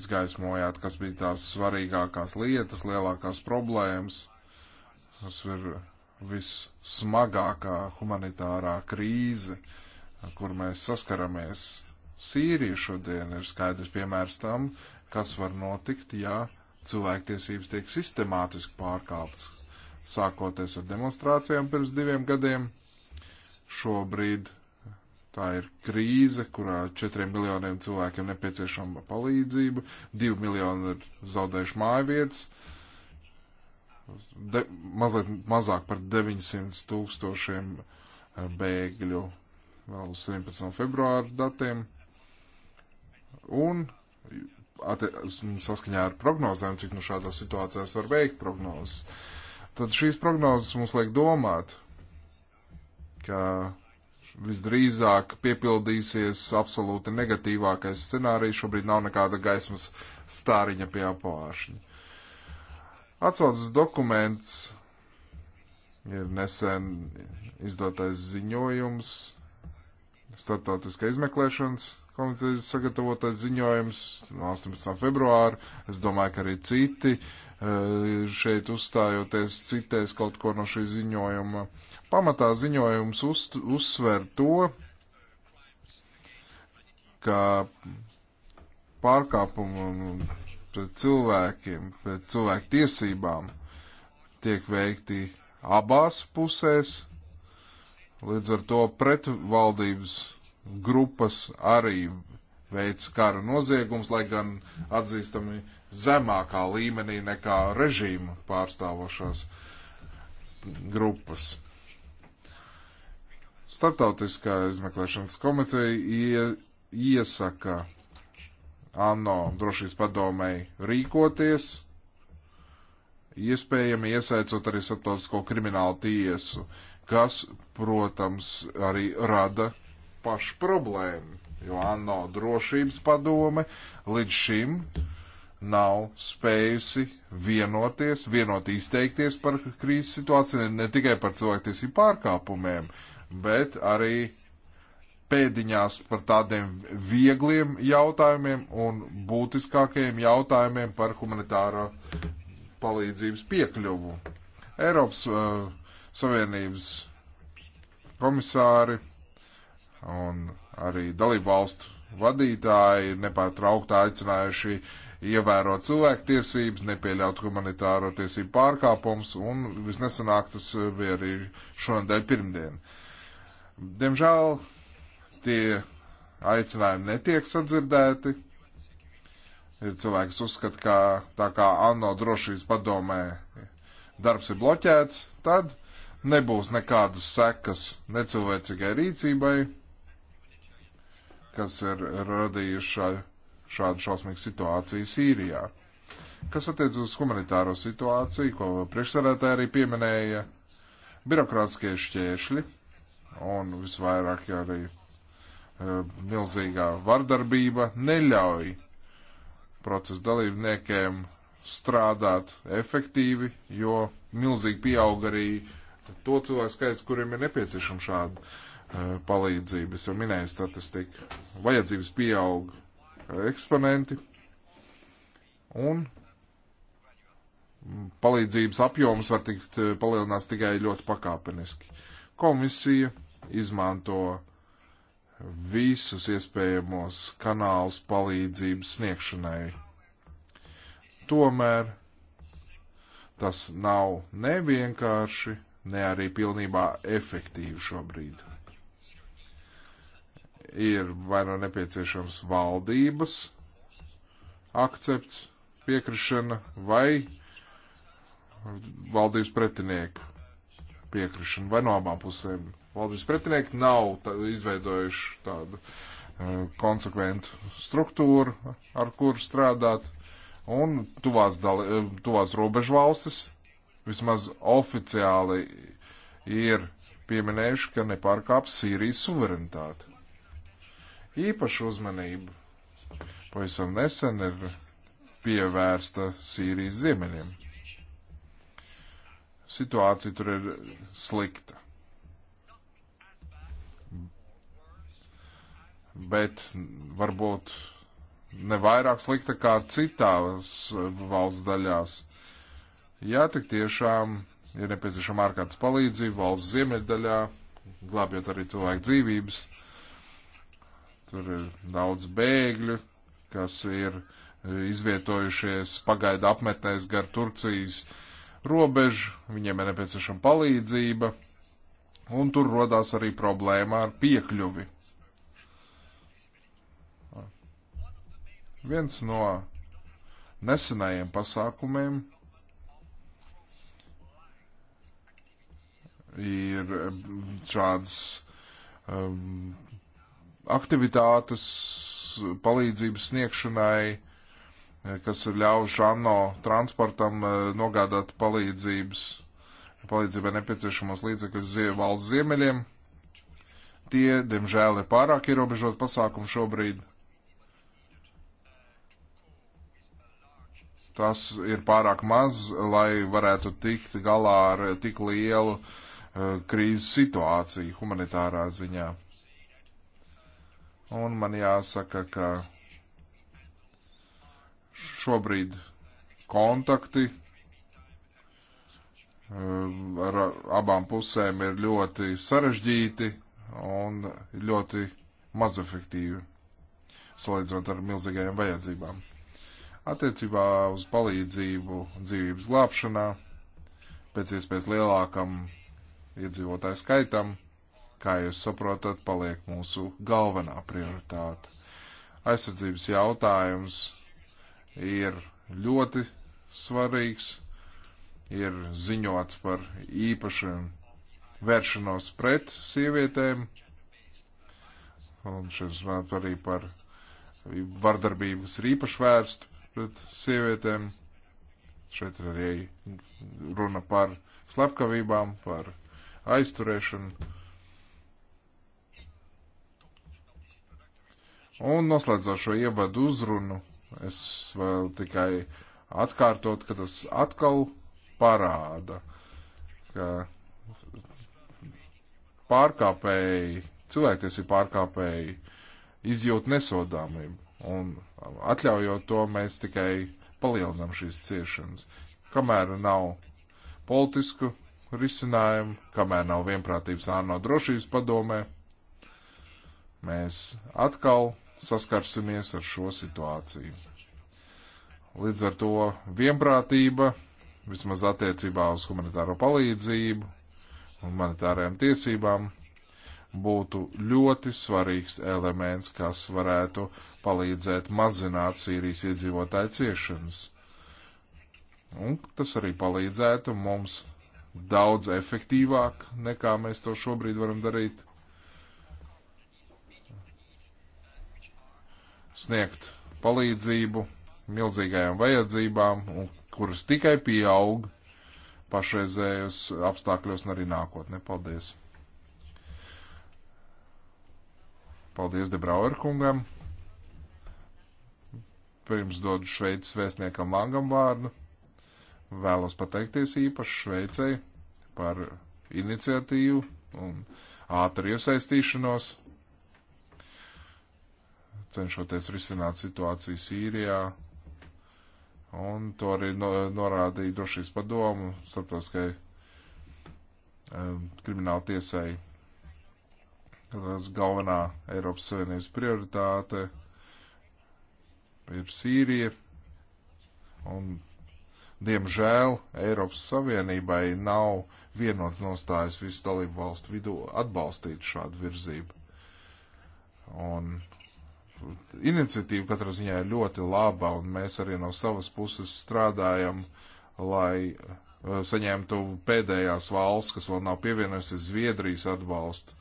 izgaismojāt, kas bija tās svarīgākās lietas, lielākās problēmas. Tas ir vissmagākā humanitārā krīze, kur mēs saskaramies. Sīrija šodien ir skaidrs piemērs tam, kas var notikt, ja cilvēktiesības tiek sistemātiski pārkāptas, sākoties ar demonstrācijām pirms diviem gadiem. Šobrīd tā ir krīze, kurā četriem miljoniem cilvēkiem nepieciešama palīdzība, divi miljoni ir zaudējuši mājvietas, de, mazliet mazāk par 900 tūkstošiem eh, bēgļu vēl uz 17. februāru datiem. Un Mm, saskaņā ar prognozēm, cik nu šādās situācijās var veikt prognozes. Tad šīs prognozes mums liek domāt, ka visdrīzāk piepildīsies absolūti negatīvākais scenārijs. Šobrīd nav nekāda gaismas stāriņa pie apvāršņa. Atsaucas dokuments ir nesen izdotais ziņojums Startautiskā izmeklēšanas komitejas sagatavotais ziņojums no 18. februāra. Es domāju, ka arī citi eh, šeit uzstājoties citēs kaut ko no šī ziņojuma. Pamatā ziņojums uz, uzsver to, ka pārkāpumam pret cilvēkiem, pret cilvēku tiesībām tiek veikti abās pusēs, līdz ar to pretvaldības grupas arī veids kara noziegums, lai gan atzīstami zemākā līmenī nekā režīma pārstāvošās grupas. Startautiskā izmeklēšanas komiteja ie, iesaka ANO drošības padomēji rīkoties, iespējami iesaicot arī starptautisko kriminālu tiesu, kas, protams, arī rada pašu problēmu, jo ANO drošības padome līdz šim nav spējusi vienoties, vienot izteikties par krīzes situāciju, ne tikai par cilvēktiesību pārkāpumiem, bet arī pēdiņās par tādiem viegliem jautājumiem un būtiskākajiem jautājumiem par humanitāro palīdzības piekļuvu. Eiropas uh, Savienības komisāri un arī dalību valstu vadītāji nepārtraukti aicinājuši ievērot cilvēktiesības, nepieļaut humanitāro tiesību pārkāpums, un visnesenāk tas eh, bija arī šonadēļ pirmdien. Diemžēl tie aicinājumi netiek sadzirdēti. Ir cilvēks uzskata, ka tā kā ANO drošības padomē darbs ir bloķēts, tad nebūs nekādas sekas necilvēcīgai rīcībai, kas ir radījuši šādu šausmīgu situāciju Sīrijā. Kas attiec uz humanitāro situāciju, ko priekšsarētāji arī pieminēja, birokrātiskie šķēršļi un visvairāk arī e, milzīgā vardarbība neļauj procesa dalībniekiem strādāt efektīvi, jo milzīgi pieaug arī to cilvēku skaits, kuriem ir nepieciešama šāda Eh, palīdzību. Es jau minēju statistiku. Vajadzības pieaug eh, eksponenti un palīdzības apjoms var tikt eh, palielināts tikai ļoti pakāpeniski. Komisija izmanto visus iespējamos kanālus palīdzības sniegšanai. Tomēr tas nav nevienkārši, ne arī pilnībā efektīvi šobrīd ir vai nu no nepieciešams valdības akcepts, piekrišana vai valdības pretinieku piekrišana vai no abām pusēm. Valdības pretinieki nav tā, izveidojuši tādu uh, konsekventu struktūru, ar kuru strādāt, un tuvās, dali, e, tuvās robežu valstis vismaz oficiāli ir pieminējuši, ka nepārkāps Sīrijas suverenitāti. Īpašu uzmanību pavisam nesen ir pievērsta Sīrijas ziemeļiem. Situācija tur ir slikta. Bet varbūt ne vairāk slikta kā citās valsts daļās. Jā, tik tiešām ir nepieciešama ārkārtas palīdzība valsts ziemeļdaļā, glābjot arī cilvēku dzīvības. Tur ir daudz bēgļu, kas ir e, izvietojušies pagaidu apmetnēs gar Turcijas robežu, viņiem ir nepieciešama palīdzība, un tur rodās arī problēma ar piekļuvi. Viens no nesenajiem pasākumiem ir e, šāds um, aktivitātes palīdzības sniegšanai, eh, kas ir ļaujuši ANO transportam eh, nogādāt palīdzības, palīdzībai nepieciešamos līdzekļus valsts ziemeļiem. Tie, diemžēl, ir pārāk ierobežot pasākumu šobrīd. Tas ir pārāk maz, lai varētu tikt galā ar tik lielu uh, krīzes situāciju humanitārā ziņā. Un man jāsaka, ka šobrīd kontakti eh, ar abām pusēm ir ļoti sarežģīti un ļoti mazefektīvi, salīdzinot ar milzīgajām vajadzībām. Attiecībā uz palīdzību dzīvības glābšanā, pēc iespējas lielākam iedzīvotāju skaitam, kā jūs saprotat, paliek mūsu galvenā prioritāte. Aizsardzības jautājums ir ļoti svarīgs, ir ziņots par īpašiem vēršanos pret sievietēm, un šeit runāt arī par vardarbību, kas ir īpaši vērsta pret sievietēm. Šeit ir arī runa par slepkavībām, par aizturēšanu. Un noslēdzot šo ievadu uzrunu, es vēl tikai atkārtot, ka tas atkal parāda, ka pārkāpēji, cilvēktiesību pārkāpēji izjūt nesodāmību. Un atļaujot to, mēs tikai palielinām šīs ciešanas. Kamēr nav politisku risinājumu, kamēr nav vienprātības ārno drošības padomē, mēs atkal saskarsimies ar šo situāciju. Līdz ar to vienprātība, vismaz attiecībā uz humanitāro palīdzību un humanitārajām tiesībām, būtu ļoti svarīgs elements, kas varētu palīdzēt mazināt Sīrijas iedzīvotāju ciešanas. Un tas arī palīdzētu mums daudz efektīvāk, nekā mēs to šobrīd varam darīt sniegt palīdzību milzīgajām vajadzībām, kuras tikai pieaug pašreizējos apstākļos un arī nākotnē. Paldies! Paldies Debrauer kungam! Pirms dodu Šveices vēstniekam Langam vārdu. Vēlos pateikties īpaši Šveicei par iniciatīvu un ātru iesaistīšanos cenšoties risināt situāciju Sīrijā. Un to arī no, norādīja drošības padomu starptautiskai um, krimināla tiesai. Tas galvenā Eiropas Savienības prioritāte ir Sīrija. Un, diemžēl, Eiropas Savienībai nav vienots nostājas visu dalību valstu vidū atbalstīt šādu virzību. Un iniciatīva katrā ziņā ir ļoti laba, un mēs arī no savas puses strādājam, lai eh, saņemtu pēdējās valsts, kas vēl nav pievienojusies Zviedrijas atbalstu.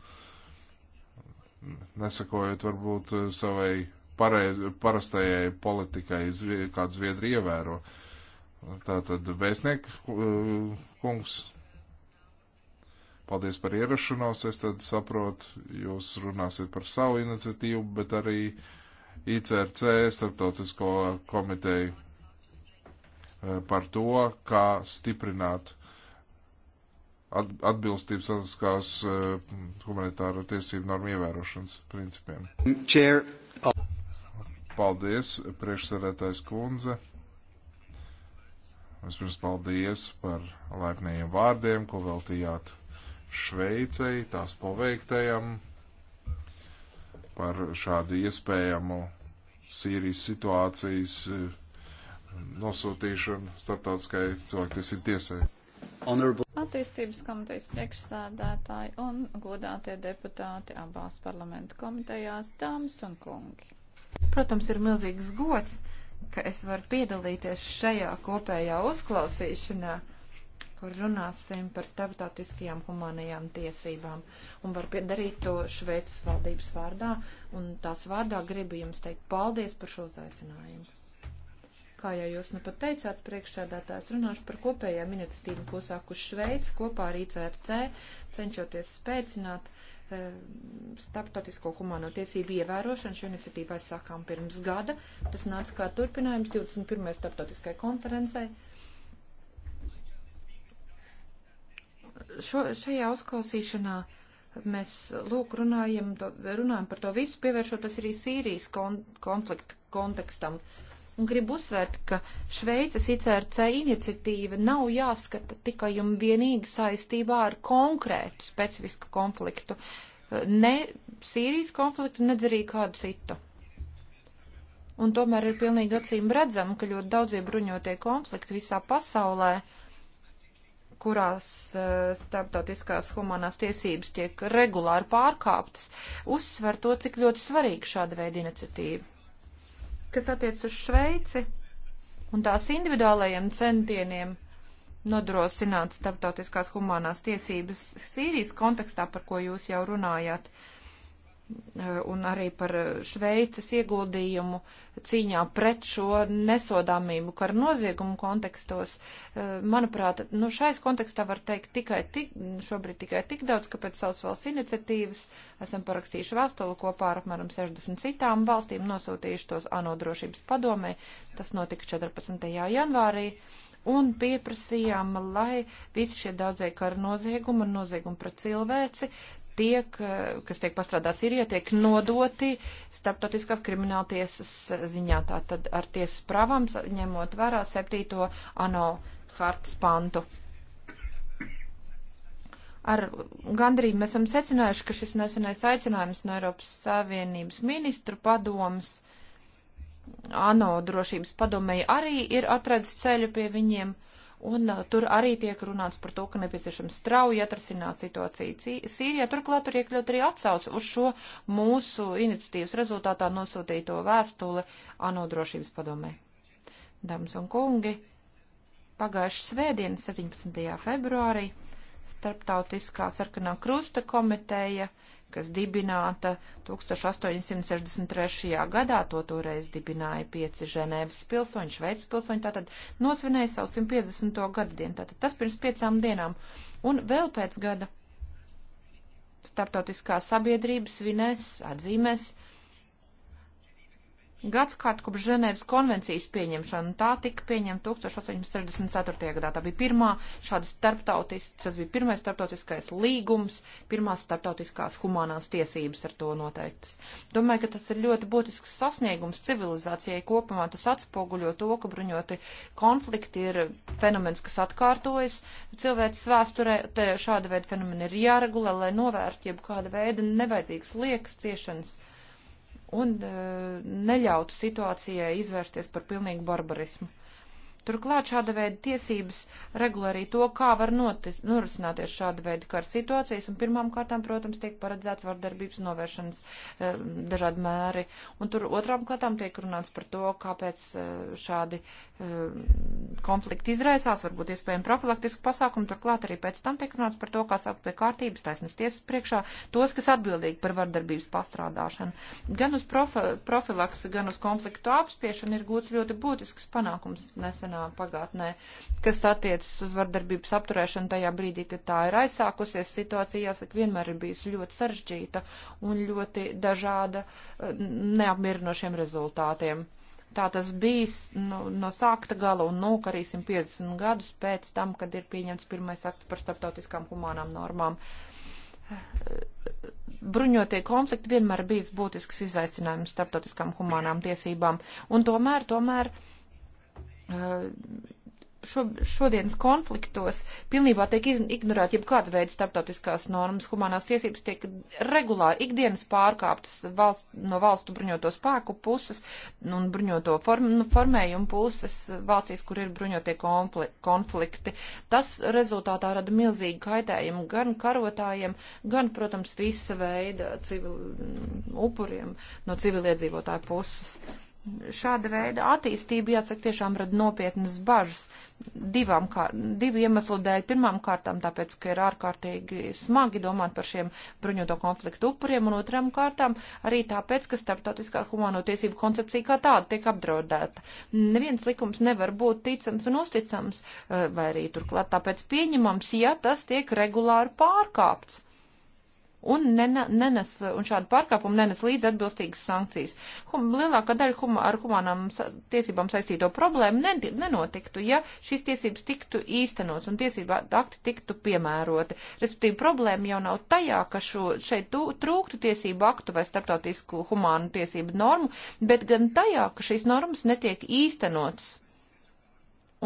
Nesakojot varbūt eh, savai pareiz, parastajai politikai, kāds Zviedri ievēro. Tātad vēstnieku eh, kungs Paldies par ierašanos. Es tad saprotu, jūs runāsiet par savu iniciatīvu, bet arī ICRC starptautisko komiteju eh, par to, kā stiprināt atbilstību sadaskās eh, humanitāro tiesību normu ievērošanas principiem. Chair. Uh, paldies, priekšsēdētājs kundze. Vispirms paldies par laipnējiem vārdiem, ko veltījāt Šveicei, tās paveiktajam par šādu iespējamu Sīrijas situācijas eh, nosūtīšanu starptautiskai cilvēktiesību tiesai. Attīstības komitejas priekšsādātāji un godātie deputāti abās parlamentu komitejās, dāmas un kungi. Protams, ir milzīgs gods, ka es varu piedalīties šajā kopējā uzklausīšanā kur runāsim par starptautiskajām humanajām tiesībām. Un var darīt to Šveicas valdības vārdā, un tās vārdā gribu jums teikt paldies par šo uzaicinājumu. Kā jau jūs nu pat teicāt, priekšsēdētājs runāšu par kopējām iniciatīvām, ko sākus Šveica kopā ar ICRC, cenšoties spēcināt eh, starptautisko humāno tiesību ievērošanu. Šo iniciatīvu aizsākām pirms gada. Tas nāca kā turpinājums 21. starptautiskai konferencei šo, šajā uzklausīšanā mēs lūk runājam, to, runājam par to visu, pievēršoties arī Sīrijas kon, konflikta kontekstam. Un gribu uzsvērt, ka Šveices ICRC iniciatīva nav jāskata tikai un vienīgi saistībā ar konkrētu specifisku konfliktu, ne Sīrijas konfliktu, nedz arī kādu citu. Un tomēr ir pilnīgi acīm redzam, ka ļoti daudzie bruņotie konflikti visā pasaulē uh, kurās eh, starptautiskās humanās tiesības tiek regulāri pārkāptas, uzsver to, cik ļoti svarīga šāda veida iniciatīva. Kas attiec uz Šveici un tās individuālajiem centieniem nodrošināt starptautiskās humanās tiesības Sīrijas kontekstā, par ko jūs jau runājāt, uh, Eh, un arī par Šveices ieguldījumu cīņā pret šo nesodāmību kara noziegumu kontekstos. Eh, manuprāt, nu šais kontekstā var teikt tikai tik, šobrīd tikai tik daudz, ka pēc savas valsts iniciatīvas esam parakstījuši vēstuli kopā ar apmēram 60 citām valstīm, nosūtījuši tos ANO drošības padomē. Tas notika 14. janvārī un pieprasījām, lai visi šie daudzie kara noziegumi un noziegumi pret cilvēci tiek, eh, kas tiek pastrādāts Sīrijā, tiek nodoti starptautiskās krimināltiesas ziņā, tātad ar tiesas pravām, ņemot vērā 7. ANO hartas pantu. Ar gandrību mēs esam secinājuši, ka šis nesenais aicinājums no Eiropas Savienības ministru padomas ANO drošības padomēji arī ir atradis ceļu pie viņiem. Uh, Un uh, tur arī tiek runāts par to, ka nepieciešams strauji atrasināt situāciju Sīrijā. Turklāt tur iekļaut arī atsauce uz šo mūsu iniciatīvas rezultātā nosūtīto vēstuli ANO drošības padomē. Dāmas un kungi, pagājuši svētdien, 17. februārī, uh, Starptautiskā sarkanā krusta komiteja, kas dibināta 1863. gadā, to toreiz dibināja pieci Ženēvas pilsoņi, Šveicis pilsoņi, tātad nosvinēja savu 150. gadu dienu, tātad tas pirms piecām dienām. Un vēl pēc gada starptautiskā sabiedrība svinēs, atzīmēs gads kārt kopš Ženēvas konvencijas pieņemšana. Tā tika pieņemta 1864. gadā. Tā bija pirmā šāda starptautiskā, tas bija pirmais starptautiskais līgums, pirmās starptautiskās humanās tiesības ar to noteiktas. Domāju, ka tas ir ļoti būtisks sasniegums civilizācijai kopumā. Tas atspoguļo to, ka bruņoti konflikti ir fenomens, kas atkārtojas. Cilvēks vēsturē šāda veida fenomeni ir jāregulē, lai novērtu jebkāda veida nevajadzīgas liekas ciešanas un eh, neļautu situācijai izvērsties par pilnīgu barbarismu. Turklāt šāda veida tiesības regulē arī to, kā var notis, norisināties šāda veida kara situācijas, un pirmām kārtām, protams, tiek paredzēts vardarbības novēršanas e, dažādi mēri, un tur otrām kārtām tiek runāts par to, kāpēc e, šādi e, konflikti izraisās, varbūt iespējami profilaktiski pasākumi, turklāt arī pēc tam tiek runāts par to, kā sākt pie kārtības taisnas tiesas priekšā tos, kas atbildīgi par vardarbības pastrādāšanu. Gan uz profi, profilaks, gan uz konfliktu apspiešanu ir gūts ļoti būtisks panākums nesen nesenā pagātnē, kas attiecas uz vardarbības apturēšanu tajā brīdī, kad tā ir aizsākusies. Situācija, jāsaka, vienmēr ir bijusi ļoti sarežģīta un ļoti dažāda eh, neapmierinošiem rezultātiem. Tā tas bijis nu, no sākta gala un lūk nu, arī 150 gadus pēc tam, kad ir pieņemts pirmais akts par starptautiskām humānām normām. Bruņotie konflikti vienmēr bijis būtisks izaicinājums starptautiskām humānām tiesībām, un tomēr, tomēr, uh, Eh, šo, šodienas konfliktos pilnībā tiek ignorēta jebkāda veida starptautiskās normas, humanās tiesības tiek regulāri ikdienas pārkāptas valst, no valstu bruņoto spēku puses un bruņoto form, nu, formējumu puses valstīs, kur ir bruņotie konflikti. Tas rezultātā rada milzīgu kaitējumu gan karotājiem, gan, protams, visa veida civil, mm, upuriem no civiliedzīvotāju puses šāda veida attīstība, jāsaka, tiešām rada nopietnas bažas divām, kā, divu iemeslu dēļ. Pirmām kārtām tāpēc, ka ir ārkārtīgi smagi domāt par šiem bruņoto konfliktu upuriem, un otram kārtām arī tāpēc, ka starptautiskā humano tiesību koncepcija kā tāda tiek apdraudēta. Neviens likums nevar būt ticams un uzticams, eh, vai arī turklāt tāpēc pieņemams, ja tas tiek regulāri pārkāpts un, nena, nenes, un šādu pārkāpumu nenes līdz atbilstīgas sankcijas. Hum, lielākā daļa huma, ar humanām sa, tiesībām saistīto problēmu nen, nenotiktu, ja šīs tiesības tiktu īstenots un tiesība akti tiktu piemēroti. Respektīvi, problēma jau nav tajā, ka šo, šeit tū, trūktu tiesību aktu vai starptautisku humānu tiesību normu, bet gan tajā, ka šīs normas netiek īstenotas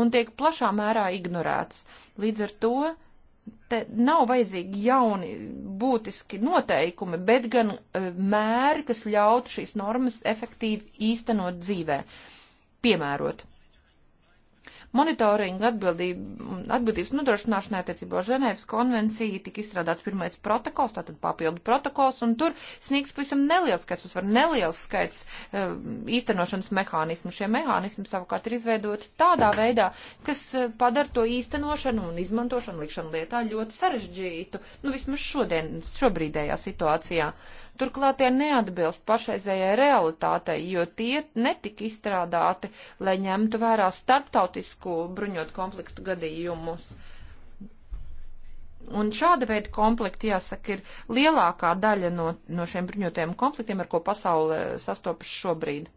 un tiek plašā mērā ignorētas. Līdz ar to te nav vajadzīgi jauni būtiski noteikumi, bet gan uh, mēri, kas ļautu šīs normas efektīvi īstenot dzīvē, piemērot. Monitoringa atbildība, atbildības nodrošināšanai attiecībā uz Ženēvas konvenciju tika izstrādāts pirmais protokols, tātad papildu protokols, un tur sniegs pavisam neliels skaits, uzvar neliels skaits eh, īstenošanas mehānismu. Šie mehānismi savukārt ir izveidoti tādā veidā, kas eh, padara to īstenošanu un izmantošanu likšanu lietā ļoti sarežģītu, nu vismaz šodien, šobrīdējā situācijā. Uh, Turklāt tie neatbilst pašreizējai realitātei, jo tie netika izstrādāti, lai ņemtu vērā starptautisku bruņot konfliktu gadījumus. Un šāda veida konflikti, jāsaka, ir lielākā daļa no, no šiem bruņotajiem konfliktiem, ar ko pasaule sastopas šobrīd.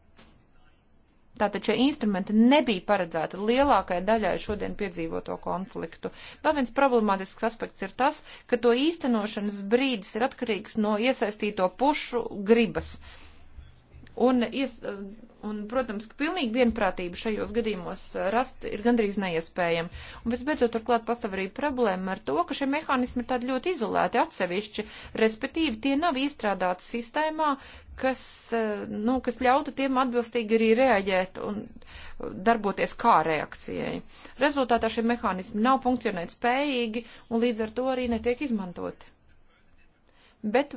Tātad šie instrumenti nebija paredzēti lielākai daļai šodien piedzīvoto konfliktu. Vēl viens problemātisks aspekts ir tas, ka to īstenošanas brīdis ir atkarīgs no iesaistīto pušu gribas. Uh, Un, ies, un, protams, ka pilnīgi vienprātība šajos gadījumos uh, rast ir gandrīz neiespējama. Un, visbeidzot, turklāt pastāv arī problēma ar to, ka šie mehānismi ir tādi ļoti izolēti atsevišķi, respektīvi tie nav iestrādāti sistēmā, kas, uh, nu, kas ļautu tiem atbilstīgi arī reaģēt un darboties kā reakcijai. Rezultātā šie mehānismi nav funkcionēt spējīgi un līdz ar to arī netiek izmantoti. Bet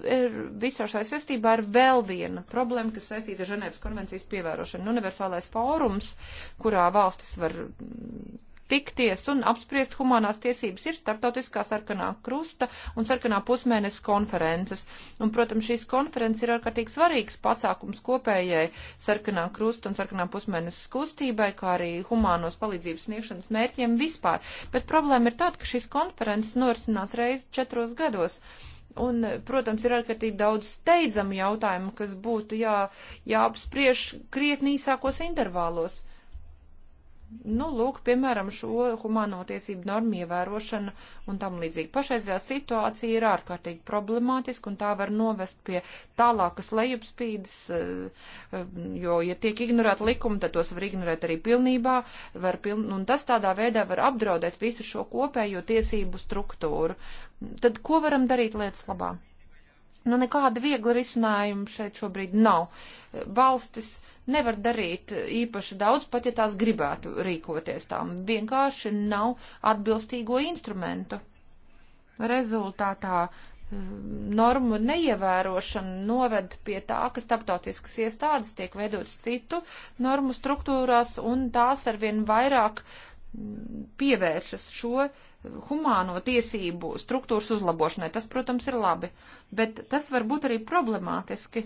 visā šajā saistībā ir vēl viena problēma, kas saistīta ar Ženēvas konvencijas pievērošanu. Nu, universālais fórums, kurā valstis var tikties un apspriest humanās tiesības ir starptautiskā sarkanā krusta un sarkanā pusmēnesis konferences. Un, protams, šīs konferences ir ārkārtīgi svarīgs pasākums kopējai sarkanā krusta un sarkanā pusmēnesis kustībai, kā arī humānos palīdzības sniegšanas mērķiem vispār. Bet problēma ir tāda, ka šīs konferences norisinās reizi četros gados. Un, protams, ir ārkārtīgi daudz steidzamu jautājumu, kas būtu jā, jāapspriež krietni īsākos intervālos. Nu, lūk, piemēram, šo humano tiesību normu ievērošana un tam līdzīgi. Pašreizējā situācija ir ārkārtīgi problemātiska un tā var novest pie tālākas lejupspīdes, eh, eh, jo, ja tiek ignorēta likuma, tad tos var ignorēt arī pilnībā, var piln... un tas tādā veidā var apdraudēt visu šo kopējo tiesību struktūru. Tad ko varam darīt lietas labā? Nu, nekāda viegla risinājuma šeit šobrīd nav. Valstis nevar darīt īpaši daudz, pat ja tās gribētu rīkoties tām. Vienkārši nav atbilstīgo instrumentu. Rezultātā um, normu neievērošana noved pie tā, ka starptautiskas iestādes tiek veidotas citu normu struktūrās un tās arvien vairāk mm, pievēršas šo uh, humāno tiesību struktūras uzlabošanai. Tas, protams, ir labi, bet tas var būt arī problemātiski.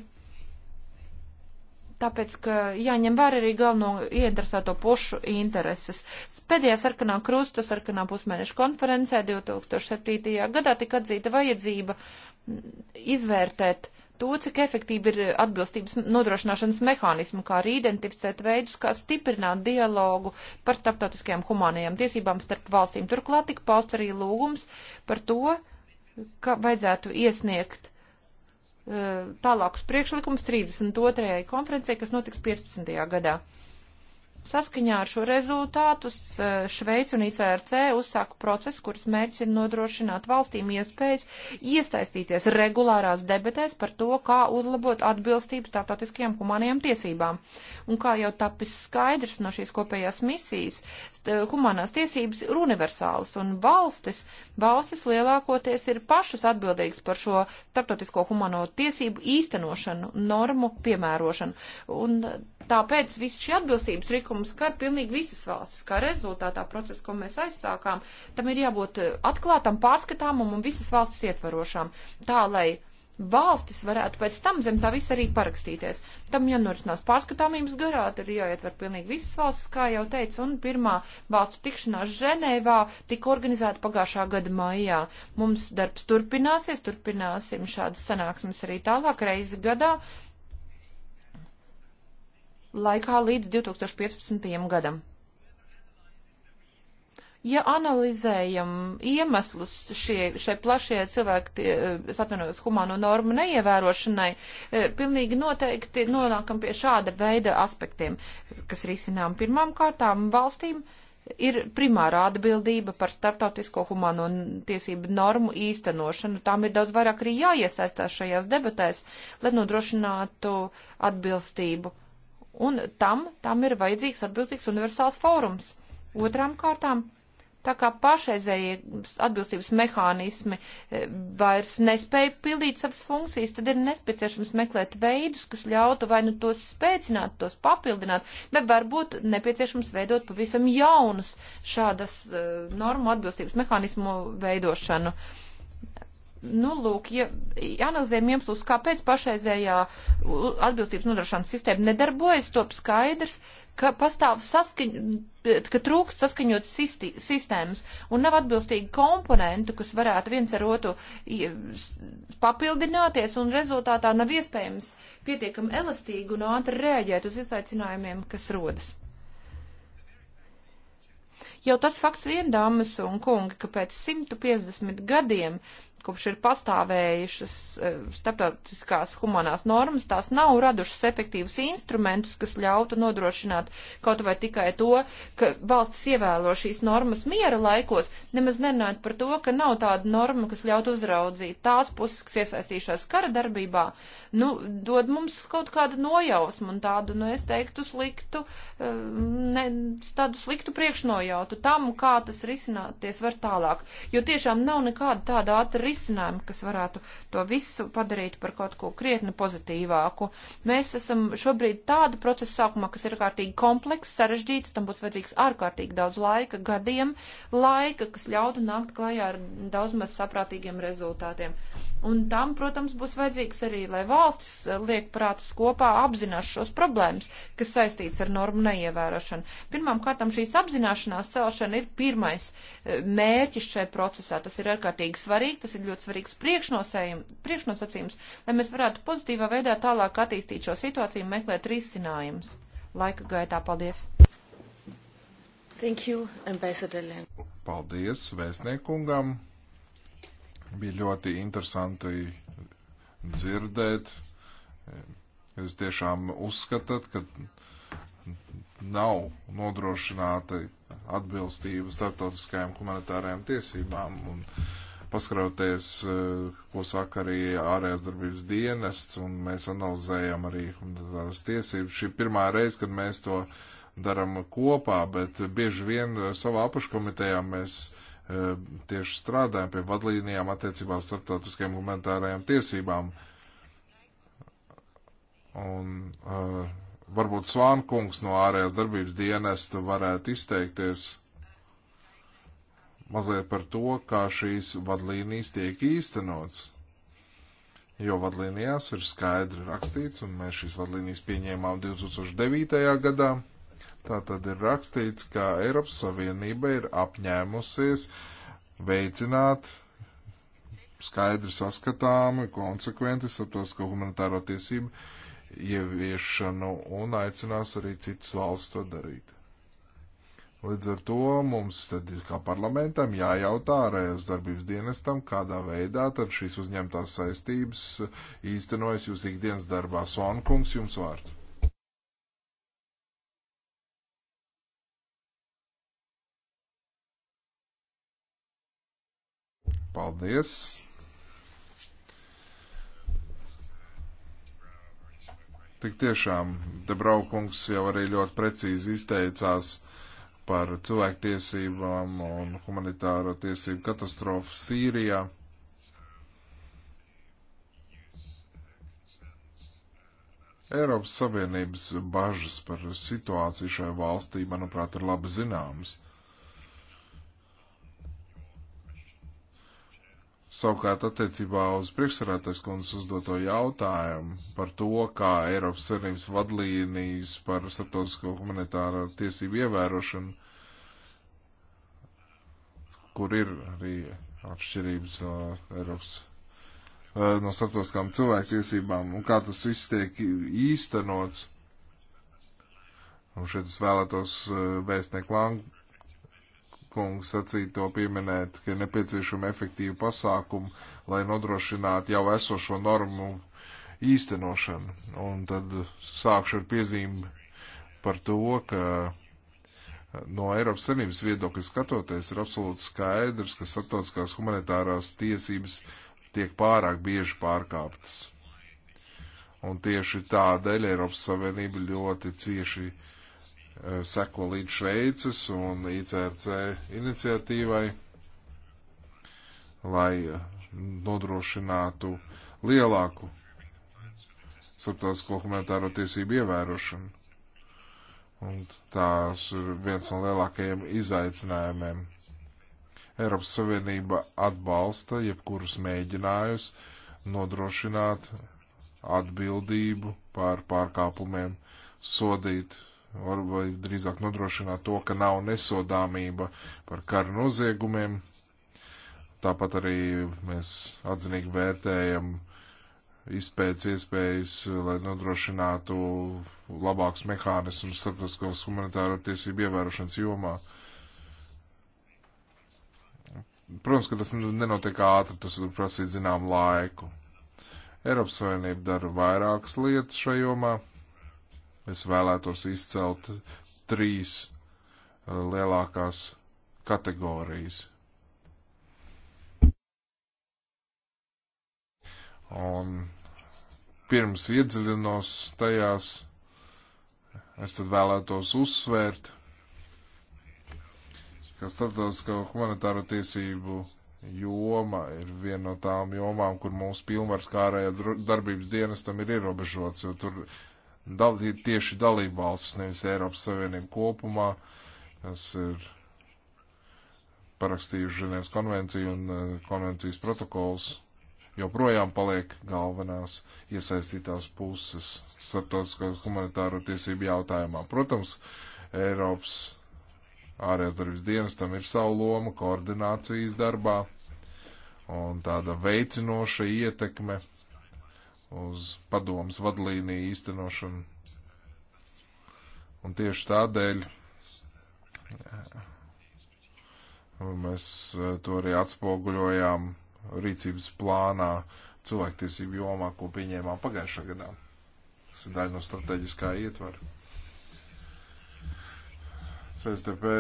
Tāpēc, ka jāņem vērā arī galveno ieinteresēto pušu intereses. Pēdējā sarkanā krusta sarkanā pusmēneša konferencē 2007. gadā tika atzīta vajadzība izvērtēt uh, to, cik efektīvi ir atbilstības nodrošināšanas mehānismu, kā arī identificēt veidus, kā stiprināt dialogu par starptautiskajām humanajām tiesībām starp valstīm. Turklāt tika pausts arī lūgums par to, ka vajadzētu iesniegt uh, tālākus priekšlikumus 32. konferencē, kas notiks 15. gadā. Saskaņā ar šo rezultātu e, Šveica un ICRC uzsāka procesu, kuras mērķis ir nodrošināt valstīm iespējas iesaistīties regulārās debatēs par to, kā uzlabot atbilstību starptautiskajām humanajām tiesībām. Un kā jau tapis skaidrs no šīs kopējās misijas, e, humanās tiesības ir universālas un valstis Valstis lielākoties ir pašas atbildīgas par šo starptautisko humano tiesību īstenošanu, normu piemērošanu. Un tāpēc viss šī atbilstības rikums skar pilnīgi visas valstis. Kā rezultātā process, ko mēs aizsākām, tam ir jābūt atklātam, pārskatāmam un visas valstis ietvarošām. Tā, lai valstis varētu pēc tam zem tā visa arī parakstīties. Tam jānorisinās pārskatāmības garā, tad ir jāietver pilnīgi visas valstis, kā jau teicu, un pirmā valstu tikšanās Ženēvā tika organizēta pagājušā gada maijā. Mums darbs turpināsies, turpināsim šādas sanāksmes arī tālāk reizi gadā, laikā līdz 2015. gadam. Ja analizējam iemeslus šie, šai plašajai cilvēku, tie, eh, es atvainojos, humāno normu neievērošanai, eh, pilnīgi noteikti nonākam pie šāda veida aspektiem, kas risinām pirmām kārtām valstīm ir primārā atbildība par starptautisko humāno tiesību normu īstenošanu. Tām ir daudz vairāk arī jāiesaistās šajās debatēs, lai nodrošinātu atbilstību. Un tam, tam ir vajadzīgs atbilstīgs universāls fórums. Otrām kārtām Tā kā pašreizējie atbilstības mehānismi e, vairs nespēja pildīt savas funkcijas, tad ir nepieciešams meklēt veidus, kas ļautu vai nu tos spēcināt, tos papildināt, bet varbūt nepieciešams veidot pavisam jaunus šādas uh, normu atbilstības mehānismu veidošanu. Nu, lūk, ja analizējam iemeslus, kāpēc pašreizējā atbilstības nodrošināšanas sistēma nedarbojas, top skaidrs, uh, ka pastāv saskaņ, ka trūkst saskaņot sisti, sistēmas un nav atbilstīgi komponentu, kas varētu viens ar otru papildināties un rezultātā nav iespējams pietiekami elastīgi un ātri rēģēt uz izaicinājumiem, kas rodas. Jau tas fakts vien, dāmas un kungi, ka pēc 150 gadiem kopš ir pastāvējušas eh, starptautiskās humanās normas, tās nav radušas efektīvus instrumentus, kas ļautu nodrošināt kaut vai tikai to, ka valstis ievēlo šīs normas miera laikos, nemaz nerunājot par to, ka nav tāda norma, kas ļautu uzraudzīt tās puses, kas iesaistījušās kara darbībā, nu, dod mums kaut kādu nojausmu un tādu, nu, es teiktu, sliktu, eh, ne, tādu sliktu priekšnojautu tam, kā tas risināties var tālāk. Jo tiešām nav nekāda tāda ātra risinājumu, kas varētu to visu padarīt par kaut ko krietni pozitīvāku. Mēs esam šobrīd tādu procesu sākumā, kas ir ārkārtīgi komplekss, sarežģīts, tam būs vajadzīgs ārkārtīgi daudz laika, gadiem laika, kas ļautu nākt klajā ar daudz maz saprātīgiem rezultātiem. Un tam, protams, būs vajadzīgs arī, lai valstis eh, liek prātus kopā apzinās šos problēmas, kas saistīts ar normu neievērošanu. Pirmām kārtām šīs apzināšanās celšana ir pirmais eh, mērķis šai procesā. Tas ir ārkārtīgi svarīgi, tas ir ir ļoti svarīgs priekšnosacījums, lai mēs varētu pozitīvā veidā tālāk attīstīt šo situāciju un meklēt risinājumus laika gaitā. Paldies! Thank you, Ambassador Len. Paldies vēstniekungam. Bija ļoti interesanti dzirdēt. Jūs tiešām uzskatāt, ka nav nodrošināta atbilstība starptautiskajām humanitārajām tiesībām. Un, uh, paskrauties, eh, ko saka arī ārējās darbības dienests, un mēs analizējam arī tādas tiesības. Šī pirmā reize, kad mēs to daram kopā, bet bieži vien eh, savā apakškomitejā mēs eh, tieši strādājam pie vadlīnijām attiecībā uz starptautiskajām humanitārajām tiesībām. Un uh, varbūt Svānkungs no ārējās darbības dienesta varētu izteikties mazliet par to, kā šīs vadlīnijas tiek īstenots. Jo vadlīnijās ir skaidri rakstīts, un mēs šīs vadlīnijas pieņēmām 2009. gadā. Tā tad ir rakstīts, ka Eiropas Savienība ir apņēmusies veicināt skaidri saskatāmi, konsekventi starptautisko humanitāro tiesību ieviešanu un aicinās arī citas valsts to darīt. Līdz ar to mums tad ir kā parlamentam jājautā ārējās darbības dienestam, kādā veidā tad šīs uzņemtās saistības īstenojas jūs ikdienas darbā. Svankungs, jums vārds. Paldies! Tik tiešām, Debraukungs jau arī ļoti precīzi izteicās par cilvēktiesībām un humanitāro tiesību katastrofu Sīrijā. Eiropas Savienības bažas par situāciju šajā valstī, manuprāt, ir labi zināmas. Savukārt attiecībā uz priekšsarātais kundzes uzdoto jautājumu par to, kā Eiropas Savienības vadlīnijas par starptautisko humanitāro tiesību ievērošanu, kur ir arī atšķirības uh, Eiropas uh, no starptautiskām cilvēktiesībām un kā tas viss tiek īstenots. Un šeit es vēlētos uh, vēstnieku Lang kungs sacīto pieminēt, ka ir nepieciešama efektīva pasākuma, lai nodrošinātu jau esošo normu īstenošanu. Un tad sākšu ar piezīmi par to, ka no Eiropas Savienības viedokļa skatoties ir absolūti skaidrs, ka starptautiskās humanitārās tiesības tiek pārāk bieži pārkāptas. Un tieši tādēļ Eiropas Savienība ļoti cieši uh, Eh, seko līdz Šveices un ICRC iniciatīvai, lai eh, nodrošinātu lielāku starptautisko humanitāro tiesību ievērošanu. Un tās ir viens no lielākajiem izaicinājumiem. Eiropas Savienība atbalsta jebkurus mēģinājumus nodrošināt atbildību par pārkāpumiem, sodīt vai drīzāk nodrošināt to, ka nav nesodāmība par karu noziegumiem. Tāpat arī mēs atzinīgi vērtējam izpētes iespējas, lai nodrošinātu labākus mehānismus starptautiskos humanitāro tiesību ievērošanas jomā. Protams, ka tas nenotiek ātri, tas prasīja zinām laiku. Eiropas Savienība dara vairākas lietas šajomā. jomā Es vēlētos izcelt trīs eh, lielākās kategorijas. Un pirms iedziļinos tajās, es tad vēlētos uzsvērt, ka starptautiskā humanitāro tiesību joma ir viena no tām jomām, kur mūsu pilnvars kā ārējā darbības dienestam ir ierobežots, jo tur dal, tieši dalību valstis, nevis Eiropas Savienību kopumā, kas ir parakstījuši Ženēvas konvenciju un eh, konvencijas protokols, joprojām paliek galvenās iesaistītās puses starptautiskās humanitāro tiesību jautājumā. Protams, Eiropas ārējās darbības dienestam ir savu lomu koordinācijas darbā un tāda veicinoša ietekme uz padomas vadlīniju īstenošanu. Un tieši tādēļ eh, mēs eh, to arī atspoguļojām rīcības plānā cilvēktiesību jomā, ko pieņēmām pagājušā gadā. Tas ir daļa no strateģiskā ietvara. CSTP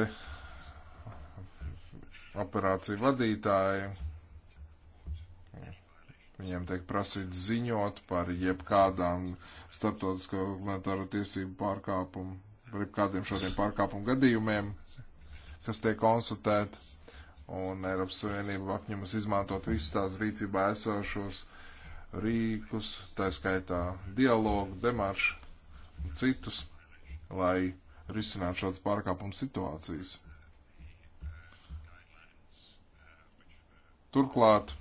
operāciju vadītāji Viņiem tiek prasīts ziņot par jebkādām starptautisko humanitāro tiesību pārkāpumu, par jebkādiem šādiem pārkāpumu gadījumiem, kas tiek konstatēti. Un Eiropas Savienība apņemas izmantot visus tās rīcībā esošos rīkus, tā skaitā dialogu, demaršu un citus, lai risinātu šādas pārkāpumu situācijas. Turklāt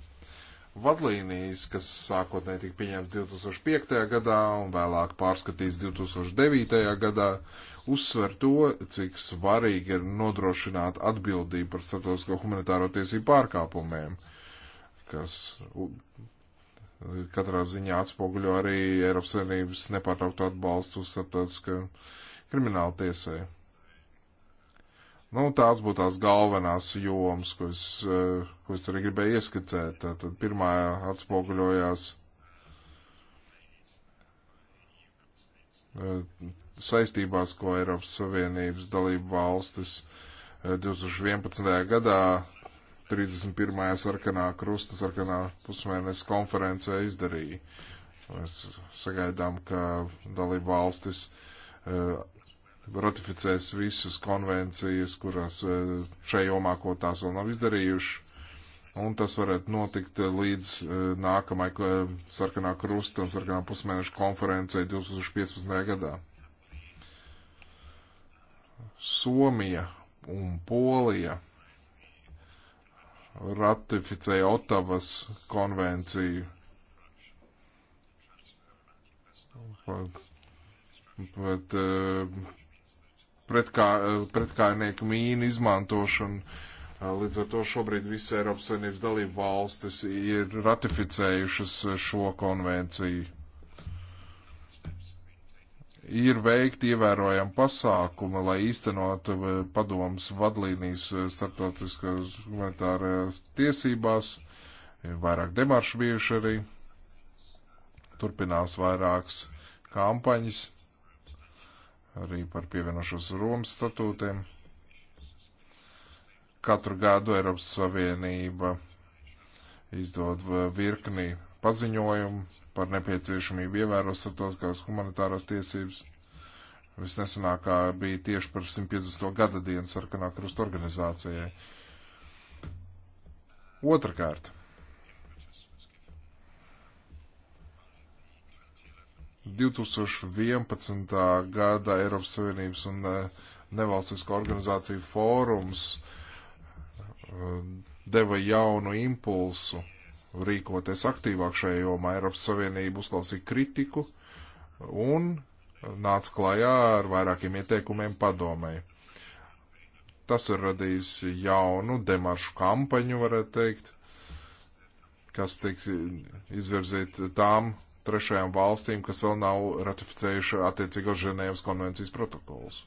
vadlīnijas, kas sākotnēji tika pieņemts 2005. gadā un vēlāk pārskatīts 2009. gadā, uzsver to, cik svarīgi ir nodrošināt atbildību par starptautisko humanitāro tiesību pārkāpumiem, kas katrā ziņā atspoguļo arī Eiropas Savienības nepārtrauktu atbalstu starptautiskajai krimināla tiesai. Nu, tās būtu tās galvenās jomas, ko es, eh, ko es arī gribēju ieskicēt. Tātad pirmā atspoguļojās eh, saistībās, ko Eiropas Savienības dalību valstis 2011. Eh, gadā 31. sarkanā krusta, sarkanā pusmēnesis konferencē izdarīja. Mēs sagaidām, ka dalību valstis ratificēs visas konvencijas, kurās e, šajā jomā, ko tās vēl nav izdarījuši. Un tas varētu notikt e, līdz e, nākamai sarkanā krusta un sarkanā pusmēneša konferencei 2015. gadā. Somija un Polija ratificēja Otavas konvenciju bet, bet pretkā, eh, pretkājnieku mīnu izmantošanu. Eh, līdz ar to šobrīd visas Eiropas Savienības dalību valstis ir ratificējušas šo konvenciju. Ir veikti ievērojami pasākumi, lai īstenotu eh, padomus vadlīnijas starptautiskās humanitārajās tiesībās. Vairāk demaršu bijuši arī. Turpinās vairākas kampaņas arī par pievienošos Romas statūtiem. Katru gadu Eiropas Savienība izdod virkni paziņojumu par nepieciešamību ievērot starptautiskās humanitārās tiesības. Visnesenākā bija tieši par 150. gada dienu sarkanā krusta organizācijai. Otrakārt, 2011. gada Eiropas Savienības un eh, nevalstisko organizāciju fórums eh, deva jaunu impulsu rīkoties aktīvāk šajā jomā. Eiropas Savienība uzklausīja kritiku un nāca klajā ar vairākiem ieteikumiem padomēji. Tas ir radījis jaunu demaršu kampaņu, varētu teikt, kas tiek izvirzīta tām trešajām valstīm, kas vēl nav ratificējuši attiecīgos Ženēvas konvencijas protokolus.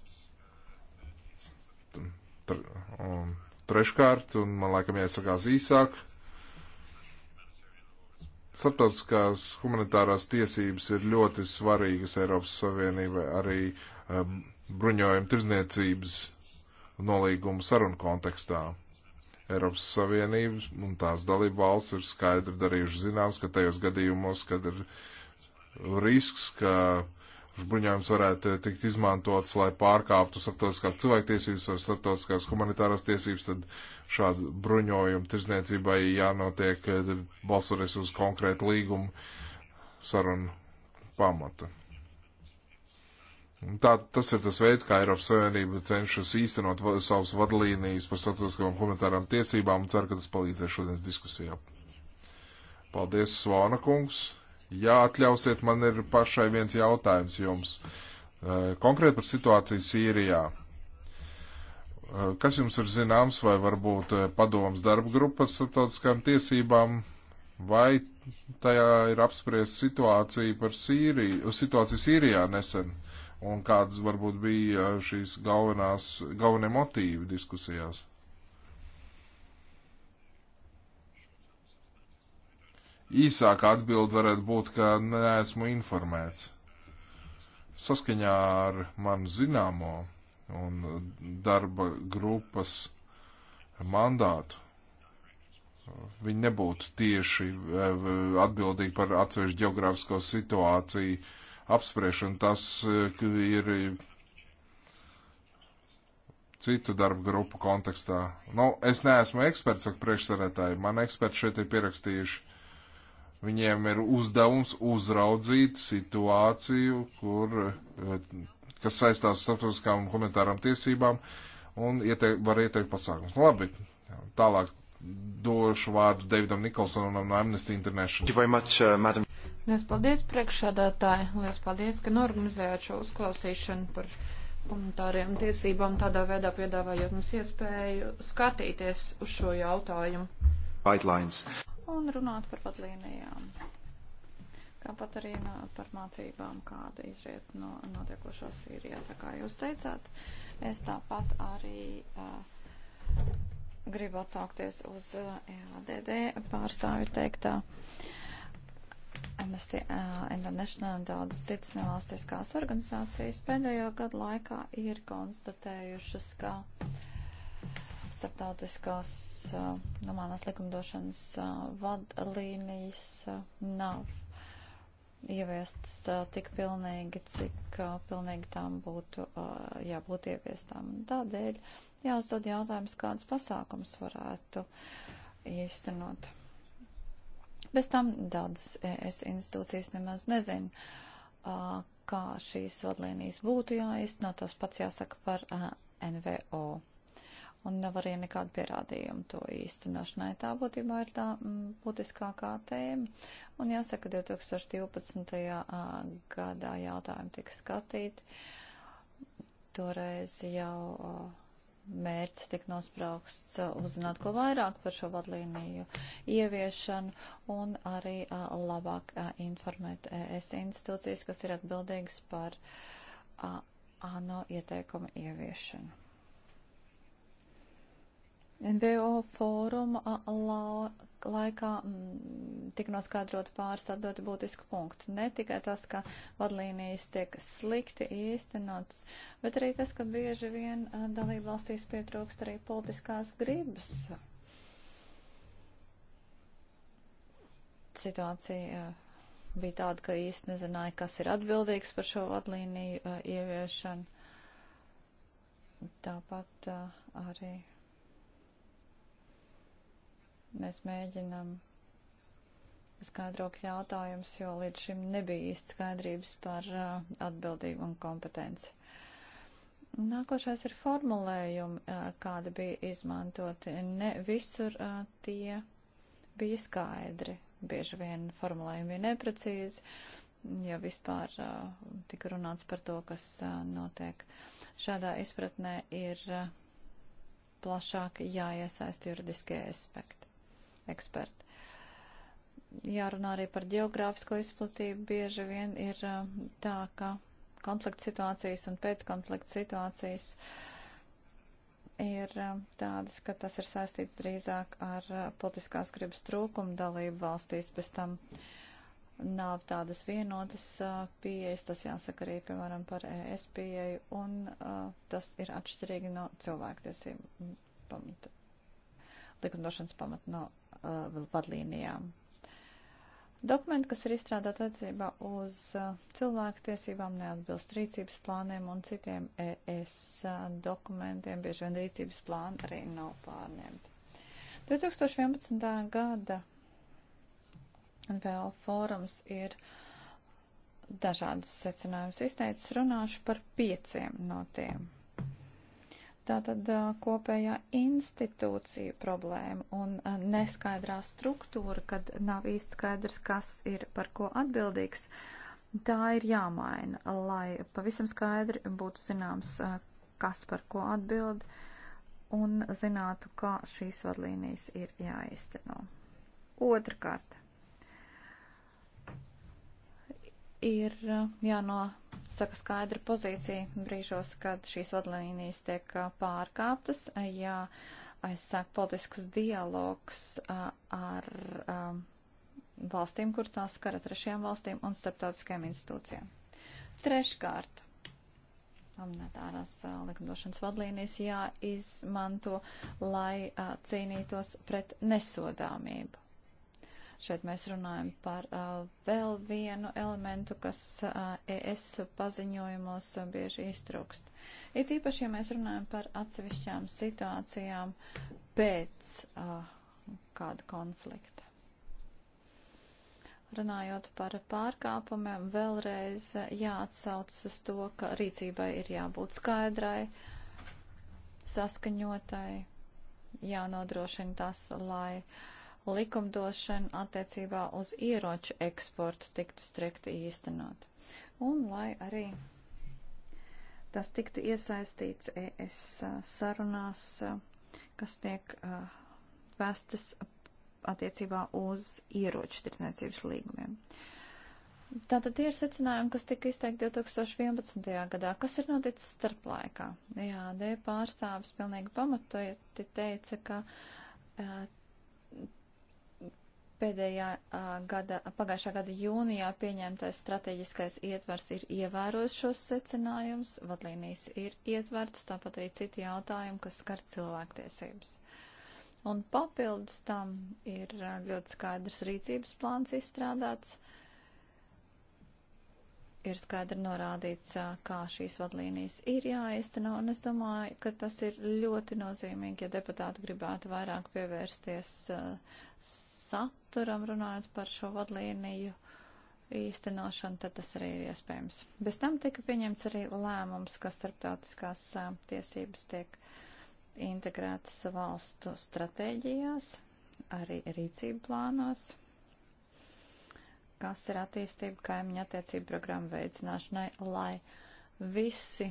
Um, treškārt, un man laikam jāsakās īsāk, starptautiskās humanitārās tiesības ir ļoti svarīgas Eiropas Savienībai arī um, bruņojuma tirzniecības nolīgumu sarunu kontekstā. Eiropas Savienības un tās dalību valsts ir skaidri darījuši zināms, ka tajos gadījumos, kad ir risks, ka bruņojums varētu tikt izmantots, lai pārkāptu starptautiskās cilvēktiesības vai starptautiskās humanitārās tiesības, tad šādu bruņojumu tirzniecībai jānotiek balsoties uz konkrētu līgumu sarunu pamata. Tā, tas ir tas veids, kā Eiropas Savienība cenšas īstenot va, savus vadlīnijas par starptautiskām humanitārām tiesībām un ceru, ka tas palīdzēs šodienas diskusijā. Paldies, Svāna kungs. Jā, atļausiet, man ir pašai viens jautājums jums. Eh, konkrēti par situāciju Sīrijā. Eh, kas jums ir zināms, vai varbūt eh, padoms darba grupa par starptautiskām tiesībām, vai tajā ir apspriest situācija par Sīriju, situāciju Sīrijā nesen? Uh, un kādas varbūt bija šīs galvenās, galvenie motīvi diskusijās? Īsāka atbild varētu būt, ka neesmu informēts. Saskaņā ar manu zināmo un darba grupas mandātu viņi nebūtu tieši eh, atbildīgi par atsevišķu geogrāfisko situāciju uh, apspriešanu. Tas eh, ir citu darbu grupu kontekstā. Nu, es neesmu eksperts, saka priekšsarētāji. Man eksperti šeit ir pierakstījuši. Viņiem ir uzdevums uzraudzīt situāciju, kur, eh, kas saistās ar starptautiskām humanitārām tiesībām un ieteik, var ieteikt pasākums. Nu, labi, tālāk došu vārdu Davidam Nikolsonam no Amnesty International. Much, uh, Lielas paldies, priekšsādātāji. Lielas paldies, ka norganizējāt šo uzklausīšanu par humanitāriem tiesībām, tādā veidā piedāvājot mums iespēju skatīties uz šo jautājumu. Pipelines. Un runāt par vadlīnijām. Tāpat arī par mācībām, kāda izriet no notiekošā Sīrijā. Tā kā jūs teicāt, es tāpat arī uh, gribu atsaukties uz uh, EADD pārstāvi teiktā. Uh, Amnesty International un daudzas citas nevalstiskās organizācijas pēdējo gadu laikā ir konstatējušas, ka starptautiskās nomānās likumdošanas vadlīnijas nav ieviestas tik pilnīgi, cik pilnīgi tām būtu jābūt ieviestām. Tādēļ jāuzdod jautājums, kādas pasākums varētu īstenot. Bez tam daudzas e es institūcijas nemaz nezinu, kā šīs vadlīnijas būtu jāizteno, tas pats jāsaka par NVO. Un nav arī nekādu pierādījumu to īstenošanai. Tā būtībā ir tā mm, būtiskākā tēma. Un jāsaka, 2012. gadā jautājumi tika skatīti. Toreiz jau. Uh, mērķis tik nosprauksts uh, uzzināt, ko vairāk par šo vadlīniju ieviešanu un arī uh, labāk uh, informēt ES institūcijas, kas ir atbildīgas par ANO ieteikumu ieviešanu. NVO fóruma laikā mm, tika noskaidrot pāris tādu ļoti būtisku punktu. Ne tikai tas, ka vadlīnijas tiek slikti īstenotas, bet arī tas, ka bieži vien eh, dalību valstīs pietrūkst arī politiskās gribas. Situācija eh, bija tāda, ka īsti nezināja, kas ir atbildīgs par šo vadlīniju eh, ieviešanu. Tāpat arī Mēs mēģinam skaidrok jautājums, jo līdz šim nebija īsti skaidrības par uh, atbildību un kompetenci. Nākošais ir formulējumi, uh, kāda bija izmantoti. Ne visur uh, tie bija skaidri. Bieži vien formulējumi bija neprecīzi, ja vispār uh, tika runāts par to, kas uh, notiek. Šādā izpratnē ir uh, plašāk jāiesaist juridiskie aspekti eksperti. Jārunā arī par geogrāfisko izplatību. Bieži vien ir uh, tā, ka konflikta situācijas un pēckonflikta situācijas ir uh, tādas, ka tas ir saistīts drīzāk ar uh, politiskās gribas trūkumu dalību valstīs, pēc tam nav tādas vienotas pieejas, tas jāsaka arī, piemēram, par ES pieeju, un uh, tas ir atšķirīgi no cilvēktiesību pamata, likumdošanas pamata no uh, vadlīnijām. Dokumenti, kas ir izstrādāti attiecībā uz uh, cilvēku tiesībām, neatbilst rīcības plāniem un citiem ES uh, dokumentiem, bieži vien rīcības plāni arī nav pārņemti. 2011. gada vēl fórums ir dažādas secinājumus izteicis, runāšu par pieciem no tiem. Tātad kopējā institūcija problēma un neskaidrā struktūra, kad nav īsti skaidrs, kas ir par ko atbildīgs, tā ir jāmaina, lai pavisam skaidri būtu zināms, kas par ko atbild un zinātu, kā šīs vadlīnijas ir jāizteno. Otrakārt ir jāno saka skaidru pozīciju brīžos, kad šīs vadlīnijas tiek pārkāptas, ja aizsāk politisks dialogs ar valstīm, kuras tās skara trešajām valstīm un starptautiskajām institūcijām. Treškārt, ārās likumdošanas vadlīnijas jāizmanto, lai cīnītos pret nesodāmību. Šeit mēs runājam par uh, vēl vienu elementu, kas uh, ES paziņojumos uh, bieži iztrūkst. It īpaši, ja mēs runājam par atsevišķām situācijām pēc uh, kāda konflikta. Runājot par pārkāpumiem, vēlreiz jāatsaucas uz to, ka rīcībai ir jābūt skaidrai, saskaņotai, jānodrošina tas, lai uh, likumdošana attiecībā uz ieroču eksportu tiktu strikti īstenot. Un lai arī tas tiktu iesaistīts ES sarunās, kas tiek vestas attiecībā uz ieroču tirdzniecības līgumiem. Tātad tie ir secinājumi, kas tika izteikti 2011. gadā. Kas ir noticis starp laikā? Jā, D pārstāvis pilnīgi pamatoti teica, ka uh, Pēdējā gada, pagājušā gada jūnijā pieņemtais strateģiskais ietvars ir ievērojis šos secinājumus, vadlīnijas ir ietverts, tāpat arī citi jautājumi, kas skar cilvēktiesības. Un papildus tam ir ļoti skaidrs rīcības plāns izstrādāts, ir skaidri norādīts, kā šīs vadlīnijas ir jāizteno, un es domāju, ka tas ir ļoti nozīmīgi, ja deputāti gribētu vairāk pievērsties uh, saturam, runājot par šo vadlīniju īstenošanu, tad tas arī ir iespējams. Bez tam tika pieņemts arī lēmums, ka starptautiskās tiesības tiek integrētas valstu stratēģijās, arī rīcību plānos, kas ir attīstība kaimiņa attiecību programmu veicināšanai, lai visi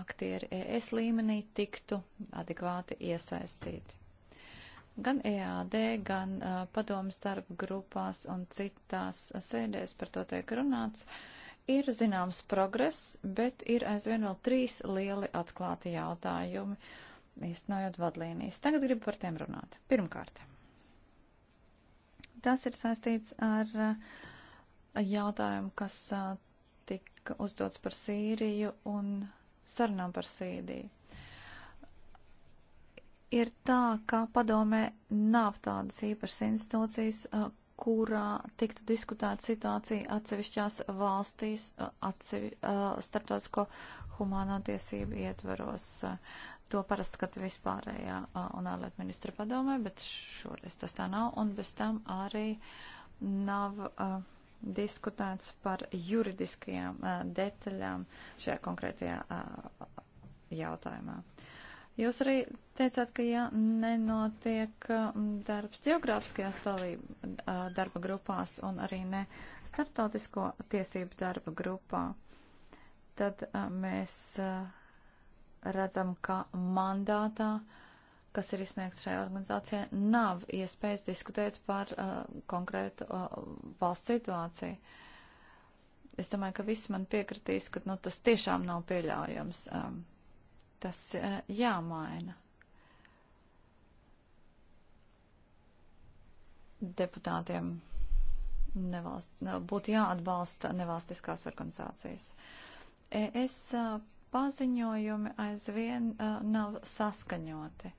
aktieri ES līmenī tiktu adekvāti iesaistīti. Gan EAD, gan uh, padomas darba grupās un citās sēdēs par to tiek runāts. Ir zināms progress, bet ir aizvien vēl trīs lieli atklāti jautājumi, īstenojot vadlīnijas. Tagad gribu par tiem runāt. Pirmkārt, tas ir saistīts ar uh, jautājumu, kas uh, tika uzdots par Sīriju un sarunām par Sīriju ir tā, ka padomē nav tādas īpašas institūcijas, kurā tiktu diskutēta situācija atsevišķās valstīs atsevi, starptautisko humāno tiesību ietvaros. To parasti skata vispārējā un ārlietu ministra padomē, bet šoreiz tas tā nav. Un bez tam arī nav uh, diskutēts par juridiskajām uh, detaļām šajā konkrētajā uh, jautājumā. Uh, Jūs arī teicāt, ka ja nenotiek uh, darbs geogrāfiskajās dalība, uh, darba grupās un arī ne starptautisko tiesību darba grupā, tad uh, mēs redzam, ka mandātā kas ir izsniegts šajā organizācijā, nav iespējas diskutēt par uh, konkrētu uh, valsts situāciju. Es domāju, ka visi man piekritīs, ka nu, tas tiešām nav pieļaujams. Um, tas e, jāmaina. Deputātiem nevalst, būtu jāatbalsta nevalstiskās organizācijas. E, ES e, paziņojumi aizvien nav saskaņoti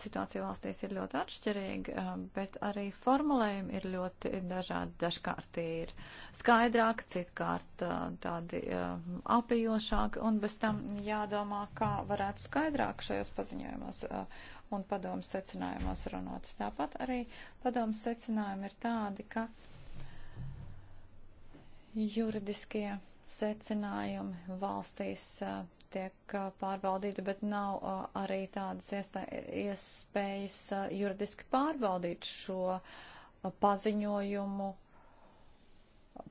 situācija valstīs ir ļoti atšķirīga, eh, bet arī formulējumi ir ļoti dažādi. Dažkārt ir skaidrāki, citkārt eh, tādi eh, apjošāki, un bez tam jādomā, kā varētu skaidrāk šajos paziņojumos un padomu secinājumos runāt. Tāpat arī padomu secinājumi ir tādi, ka juridiskie secinājumi valstīs tiek pārbaudīta, bet nav arī tādas iespējas juridiski pārbaudīt šo paziņojumu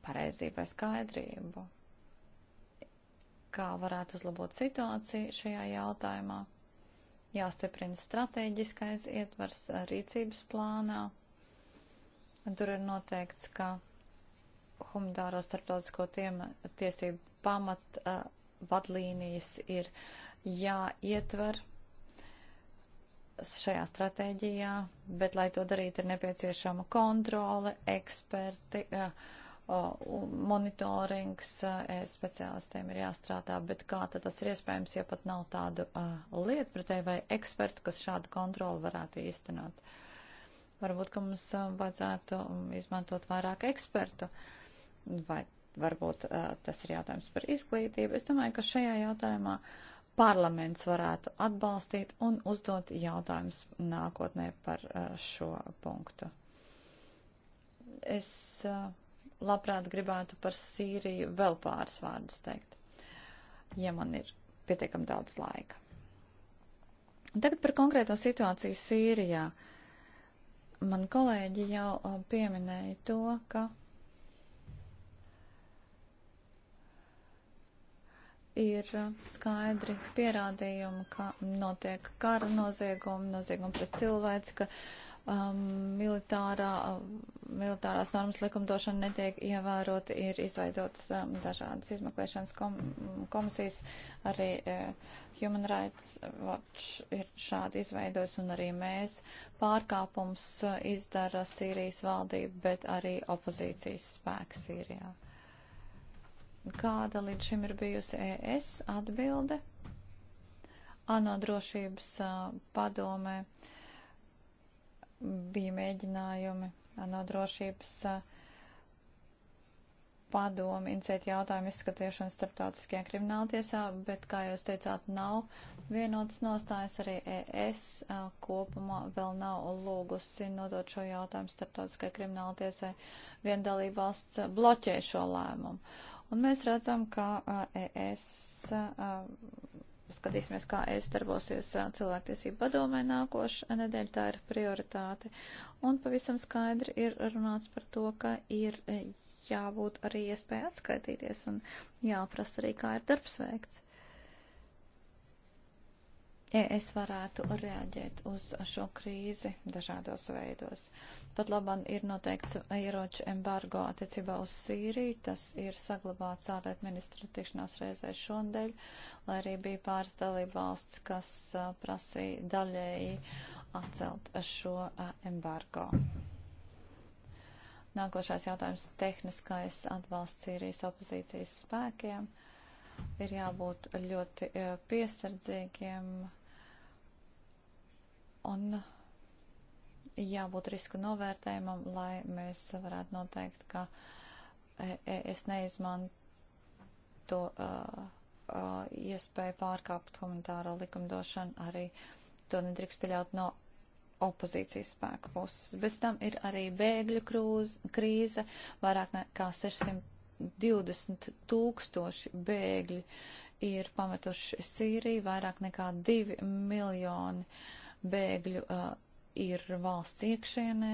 pareizību vai skaidrību. Kā varētu uzlabot situāciju šajā jautājumā? Jāstiprina strateģiskais ietvars rīcības plānā. Tur ir noteikts, ka humanitāro starptautisko tiema, tiesību pamat uh, vadlīnijas ir jāietver šajā stratēģijā, bet, lai to darītu, ir nepieciešama kontrole, eksperti, eh, monitorings, eh, speciālistiem ir jāstrādā, bet kā tad tas ir iespējams, ja pat nav tādu eh, lietu pretēji vai ekspertu, kas šādu kontroli varētu īstenot. Varbūt, ka mums vajadzētu mm, izmantot vairāk ekspertu vai varbūt tas ir jautājums par izglītību. Es domāju, ka šajā jautājumā parlaments varētu atbalstīt un uzdot jautājumus nākotnē par šo punktu. Es labprāt gribētu par Sīriju vēl pāris vārdus teikt, ja man ir pietiekam daudz laika. Tagad par konkrēto situāciju Sīrijā. Man kolēģi jau pieminēja to, ka ir uh, skaidri pierādījumi, ka notiek kara noziegumi, noziegumi pret cilvēci, ka um, militārā, uh, militārās normas likumdošana netiek ievērota, ir izveidotas um, dažādas izmeklēšanas kom komisijas, arī uh, Human Rights Watch ir šādi izveidojis, un arī mēs pārkāpums uh, izdara Sīrijas valdība, bet arī opozīcijas spēks Sīrijā. Kāda līdz šim ir bijusi ES atbilde? ANO drošības padomē bija mēģinājumi ANO drošības padomu iniciēt jautājumu izskatīšanu starptautiskajā krimināltiesā, bet, kā jūs teicāt, nav vienotas nostājas. Arī ES kopumā vēl nav lūgusi nodot šo jautājumu starptautiskajai krimināltiesai. Viena dalībvalsts bloķē šo lēmumu. Un mēs redzam, ka ES, skatīsimies, kā ES darbosies cilvēktiesību padomē nākošā nedēļa, tā ir prioritāte. Un pavisam skaidri ir runāts par to, ka ir e, jābūt arī iespēja atskaitīties un jāprasa arī, kā ir darbs veikts es varētu reaģēt uz šo krīzi dažādos veidos. Pat labam ir noteikts ieroču embargo attiecībā uz Sīriju, tas ir saglabāts ārlietu ministra tikšanās reizē šondeļ, lai arī bija pāris dalība valsts, kas prasīja daļēji atcelt šo embargo. Nākošais jautājums - tehniskais atbalsts Sīrijas opozīcijas spēkiem. Ir jābūt ļoti piesardzīgiem Un jābūt riska novērtējumam, lai mēs varētu noteikt, ka e, e, es neizmanto uh, uh, iespēju pārkāpt komunitāro likumdošanu, arī to nedrīkst pieļaut no opozīcijas spēku puses. Bez tam ir arī bēgļu krūz, krīze, vairāk nekā 620 tūkstoši bēgļi ir pametuši Sīriju, vairāk nekā 2 miljoni uh, bēgļu uh, ir valsts iekšienē.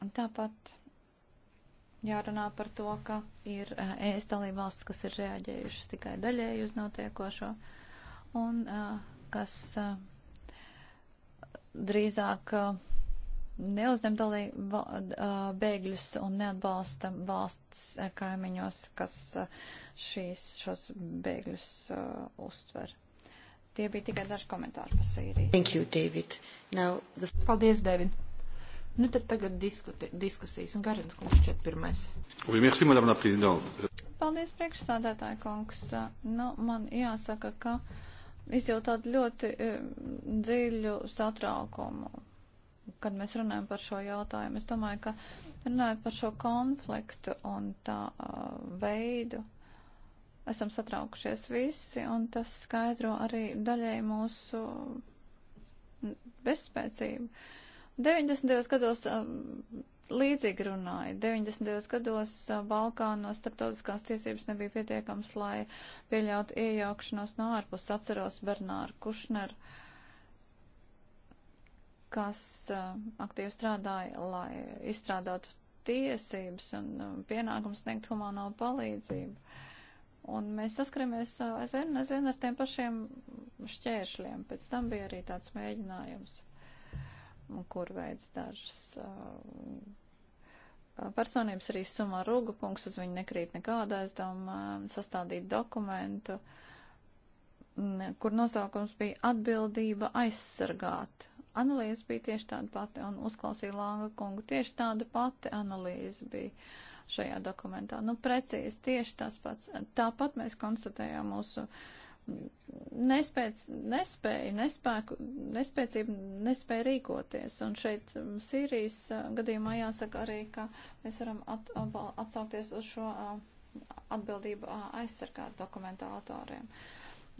Un tāpat jārunā par to, ka ir uh, ES dalība valsts, kas ir reaģējušas tikai daļēji uz notiekošo un uh, kas uh, drīzāk uh, neuzņem bēgļus un neatbalsta valsts kaimiņos, kas šīs, šos bēgļus uh, uztver. Tie bija tikai daži komentāri par Sīriju. Thank you, David. Now the... Paldies, David. Nu tad tagad diskuti, diskusijas un Garins kungs šķiet pirmais. Oui, merci, madame la présidente. Paldies, priekšsādātāja kungs. Nu, man jāsaka, ka izjūt tādu ļoti e, dziļu satraukumu, kad mēs runājam par šo jautājumu. Es domāju, ka runājam par šo konfliktu un tā uh, veidu, esam satraukušies visi, un tas skaidro arī daļai mūsu bezspēcību. 90. gados līdzīgi runāja. 90. gados Balkānos starptautiskās tiesības nebija pietiekams, lai pieļautu iejaukšanos no ārpus. Atceros Bernāru Kušneru, kas aktīvi strādāja, lai izstrādātu tiesības un pienākums sniegt humāno palīdzību. Uh, Un mēs saskaramies aizvien, aizvien ar tiem pašiem šķēršļiem. Pēc tam bija arī tāds mēģinājums, kur veids dažas personības arī sumā rūga punkts, uz viņu nekrīt nekāda aizdevuma, sastādīt dokumentu, kur nosaukums bija atbildība aizsargāt. Analīze bija tieši tāda pati, un uzklausīja Lāga kungu tieši tāda pati analīze bija. Uh, šajā dokumentā. Nu, precīzi tieši tas pats. Tāpat mēs konstatējām mūsu nespēc, nespēju, nespēku, nespēcību, nespēju rīkoties. Un šeit um, Sīrijas uh, gadījumā jāsaka arī, ka mēs varam at, atsaukties uz šo uh, atbildību uh, aizsargāt dokumentu autoriem.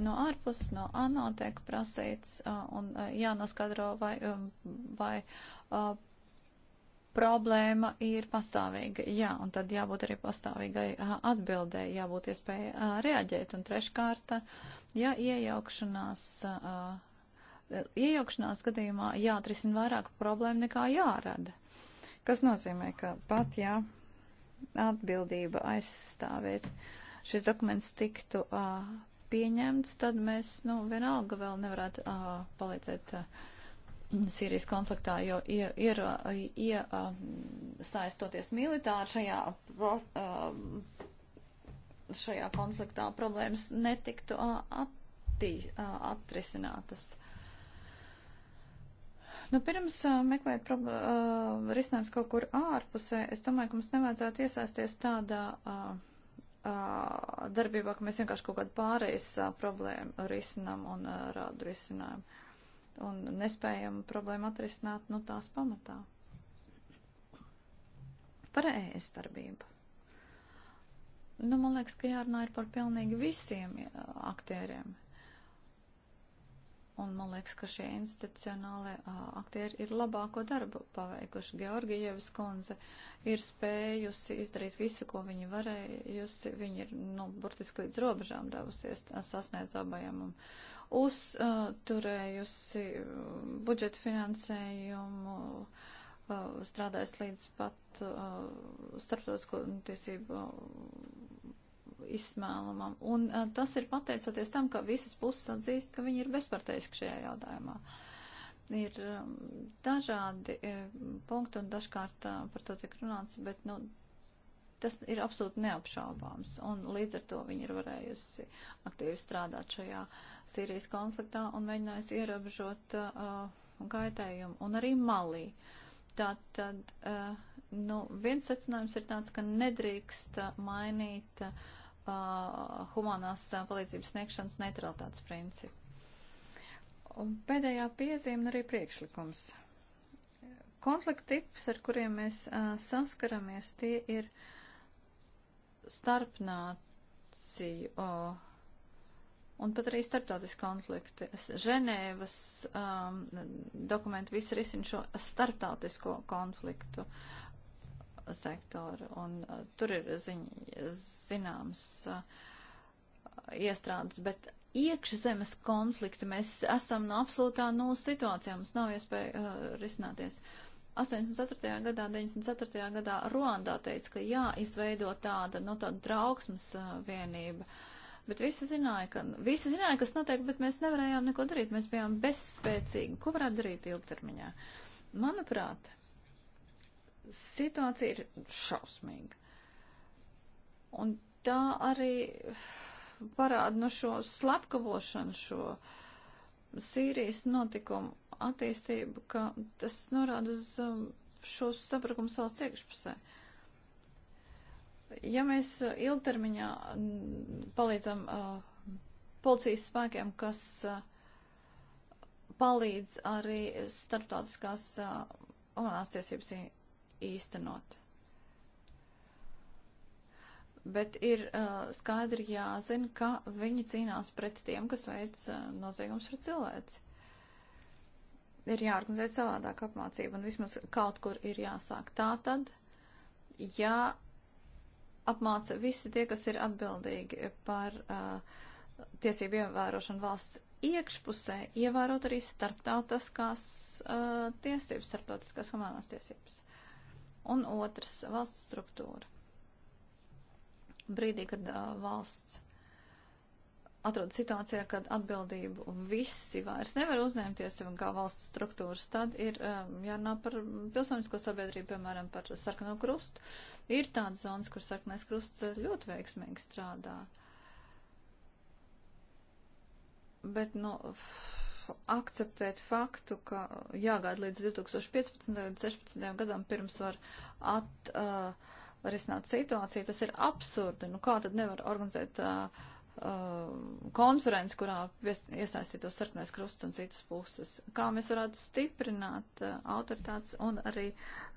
No ārpuses, no ANO tiek prasīts un jānoskadro, vai, um, vai problēma ir pastāvīga, jā, un tad jābūt arī pastāvīgai atbildē, jābūt iespēja reaģēt. Un treškārt, ja iejaukšanās, iejaukšanās gadījumā jāatrisina vairāk problēmu nekā jārada. Kas nozīmē, ka pat, ja atbildība aizstāvēt šis dokuments tiktu pieņemts, tad mēs, nu, vienalga vēl nevarētu palīdzēt. Uh, Sīrijas konfliktā, jo ir, ir, ir saistoties militāri šajā, šajā konfliktā, problēmas netiktu attī, atrisinātas. Nu, pirms meklēt problēma, risinājums kaut kur ārpusē, es domāju, ka mums nevajadzētu iesaisties tādā darbībā, ka mēs vienkārši kaut kādu pārējais problēmu risinām un rādu risinājumu un nespējam problēmu atrisināt no nu, tās pamatā. Par ES darbību. Nu, man liekas, ka jārunā ir par pilnīgi visiem aktieriem. Un man liekas, ka šie institucionālie aktieri ir labāko darbu paveikuši. Georgijevas kundze ir spējusi izdarīt visu, ko viņa varējusi. Viņa ir, nu, burtiski līdz robežām devusies, sasniedz abajam. Un, uzturējusi um, budžeta finansējumu, uh, strādājusi līdz pat uh, starptautisko tiesību uh, izsmēlumam. Un tas ir pateicoties tam, ka visas puses atzīst, ka viņi ir bezparteiski šajā jautājumā. Ir um, dažādi eh, punkti un dažkārt par to tiek runāts, bet nu, Tas ir absolūti neapšaubāms, un līdz ar to viņi ir varējusi aktīvi strādāt šajā Sīrijas konfliktā un mēģinājusi ierobežot uh, gaitējumu, un arī malī. Tātad, uh, nu, viens secinājums ir tāds, ka nedrīkst mainīt uh, humanās uh, palīdzības sniegšanas neutralitātes principu. Un pēdējā piezīme arī priekšlikums. Konflikta tips, ar kuriem mēs a, uh, saskaramies, tie ir starpnāciju uh, un pat arī starptautiski konflikti. Ženēvas um, dokumenti visi risina šo starptautisko konfliktu sektoru, un uh, tur ir ziņ, zināms uh, iestrādes, bet iekšzemes konflikti mēs esam no absolūtā nulles situācijā, mums nav iespēja uh, risināties. Uh, 84. gadā, 94. gadā Ruandā teica, ka jāizveido tāda, nu, tāda trauksmes uh, vienība. Bet visi zināja, ka, visi zināja, kas notiek, bet mēs nevarējām neko darīt. Mēs bijām bezspēcīgi. Ko varētu darīt ilgtermiņā? Manuprāt, situācija ir šausmīga. Un tā arī parāda no nu, šo slepkavošanu, šo Sīrijas notikumu attīstību, ka tas norāda uz um, šo sapratumu salas iekšpusē. Ja mēs uh, ilgtermiņā palīdzam uh, policijas spēkiem, kas uh, palīdz arī starptautiskās humanās tiesības īstenot. Bet ir uh, skaidri jāzina, ka viņi cīnās pret tiem, kas veic uh, noziegums pret cilvēci ir jāorganizē savādāk apmācība un vismaz kaut kur ir jāsāk. Tā tad, ja apmāca visi tie, kas ir atbildīgi par uh, tiesību ievērošanu valsts iekšpusē, ievērot arī starptautiskās uh, tiesības, starptautiskās humanās tiesības. Un otrs - valsts struktūra. Brīdī, kad uh, valsts atrodas situācijā, kad atbildību visi vairs nevar uzņemties, kā valsts struktūras, tad ir um, jārunā par pilsonisko sabiedrību, piemēram, par sarkano krustu. Ir tādas zonas, kur sarkanais krusts ļoti veiksmīgi strādā. Bet, nu, akceptēt faktu, ka jāgaida līdz 2015. līdz 16. gadam pirms var at, uh, risināt situāciju, tas ir absurdi. Nu, kā tad nevar organizēt uh, Uh, konferenci, kurā iesaistītos sarkanais krusts un citas puses. Kā mēs varētu stiprināt uh, autoritātes un arī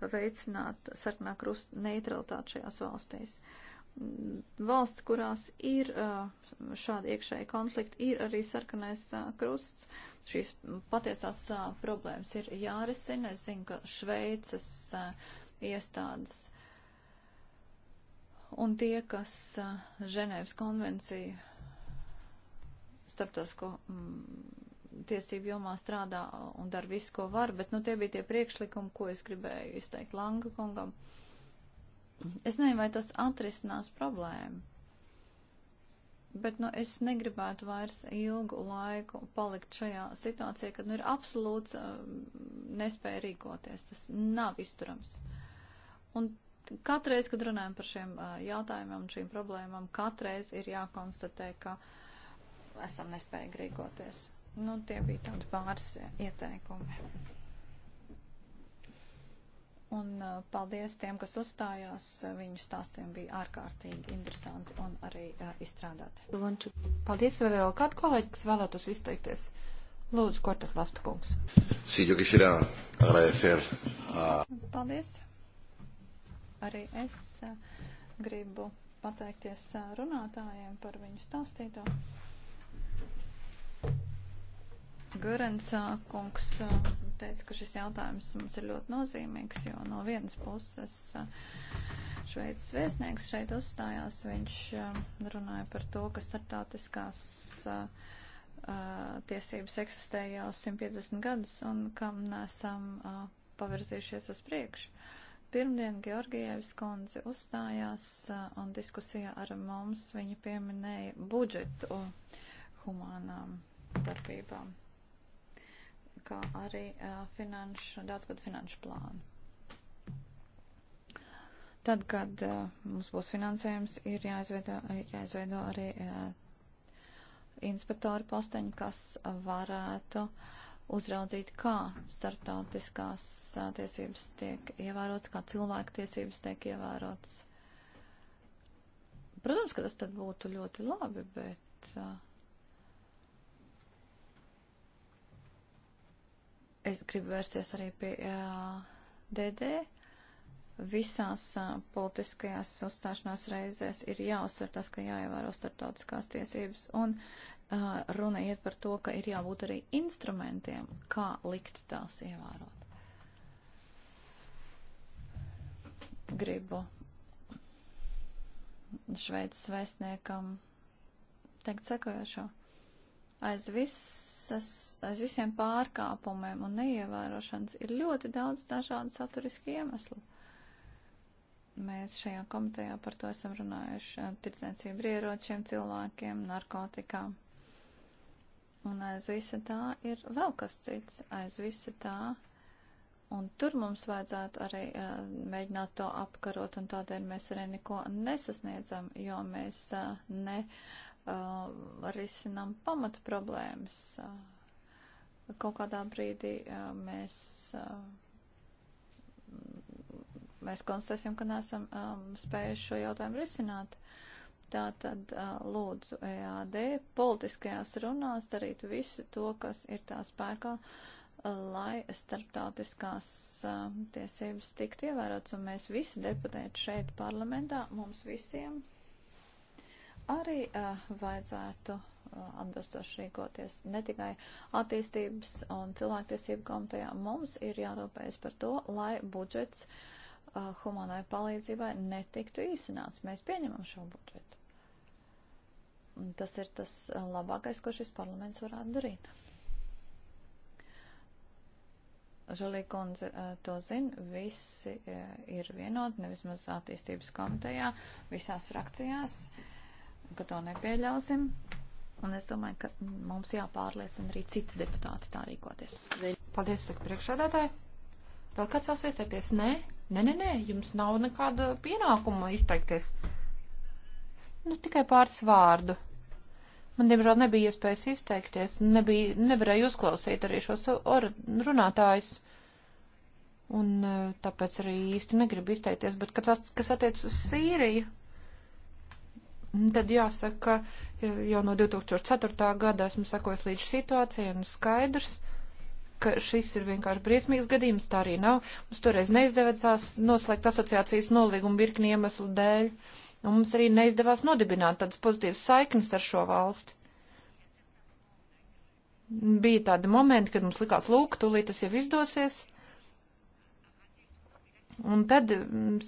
veicināt sarkanā krusta neutralitāti šajās valstīs. Mm, valsts, kurās ir uh, šādi iekšēji konflikti, ir arī sarkanais uh, krusts. Šīs patiesās uh, problēmas ir jārisina. Es zinu, ka Šveicas uh, iestādes un tie, kas Ženēvas konvenciju starptautisko mm, tiesību jomā strādā un dara visu, ko var, bet nu, tie bija tie priekšlikumi, ko es gribēju izteikt Langa kungam. Es nezinu, vai tas atrisinās problēmu, bet nu, es negribētu vairs ilgu laiku palikt šajā situācijā, kad nu, ir absolūts uh, nespēja rīkoties. Tas nav izturams. Un katreiz, kad runājam par šiem uh, jautājumiem un šīm problēmām, katreiz ir jākonstatē, ka uh, esam nespējīgi rīkoties. Nu, tie bija tādi pāris ieteikumi. Un uh, paldies tiem, kas uzstājās. Viņu stāstiem bija ārkārtīgi interesanti un arī uh, izstrādāti. Paldies, vai vēl kādu kolēģi, kas vēlētos izteikties? Lūdzu, Kortas Lastukungs. Sí, yo quisiera agradecer a... Paldies. Arī es uh, gribu pateikties uh, runātājiem par viņu stāstīto. Gurens kungs uh, teica, ka šis jautājums mums ir ļoti nozīmīgs, jo no vienas puses uh, Šveicis vēstnieks šeit uzstājās, viņš uh, runāja par to, ka startautiskās tiesības eksistē jau 150 gadus un kam nesam pavirzījušies uz priekšu. Pirmdien Georgievs kundze uzstājās un diskusijā ar mums viņa pieminēja budžetu humānām darbībām kā arī finanšu, daudzgadu finanšu plānu. Tad, kad uh, mums būs finansējums, ir jāizveido, jāizveido arī uh, inspektori posteņi, kas varētu uzraudzīt, kā starptautiskās uh, tiesības tiek ievērotas, kā cilvēku tiesības tiek ievērotas. Protams, ka tas tad būtu ļoti labi, bet. Uh, Es gribu vērsties arī pie uh, DD. Visās uh, politiskajās uzstāšanās reizēs ir jāuzsver tas, ka jāievēro starptautiskās tiesības, un uh, runa iet par to, ka ir jābūt arī instrumentiem, kā likt tās ievērot. Gribu Šveices vēstniekam teikt sekojošo. Aiz viss visas, aiz visiem pārkāpumiem un neievērošanas ir ļoti daudz dažādu saturisku iemeslu. Mēs šajā komitejā par to esam runājuši tirdzniecību ieročiem, cilvēkiem, narkotikām. Un aiz visa tā ir vēl kas cits. Aiz visa tā Un tur mums vajadzētu arī uh, mēģināt to apkarot, un tādēļ mēs arī neko nesasniedzam, jo mēs uh, ne uh, risinām pamatu problēmas. Uh, kaut kādā brīdī uh, mēs. Uh, Mēs konstatēsim, ka neesam um, spējuši šo jautājumu risināt. Tā tad uh, lūdzu EAD politiskajās runās darīt visu to, kas ir tā spēkā, lai starptautiskās uh, tiesības tiktu ievērots. Un mēs visi deputēti šeit parlamentā, mums visiem arī uh, vajadzētu eh, atbilstoši rīkoties ne tikai attīstības un cilvēktiesību komitejā. Mums ir jārūpējas par to, lai budžets uh, humanai palīdzībai netiktu īsināts. Mēs pieņemam šo budžetu. Un tas ir tas labākais, ko šis parlaments varētu darīt. Žalī kundze uh, to zina, visi uh, ir vienoti, nevis maz attīstības komitejā, visās frakcijās. Uh, ka to nepieļausim. Un es domāju, ka mums jāpārliecina arī citi deputāti tā rīkoties. Paldies, saka priekšādātāji. Vēl kāds vēl sviestēties? Nē, nē, nē, nē, jums nav nekāda pienākuma izteikties. Nu, tikai pāris vārdu. Man, diemžēl, nebija iespējas izteikties, nebija, nevarēju uzklausīt arī šos runātājus. Un eh, tāpēc arī īsti negribu izteikties, bet kas, kas attiec uz Sīriju? Tad jāsaka, ka jau no 2004. gada esmu sakojis līdz situācijai un skaidrs, ka šis ir vienkārši briesmīgs gadījums, tā arī nav. Mums toreiz neizdevās noslēgt asociācijas nolīgumu virkni iemeslu dēļ, un mums arī neizdevās nodibināt tādas pozitīvas saiknes ar šo valsti. Bija tādi momenti, kad mums likās, lūk, tūlīt tas jau izdosies. Un tad mm,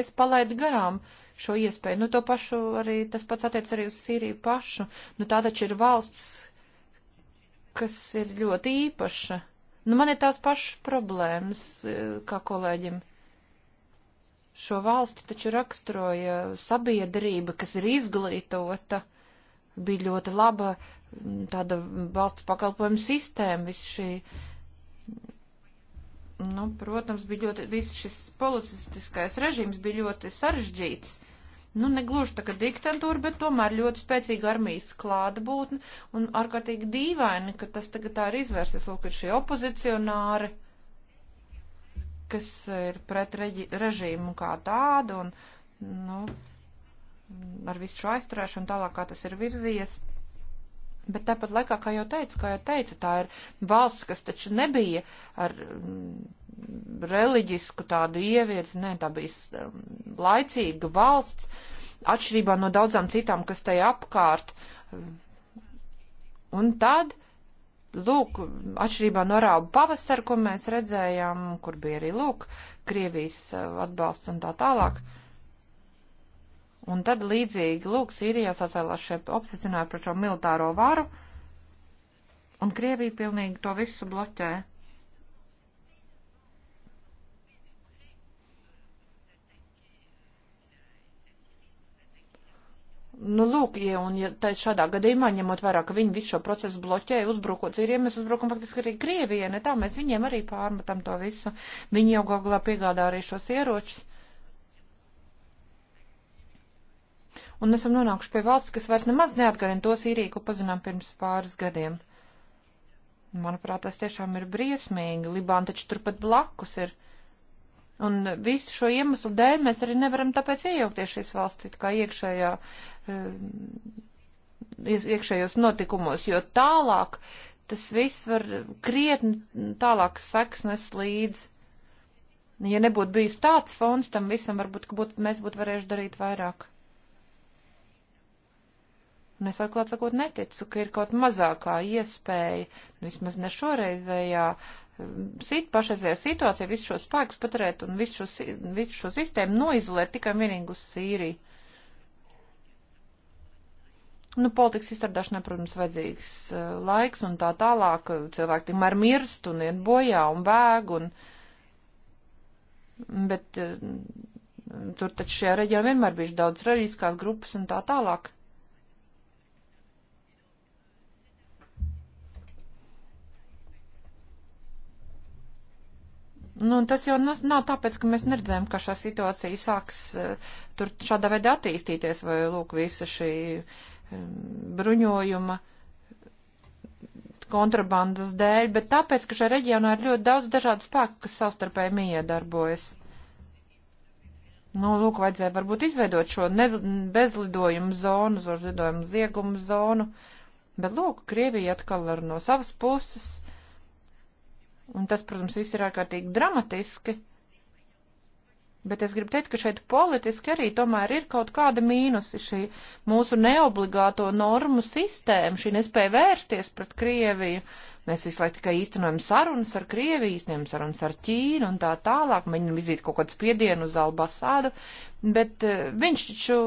es palaidu garām uh, šo iespēju. Nu, to pašu arī, tas pats attiec arī uz Sīriju pašu. Nu, tā taču ir valsts, kas ir ļoti īpaša. Nu, man ir tās pašas problēmas, e, kā kolēģim. Šo valsti taču raksturoja sabiedrība, kas ir izglītota, bija ļoti laba tāda valsts pakalpojuma sistēma, viss šī nu, protams, bija ļoti, viss šis policistiskais režīms bija ļoti sarežģīts. Nu, negluži tā kā diktatūra, bet tomēr ļoti spēcīga armijas klātbūtne un ārkārtīgi dīvaini, ka tas tagad tā ir izvērsies, lūk, ir šie opozicionāri, kas ir pret reģi, režīmu kā tādu un, nu, ar visu šo aizturēšanu tālāk, kā tas ir virzījies. Bet tāpat laikā, kā jau teicu, kā jau teicu, tā ir valsts, kas taču nebija ar mm, reliģisku tādu ievirzi, nē, tā bija um, laicīga valsts, atšķirībā no daudzām citām, kas tai apkārt. Un tad, lūk, atšķirībā no rābu pavasara, ko mēs redzējām, kur bija arī, lūk, Krievijas uh, atbalsts un tā tālāk. Mm. Un tad līdzīgi, lūk, Sīrijā sacēlās šie opozicionāri par šo militāro varu, un Krievija pilnīgi to visu bloķē. Nu, lūk, ja, un ja tā šādā gadījumā, ņemot vērā, ka viņi visu šo procesu bloķē, uzbrukot Sīrijai, mēs uzbrukam faktiski arī Krievijai, ne tā, mēs viņiem arī pārmetam to visu. Viņi jau galā piegādā arī šos ieročus. un esam nonākuši pie valsts, kas vairs nemaz neatgādina to Sīriju, ko pazinām pirms pāris gadiem. Manuprāt, tas tiešām ir briesmīgi. Libāna taču turpat blakus ir. Un visu šo iemeslu dēļ mēs arī nevaram tāpēc iejaukties šīs valsts it kā iekšējā, eh, iekšējos notikumos, jo tālāk tas viss var krietni tālāk seksnes līdz. Ja nebūtu bijis tāds fons tam visam, varbūt, ka būtu, mēs būtu varējuši darīt vairāk. Un es atklāt sakot neticu, ka ir kaut mazākā iespēja, nu, vismaz ne šoreizējā, um, sit, pašreizējā situācijā visu šo spēkus paturēt un visu šo, visu šo sistēmu noizolēt tikai un vienīgi uz Sīriju. Nu, politikas izstrādāšanai, protams, vajadzīgs uh, laiks un tā tālāk. Uh, cilvēki tikmēr mirst un iet bojā un bēg. Un... Bet uh, tur taču šajā reģionā vienmēr bijuši daudz reģiskās grupas un tā tālāk. Nu, tas jau nu, nav tāpēc, ka mēs neredzējām, ka šā situācija sāks eh, tur šādā veidā attīstīties, vai lūk, visa šī bruņojuma kontrabandas dēļ, bet tāpēc, ka šajā reģionā ir ļoti daudz dažādu spēku, kas savstarpēji miedarbojas. Nu, lūk, vajadzēja varbūt izveidot šo ne, bezlidojumu zonu, zožlidojumu ziegumu zonu, bet lūk, Krievija atkal ar no savas puses Un tas, protams, viss ir ārkārtīgi dramatiski. Bet es gribu teikt, ka šeit politiski arī tomēr ir kaut kāda mīnusi šī mūsu neobligāto normu sistēma, šī nespēja vērsties pret Krieviju. Mēs visu laiku tikai īstenojam sarunas ar Krieviju, īstenojam sarunas ar Ķīnu un tā tālāk, mēģinam izīt kaut kādu spiedienu uz albasādu, bet eh, viņš taču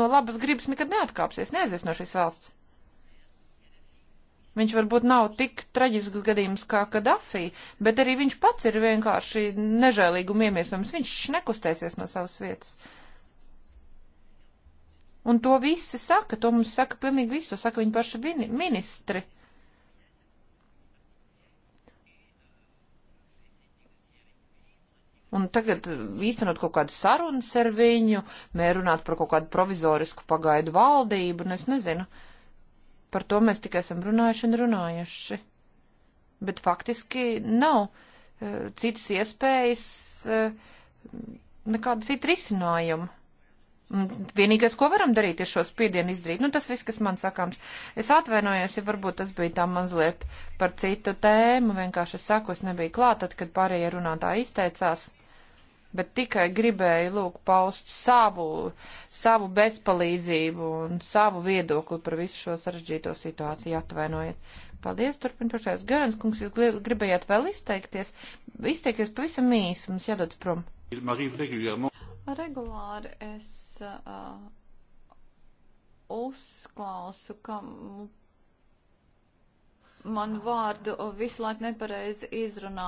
no labas gribas nekad neatkāpsies, neaizies no šīs valsts. Viņš varbūt nav tik traģisks gadījums kā Kadafī, bet arī viņš pats ir vienkārši nežēlīgumu iemiesams. Viņš nekustēsies no savas vietas. Un to visi saka, to mums saka pilnīgi visu, to saka viņi paši ministri. Un tagad uh, īstenot kaut kādas sarunas ar viņu, mērunāt par kaut kādu provizorisku pagaidu valdību, un nu, es nezinu. Uh, Par to mēs tikai esam runājuši un runājuši. Bet faktiski nav uh, citas iespējas, uh, nekāda cita risinājuma. Vienīgais, ko varam darīt, ir šo spiedienu izdarīt. Nu, tas viss, kas man sakāms. Es atvainojos, ja varbūt tas bija tā mazliet par citu tēmu. Vienkārši es saku, es nebiju klāt, tad, kad pārējie runātāji izteicās bet tikai gribēju lūk paust savu, savu bezpalīdzību un savu viedokli par visu šo sarežģīto situāciju. Atvainojiet. Paldies, turpin pašais. Garans kungs, jūs gribējāt vēl izteikties? Izteikties pavisam īsi, mums jādod prom. Regulāri es uh, uzklausu, kam man vārdu visu laiku nepareizi izrunā.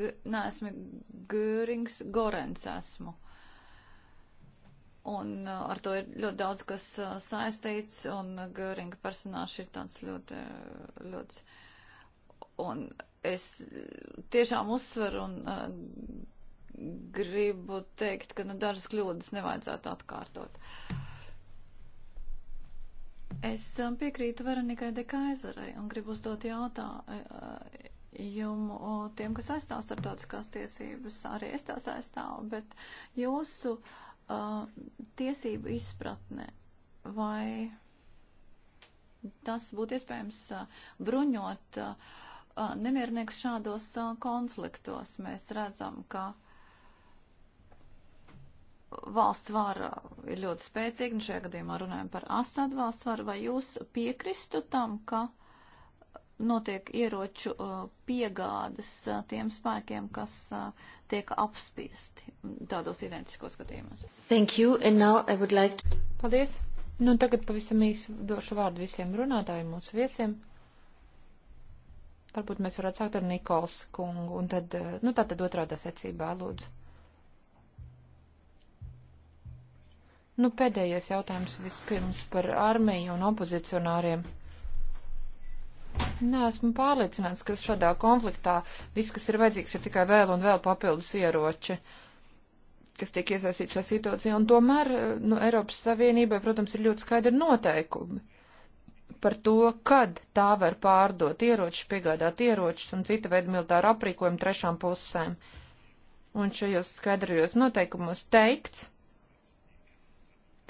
G neesmu Gērings, Gorens esmu. Un uh, ar to ir ļoti daudz, kas uh, saistīts, un Göringa personāši ir tāds ļoti, uh, ļoti. Un es tiešām uzsveru un uh, gribu teikt, ka nu, dažas kļūdas nevajadzētu atkārtot. Uh, Es um, piekrītu Veronikai de Kaiserai un gribu uzdot jautājumu e, e, tiem, kas aizstāv starptautiskās tiesības. Arī es tās aizstāvu, bet jūsu uh, tiesību izpratne vai tas būtu iespējams uh, bruņot uh, nemiernieks šādos uh, konfliktos? Mēs redzam, ka. Uh, valsts vara ir ļoti spēcīga, un šajā gadījumā runājam par Asad valsts varu, vai jūs piekristu tam, ka notiek ieroču uh, piegādes uh, tiem spēkiem, kas uh, tiek apspiesti tādos identiskos gadījumos? Thank you, and now I would like to... Paldies! Nu, tagad pavisam īsi došu vārdu visiem runātājiem, mūsu viesiem. Varbūt mēs varētu sākt ar Nikols kungu, un tad, nu, tā tad otrādā secībā, lūdzu. Nu, pēdējais jautājums vispirms par armiju un opozicionāriem. Nē, esmu pārliecināts, ka šādā konfliktā viss, kas ir vajadzīgs, ir tikai vēl un vēl papildus ieroči, kas tiek iesaistīti šajā situācijā. Un tomēr nu, Eiropas Savienībai, protams, ir ļoti skaidri noteikumi par to, kad tā var pārdot ieročus, piegādāt ieročus un cita veida militāru aprīkojumu trešām pusēm. Un šajos skaidrajos noteikumos teikts,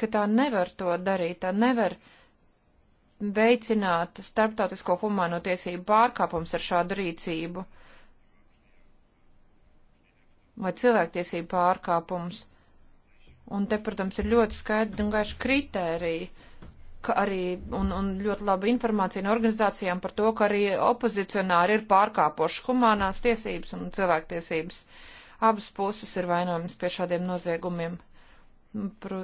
ka tā nevar to darīt, tā nevar veicināt starptautisko humāno tiesību pārkāpums ar šādu rīcību vai cilvēktiesību pārkāpums. Un te, protams, ir ļoti skaidri un gaiši kritēriji, ka arī, un, un ļoti laba informācija no organizācijām par to, ka arī opozicionāri ir pārkāpoši humānās tiesības un cilvēktiesības. Abas puses ir vainojamas pie šādiem noziegumiem. Pr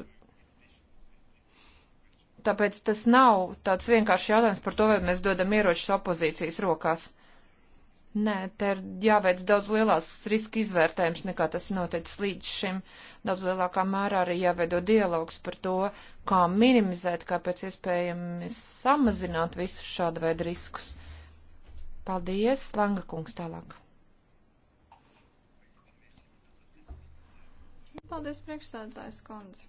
Tāpēc tas nav tāds vienkārši jautājums par to, vai mēs dodam ieročus opozīcijas rokās. Nē, te ir jāveic daudz lielās riska izvērtējums, nekā tas noticis līdz šim. Daudz lielākā mērā arī jāveido dialogs par to, kā minimizēt, kā pēc iespējami samazināt visus šāda veida riskus. Paldies, Langa kungs tālāk. Paldies, priekšsēdētājs kundze.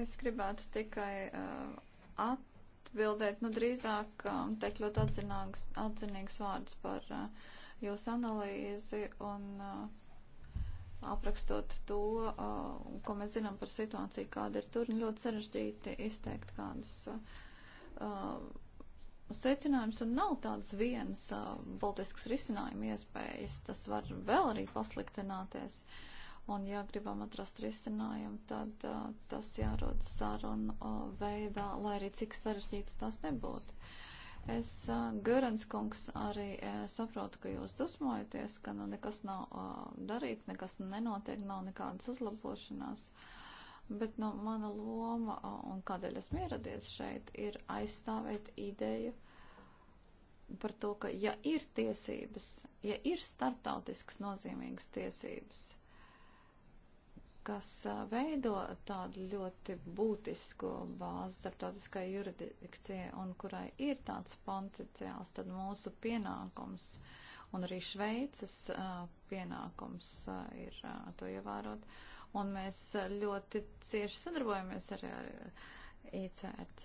Es gribētu tikai uh, atbildēt, nu drīzāk um, teikt ļoti atzinīgs, atzinīgs vārds par uh, jūsu analīzi un uh, aprakstot to, uh, ko mēs zinām par situāciju, kāda ir tur, un ļoti sarežģīti izteikt kādus uh, uh secinājumus, un nav tādas vienas uh, politiskas risinājuma iespējas, tas var vēl arī pasliktināties. Uh, Un, ja gribam atrast risinājumu, tad uh, tas jārod sarunu uh, veidā, lai arī cik sarežģīts tas nebūtu. Es, uh, Görans kungs, arī uh, saprotu, ka jūs dusmojaties, ka nu, nekas nav uh, darīts, nekas nenotiek, nav nekādas uzlabošanās. Bet nu, mana loma uh, un kādēļ esmu ieradies šeit, ir aizstāvēt ideju par to, ka ja ir tiesības, ja ir starptautisks nozīmīgas tiesības, kas veido tādu ļoti būtisku bāzi starptautiskai juridikcijai un kurai ir tāds potenciāls, tad mūsu pienākums un arī Šveices pienākums ir to ievērot. Un mēs ļoti cieši sadarbojamies arī ar ICRC,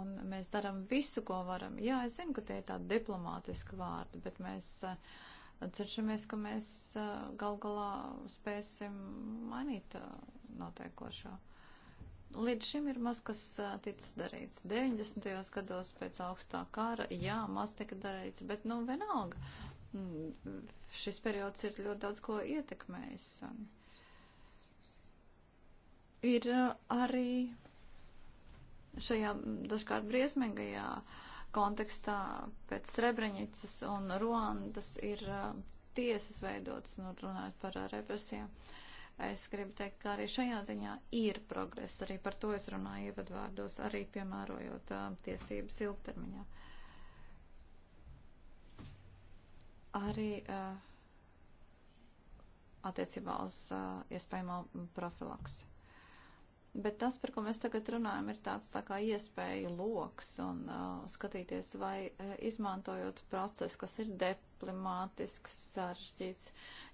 un mēs darām visu, ko varam. Jā, es zinu, ka tie ir tādi diplomātiski vārdi, bet mēs uh, ceršamies, ka mēs gal galā spēsim mainīt noteikošo. Līdz šim ir maz kas ticis darīts. 90. gados pēc augstā kara, jā, maz tika darīts, bet nu vienalga. Mm, šis periods ir ļoti daudz ko ietekmējis. Un ir arī šajā dažkārt briesmīgajā uh, kontekstā pēc Srebrenicas un Ruandas ir uh, tiesas veidotas, nu runājot par uh, represijām. Es gribu teikt, ka arī šajā ziņā ir progress, arī par to es runāju ievadvārdos, arī piemērojot uh, tiesības ilgtermiņā. Arī uh, attiecībā uz uh, iespējamo profilaksi. Bet tas, par ko mēs tagad runājam, ir tāds tā kā iespēju loks un uh, skatīties, vai uh, izmantojot procesu, kas ir deplimātisks, sarežģīts,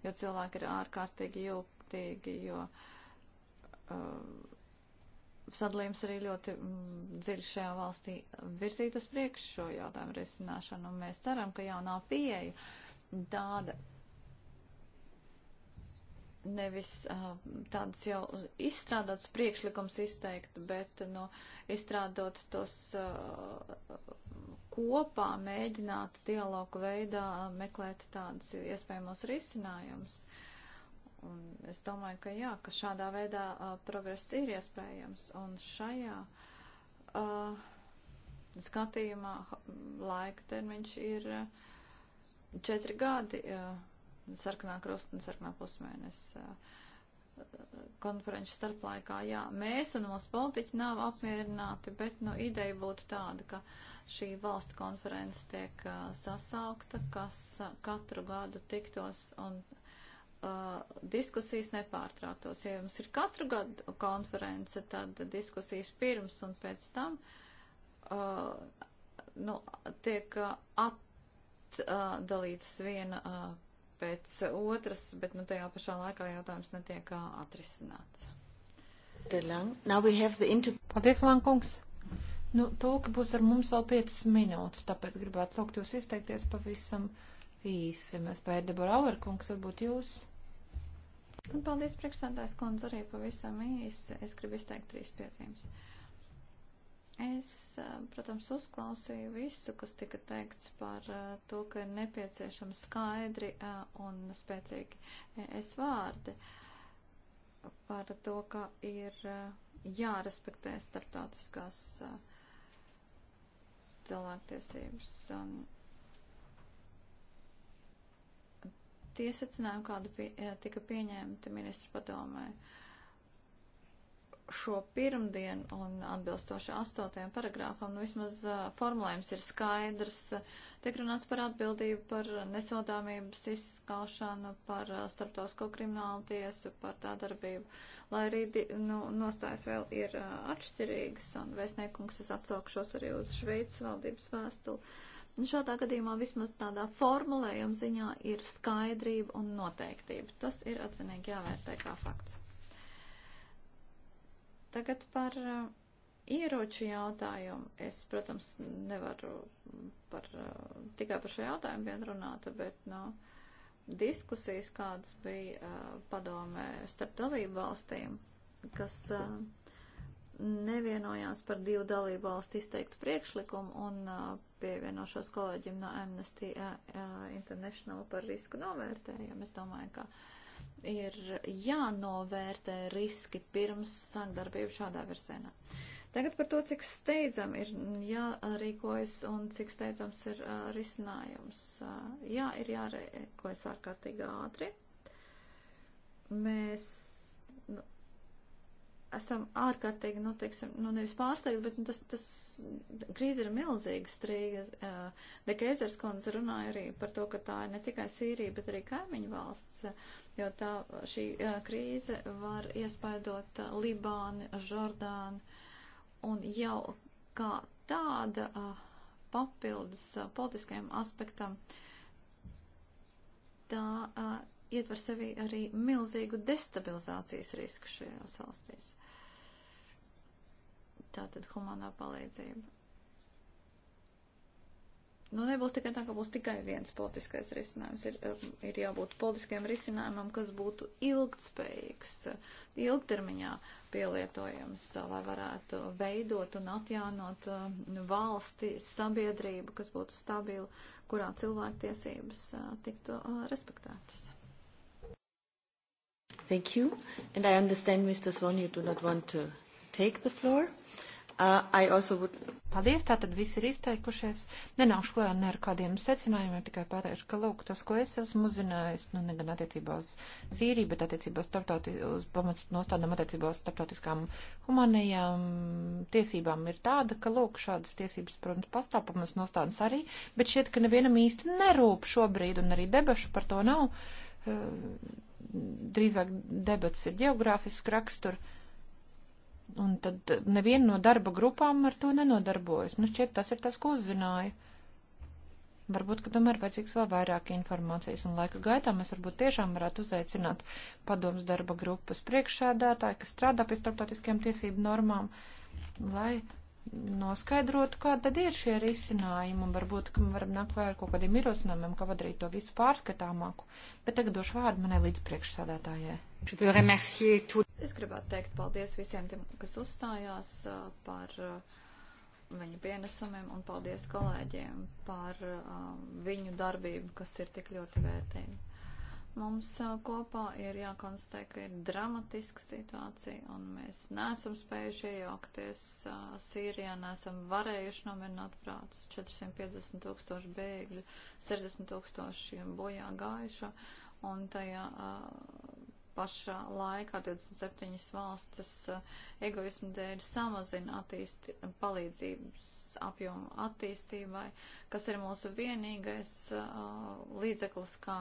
jo cilvēki ir ārkārtīgi jūtīgi, jo uh, sadalījums arī ļoti mm, dziļi šajā valstī virzīt uz priekšu šo jautājumu risināšanu. Un mēs ceram, ka jaunā pieeja tāda nevis uh, tādus jau izstrādātus priekšlikums izteikt, bet no nu, izstrādot tos uh, kopā, mēģināt dialogu veidā meklēt tādus iespējamos risinājumus. Un es domāju, ka jā, ka šādā veidā uh, progress ir iespējams. Un šajā uh, skatījumā laika termiņš ir uh, četri gadi. Uh, sarkanā krusta un sarkanā pusmēnesis eh, konferenču starplaikā. Jā, mēs un mūsu politiķi nav apmierināti, bet nu, ideja būtu tāda, ka šī valstu konferences tiek uh, sasaukta, kas uh, katru gadu tiktos un uh, diskusijas nepārtrauktos. Ja jums ir katru gadu konference, tad diskusijas pirms un pēc tam uh, nu, tiek uh, atdalītas viena. Uh, pēc otras, bet nu, tajā pašā laikā jautājums netiek atrisināts. Paldies, Lankungs! Nu, tūka būs ar mums vēl 5 minūtes, tāpēc gribētu lūgt jūs izteikties pavisam īsi. Mēs vai Debora Auerkungs, varbūt jūs? Un nu, paldies, priekšsēdājs kundze, arī pavisam īsi. Es gribu izteikt trīs piezīmes. Uh, Es, protams, uzklausīju visu, kas tika teikts par to, ka ir nepieciešami skaidri un spēcīgi es vārdi par to, ka ir jārespektē starptautiskās cilvēktiesības. Un tie secinājumi, kādi pie, tika pieņemti ministra padomē, uh, šo pirmdienu un atbilstoši astotajam paragrāfam, nu vismaz uh, formulējums ir skaidrs, tiek runāts par atbildību, par nesodāmības izskaušanu, par uh, starptautisko kriminālu tiesu, par tā darbību, lai arī nu, nostājas vēl ir uh, atšķirīgas, un vēstniekums es atsaukšos arī uz Šveicas valdības vēstuli. Šādā gadījumā vismaz tādā formulējuma ziņā ir skaidrība un noteiktība. Tas ir atzinīgi jāvērtē kā fakts. Tagad par uh, ieroču jautājumu. Es, protams, nevaru par, uh, tikai par šo jautājumu vien runāt, bet no nu, diskusijas, kādas bija uh, padomē starp dalību valstīm, kas uh, nevienojās par divu dalību valstu izteiktu priekšlikumu un uh, pievienošos kolēģim no Amnesty uh, uh, International par risku novērtējumu. Es domāju, ka uh, ir jānovērtē riski pirms sākt darbību šādā virsienā. Tagad par to, cik steidzam ir jārīkojas un cik steidzams ir uh, risinājums. Uh, jā, ir jārīkojas ārkārtīgi ātri. Mēs esam ārkārtīgi, nu, teiksim, nu, nevis pārsteigti, bet nu, tas, tas krīze ir milzīga strīga. Dekeizers kundze runāja arī par to, ka tā ir ne tikai Sīrija, bet arī kaimiņu valsts, jo tā šī krīze var iespaidot Libāni, Žordāni un jau kā tāda papildus politiskajam aspektam tā ietver sevi arī milzīgu destabilizācijas risku šajās valstīs tātad humanā palīdzība. Nu, nebūs tikai tā, ka būs tikai viens politiskais risinājums. Ir, um, ir jābūt politiskiem risinājumam, kas būtu ilgtspējīgs, ilgtermiņā pielietojams, lai varētu veidot un atjaunot um, valsti, sabiedrību, kas būtu stabila, kurā cilvēktiesības uh, tiktu uh, respektētas. Thank you. And I understand, Mr. Swan, you do not want to take the floor. Uh, would... Paldies, tātad visi ir izteikušies. Nenākšu klajā ne ar kādiem secinājumiem, tikai pateikšu, ka lūk, tas, ko es esmu uzzinājis, nu, ne gan attiecībā uz Sīriju, bet attiecībā starptauti, uz pamats nostādām attiecībā uz starptautiskām humanajām tiesībām ir tāda, ka lūk, šādas tiesības, protams, pastāv pamats nostādas arī, bet šķiet, ka nevienam īsti nerūp šobrīd, un arī debašu par to nav. Uh, drīzāk debats ir geogrāfisks raksturs Un tad neviena no darba grupām ar to nenodarbojas. Nu, šķiet, tas ir tas, ko uzzināju. Varbūt, ka tomēr vajadzīgs vēl vairāk informācijas, un laika gaitā mēs varbūt tiešām varētu uzaicināt padoms darba grupas priekšsēdētāju, kas strādā pie starptautiskajām tiesību normām, lai noskaidrotu, kāda tad ir šie risinājumi, un varbūt, ka varam nākt klāt ar kaut kādiem ierosinājumiem, kā padarīt to visu pārskatāmāku. Bet tagad došu vārdu manai līdz priekšsādātājai. Es gribētu teikt paldies visiem tiem, kas uzstājās par viņu pienesumiem un paldies kolēģiem par viņu darbību, kas ir tik ļoti vērtīga. Mums kopā ir jākonstatē, ka ir dramatiska situācija un mēs nesam spējuši iejaukties Sīrijā, nesam varējuši nomierināt prātus 450 tūkstoši bēgļu, 60 tūkstoši bojā gājušo un tajā uh, pašā laikā 27 valstis eh, egoismu dēļ samazina attīsti, palīdzības apjomu attīstībai, kas ir mūsu vienīgais uh, līdzeklis, kā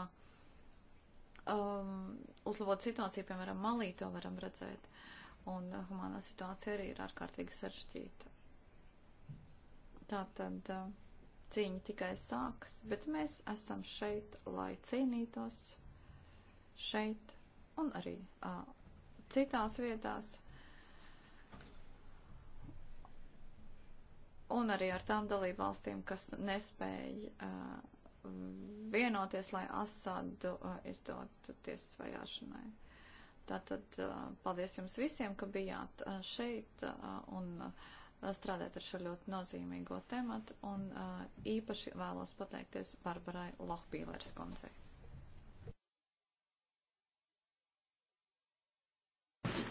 um, uzlabot situāciju, piemēram, Malī to varam redzēt. Un uh, humanā situācija arī ir ārkārtīgi sarežģīta. Tātad uh, cīņa tikai sākas, bet mēs esam šeit, lai cīnītos šeit un arī uh, citās vietās. Un arī ar tām dalību valstīm, kas nespēja uh, vienoties, lai Asadu uh, izdotu tiesas vajāšanai. Tātad uh, paldies jums visiem, ka bijāt uh, šeit uh, un uh, strādāt ar šo ļoti nozīmīgo tematu, un uh, īpaši vēlos pateikties Barbarai Lohbīleres koncei.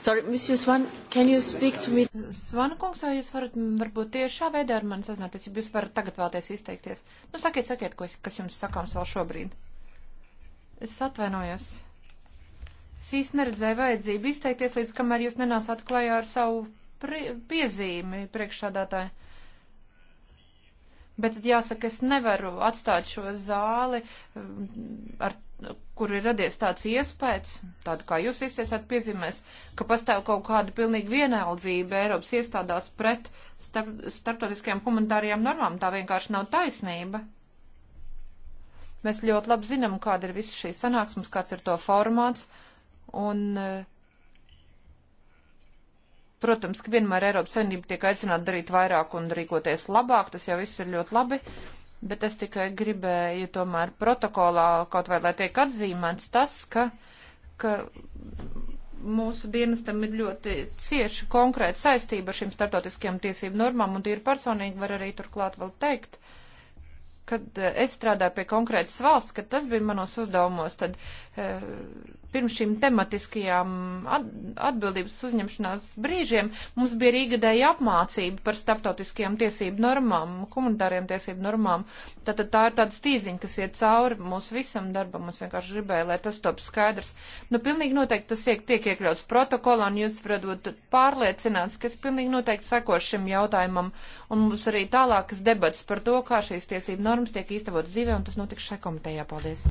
Sorry, Mr. Svan, can you speak to me? Svana kungs, vai jūs varat varbūt tiešā veidā ar mani sazināties, ja jūs varat tagad vēlties izteikties? Nu, sakiet, sakiet, ko, kas jums sakāms vēl šobrīd. Es atvainojos. Es īsti neredzēju vajadzību izteikties, līdz kamēr jūs nenāsāt klajā ar savu prie, piezīmi priekšādātāju. Bet jāsaka, es nevaru atstāt šo zāli, mm, ar, kur ir radies tāds iespējas, tādu kā jūs visi esat piezīmēs, ka pastāv kaut kāda pilnīgi vienaldzība Eiropas iestādās pret starp, starptautiskajām humanitārajām normām. Tā vienkārši nav taisnība. Mēs ļoti labi zinām, kāda ir visa šī sanāksmes, kāds ir to formāts. Un, uh, Protams, ka vienmēr Eiropas Savienība tiek aicināta darīt vairāk un rīkoties labāk, tas jau viss ir ļoti labi, bet es tikai gribēju tomēr protokolā kaut vai lai tiek atzīmēts tas, ka, ka mūsu dienestam ir ļoti cieši konkrēta saistība ar šīm startautiskajām tiesību normām, un tīri personīgi var arī turklāt vēl teikt, kad eh, es strādāju pie konkrētas valsts, kad tas bija manos uzdevumos, tad pirms šīm tematiskajām atbildības uzņemšanās brīžiem mums bija rīgadēja apmācība par starptautiskajām tiesību normām, komunitāriem tiesību normām. Tātad tā ir tāda stīziņa, kas iet cauri mūsu visam darbam. Mums vienkārši gribēja, lai tas top skaidrs. Nu, pilnīgi noteikti tas iek, tiek iekļauts protokolā, un jūs varat būt pārliecināts, ka es pilnīgi noteikti sekošu šim jautājumam, un mums arī tālākas debats par to, kā šīs tiesību normas tiek īstavotas dzīvē, un tas notiks šai komitejā. Paldies!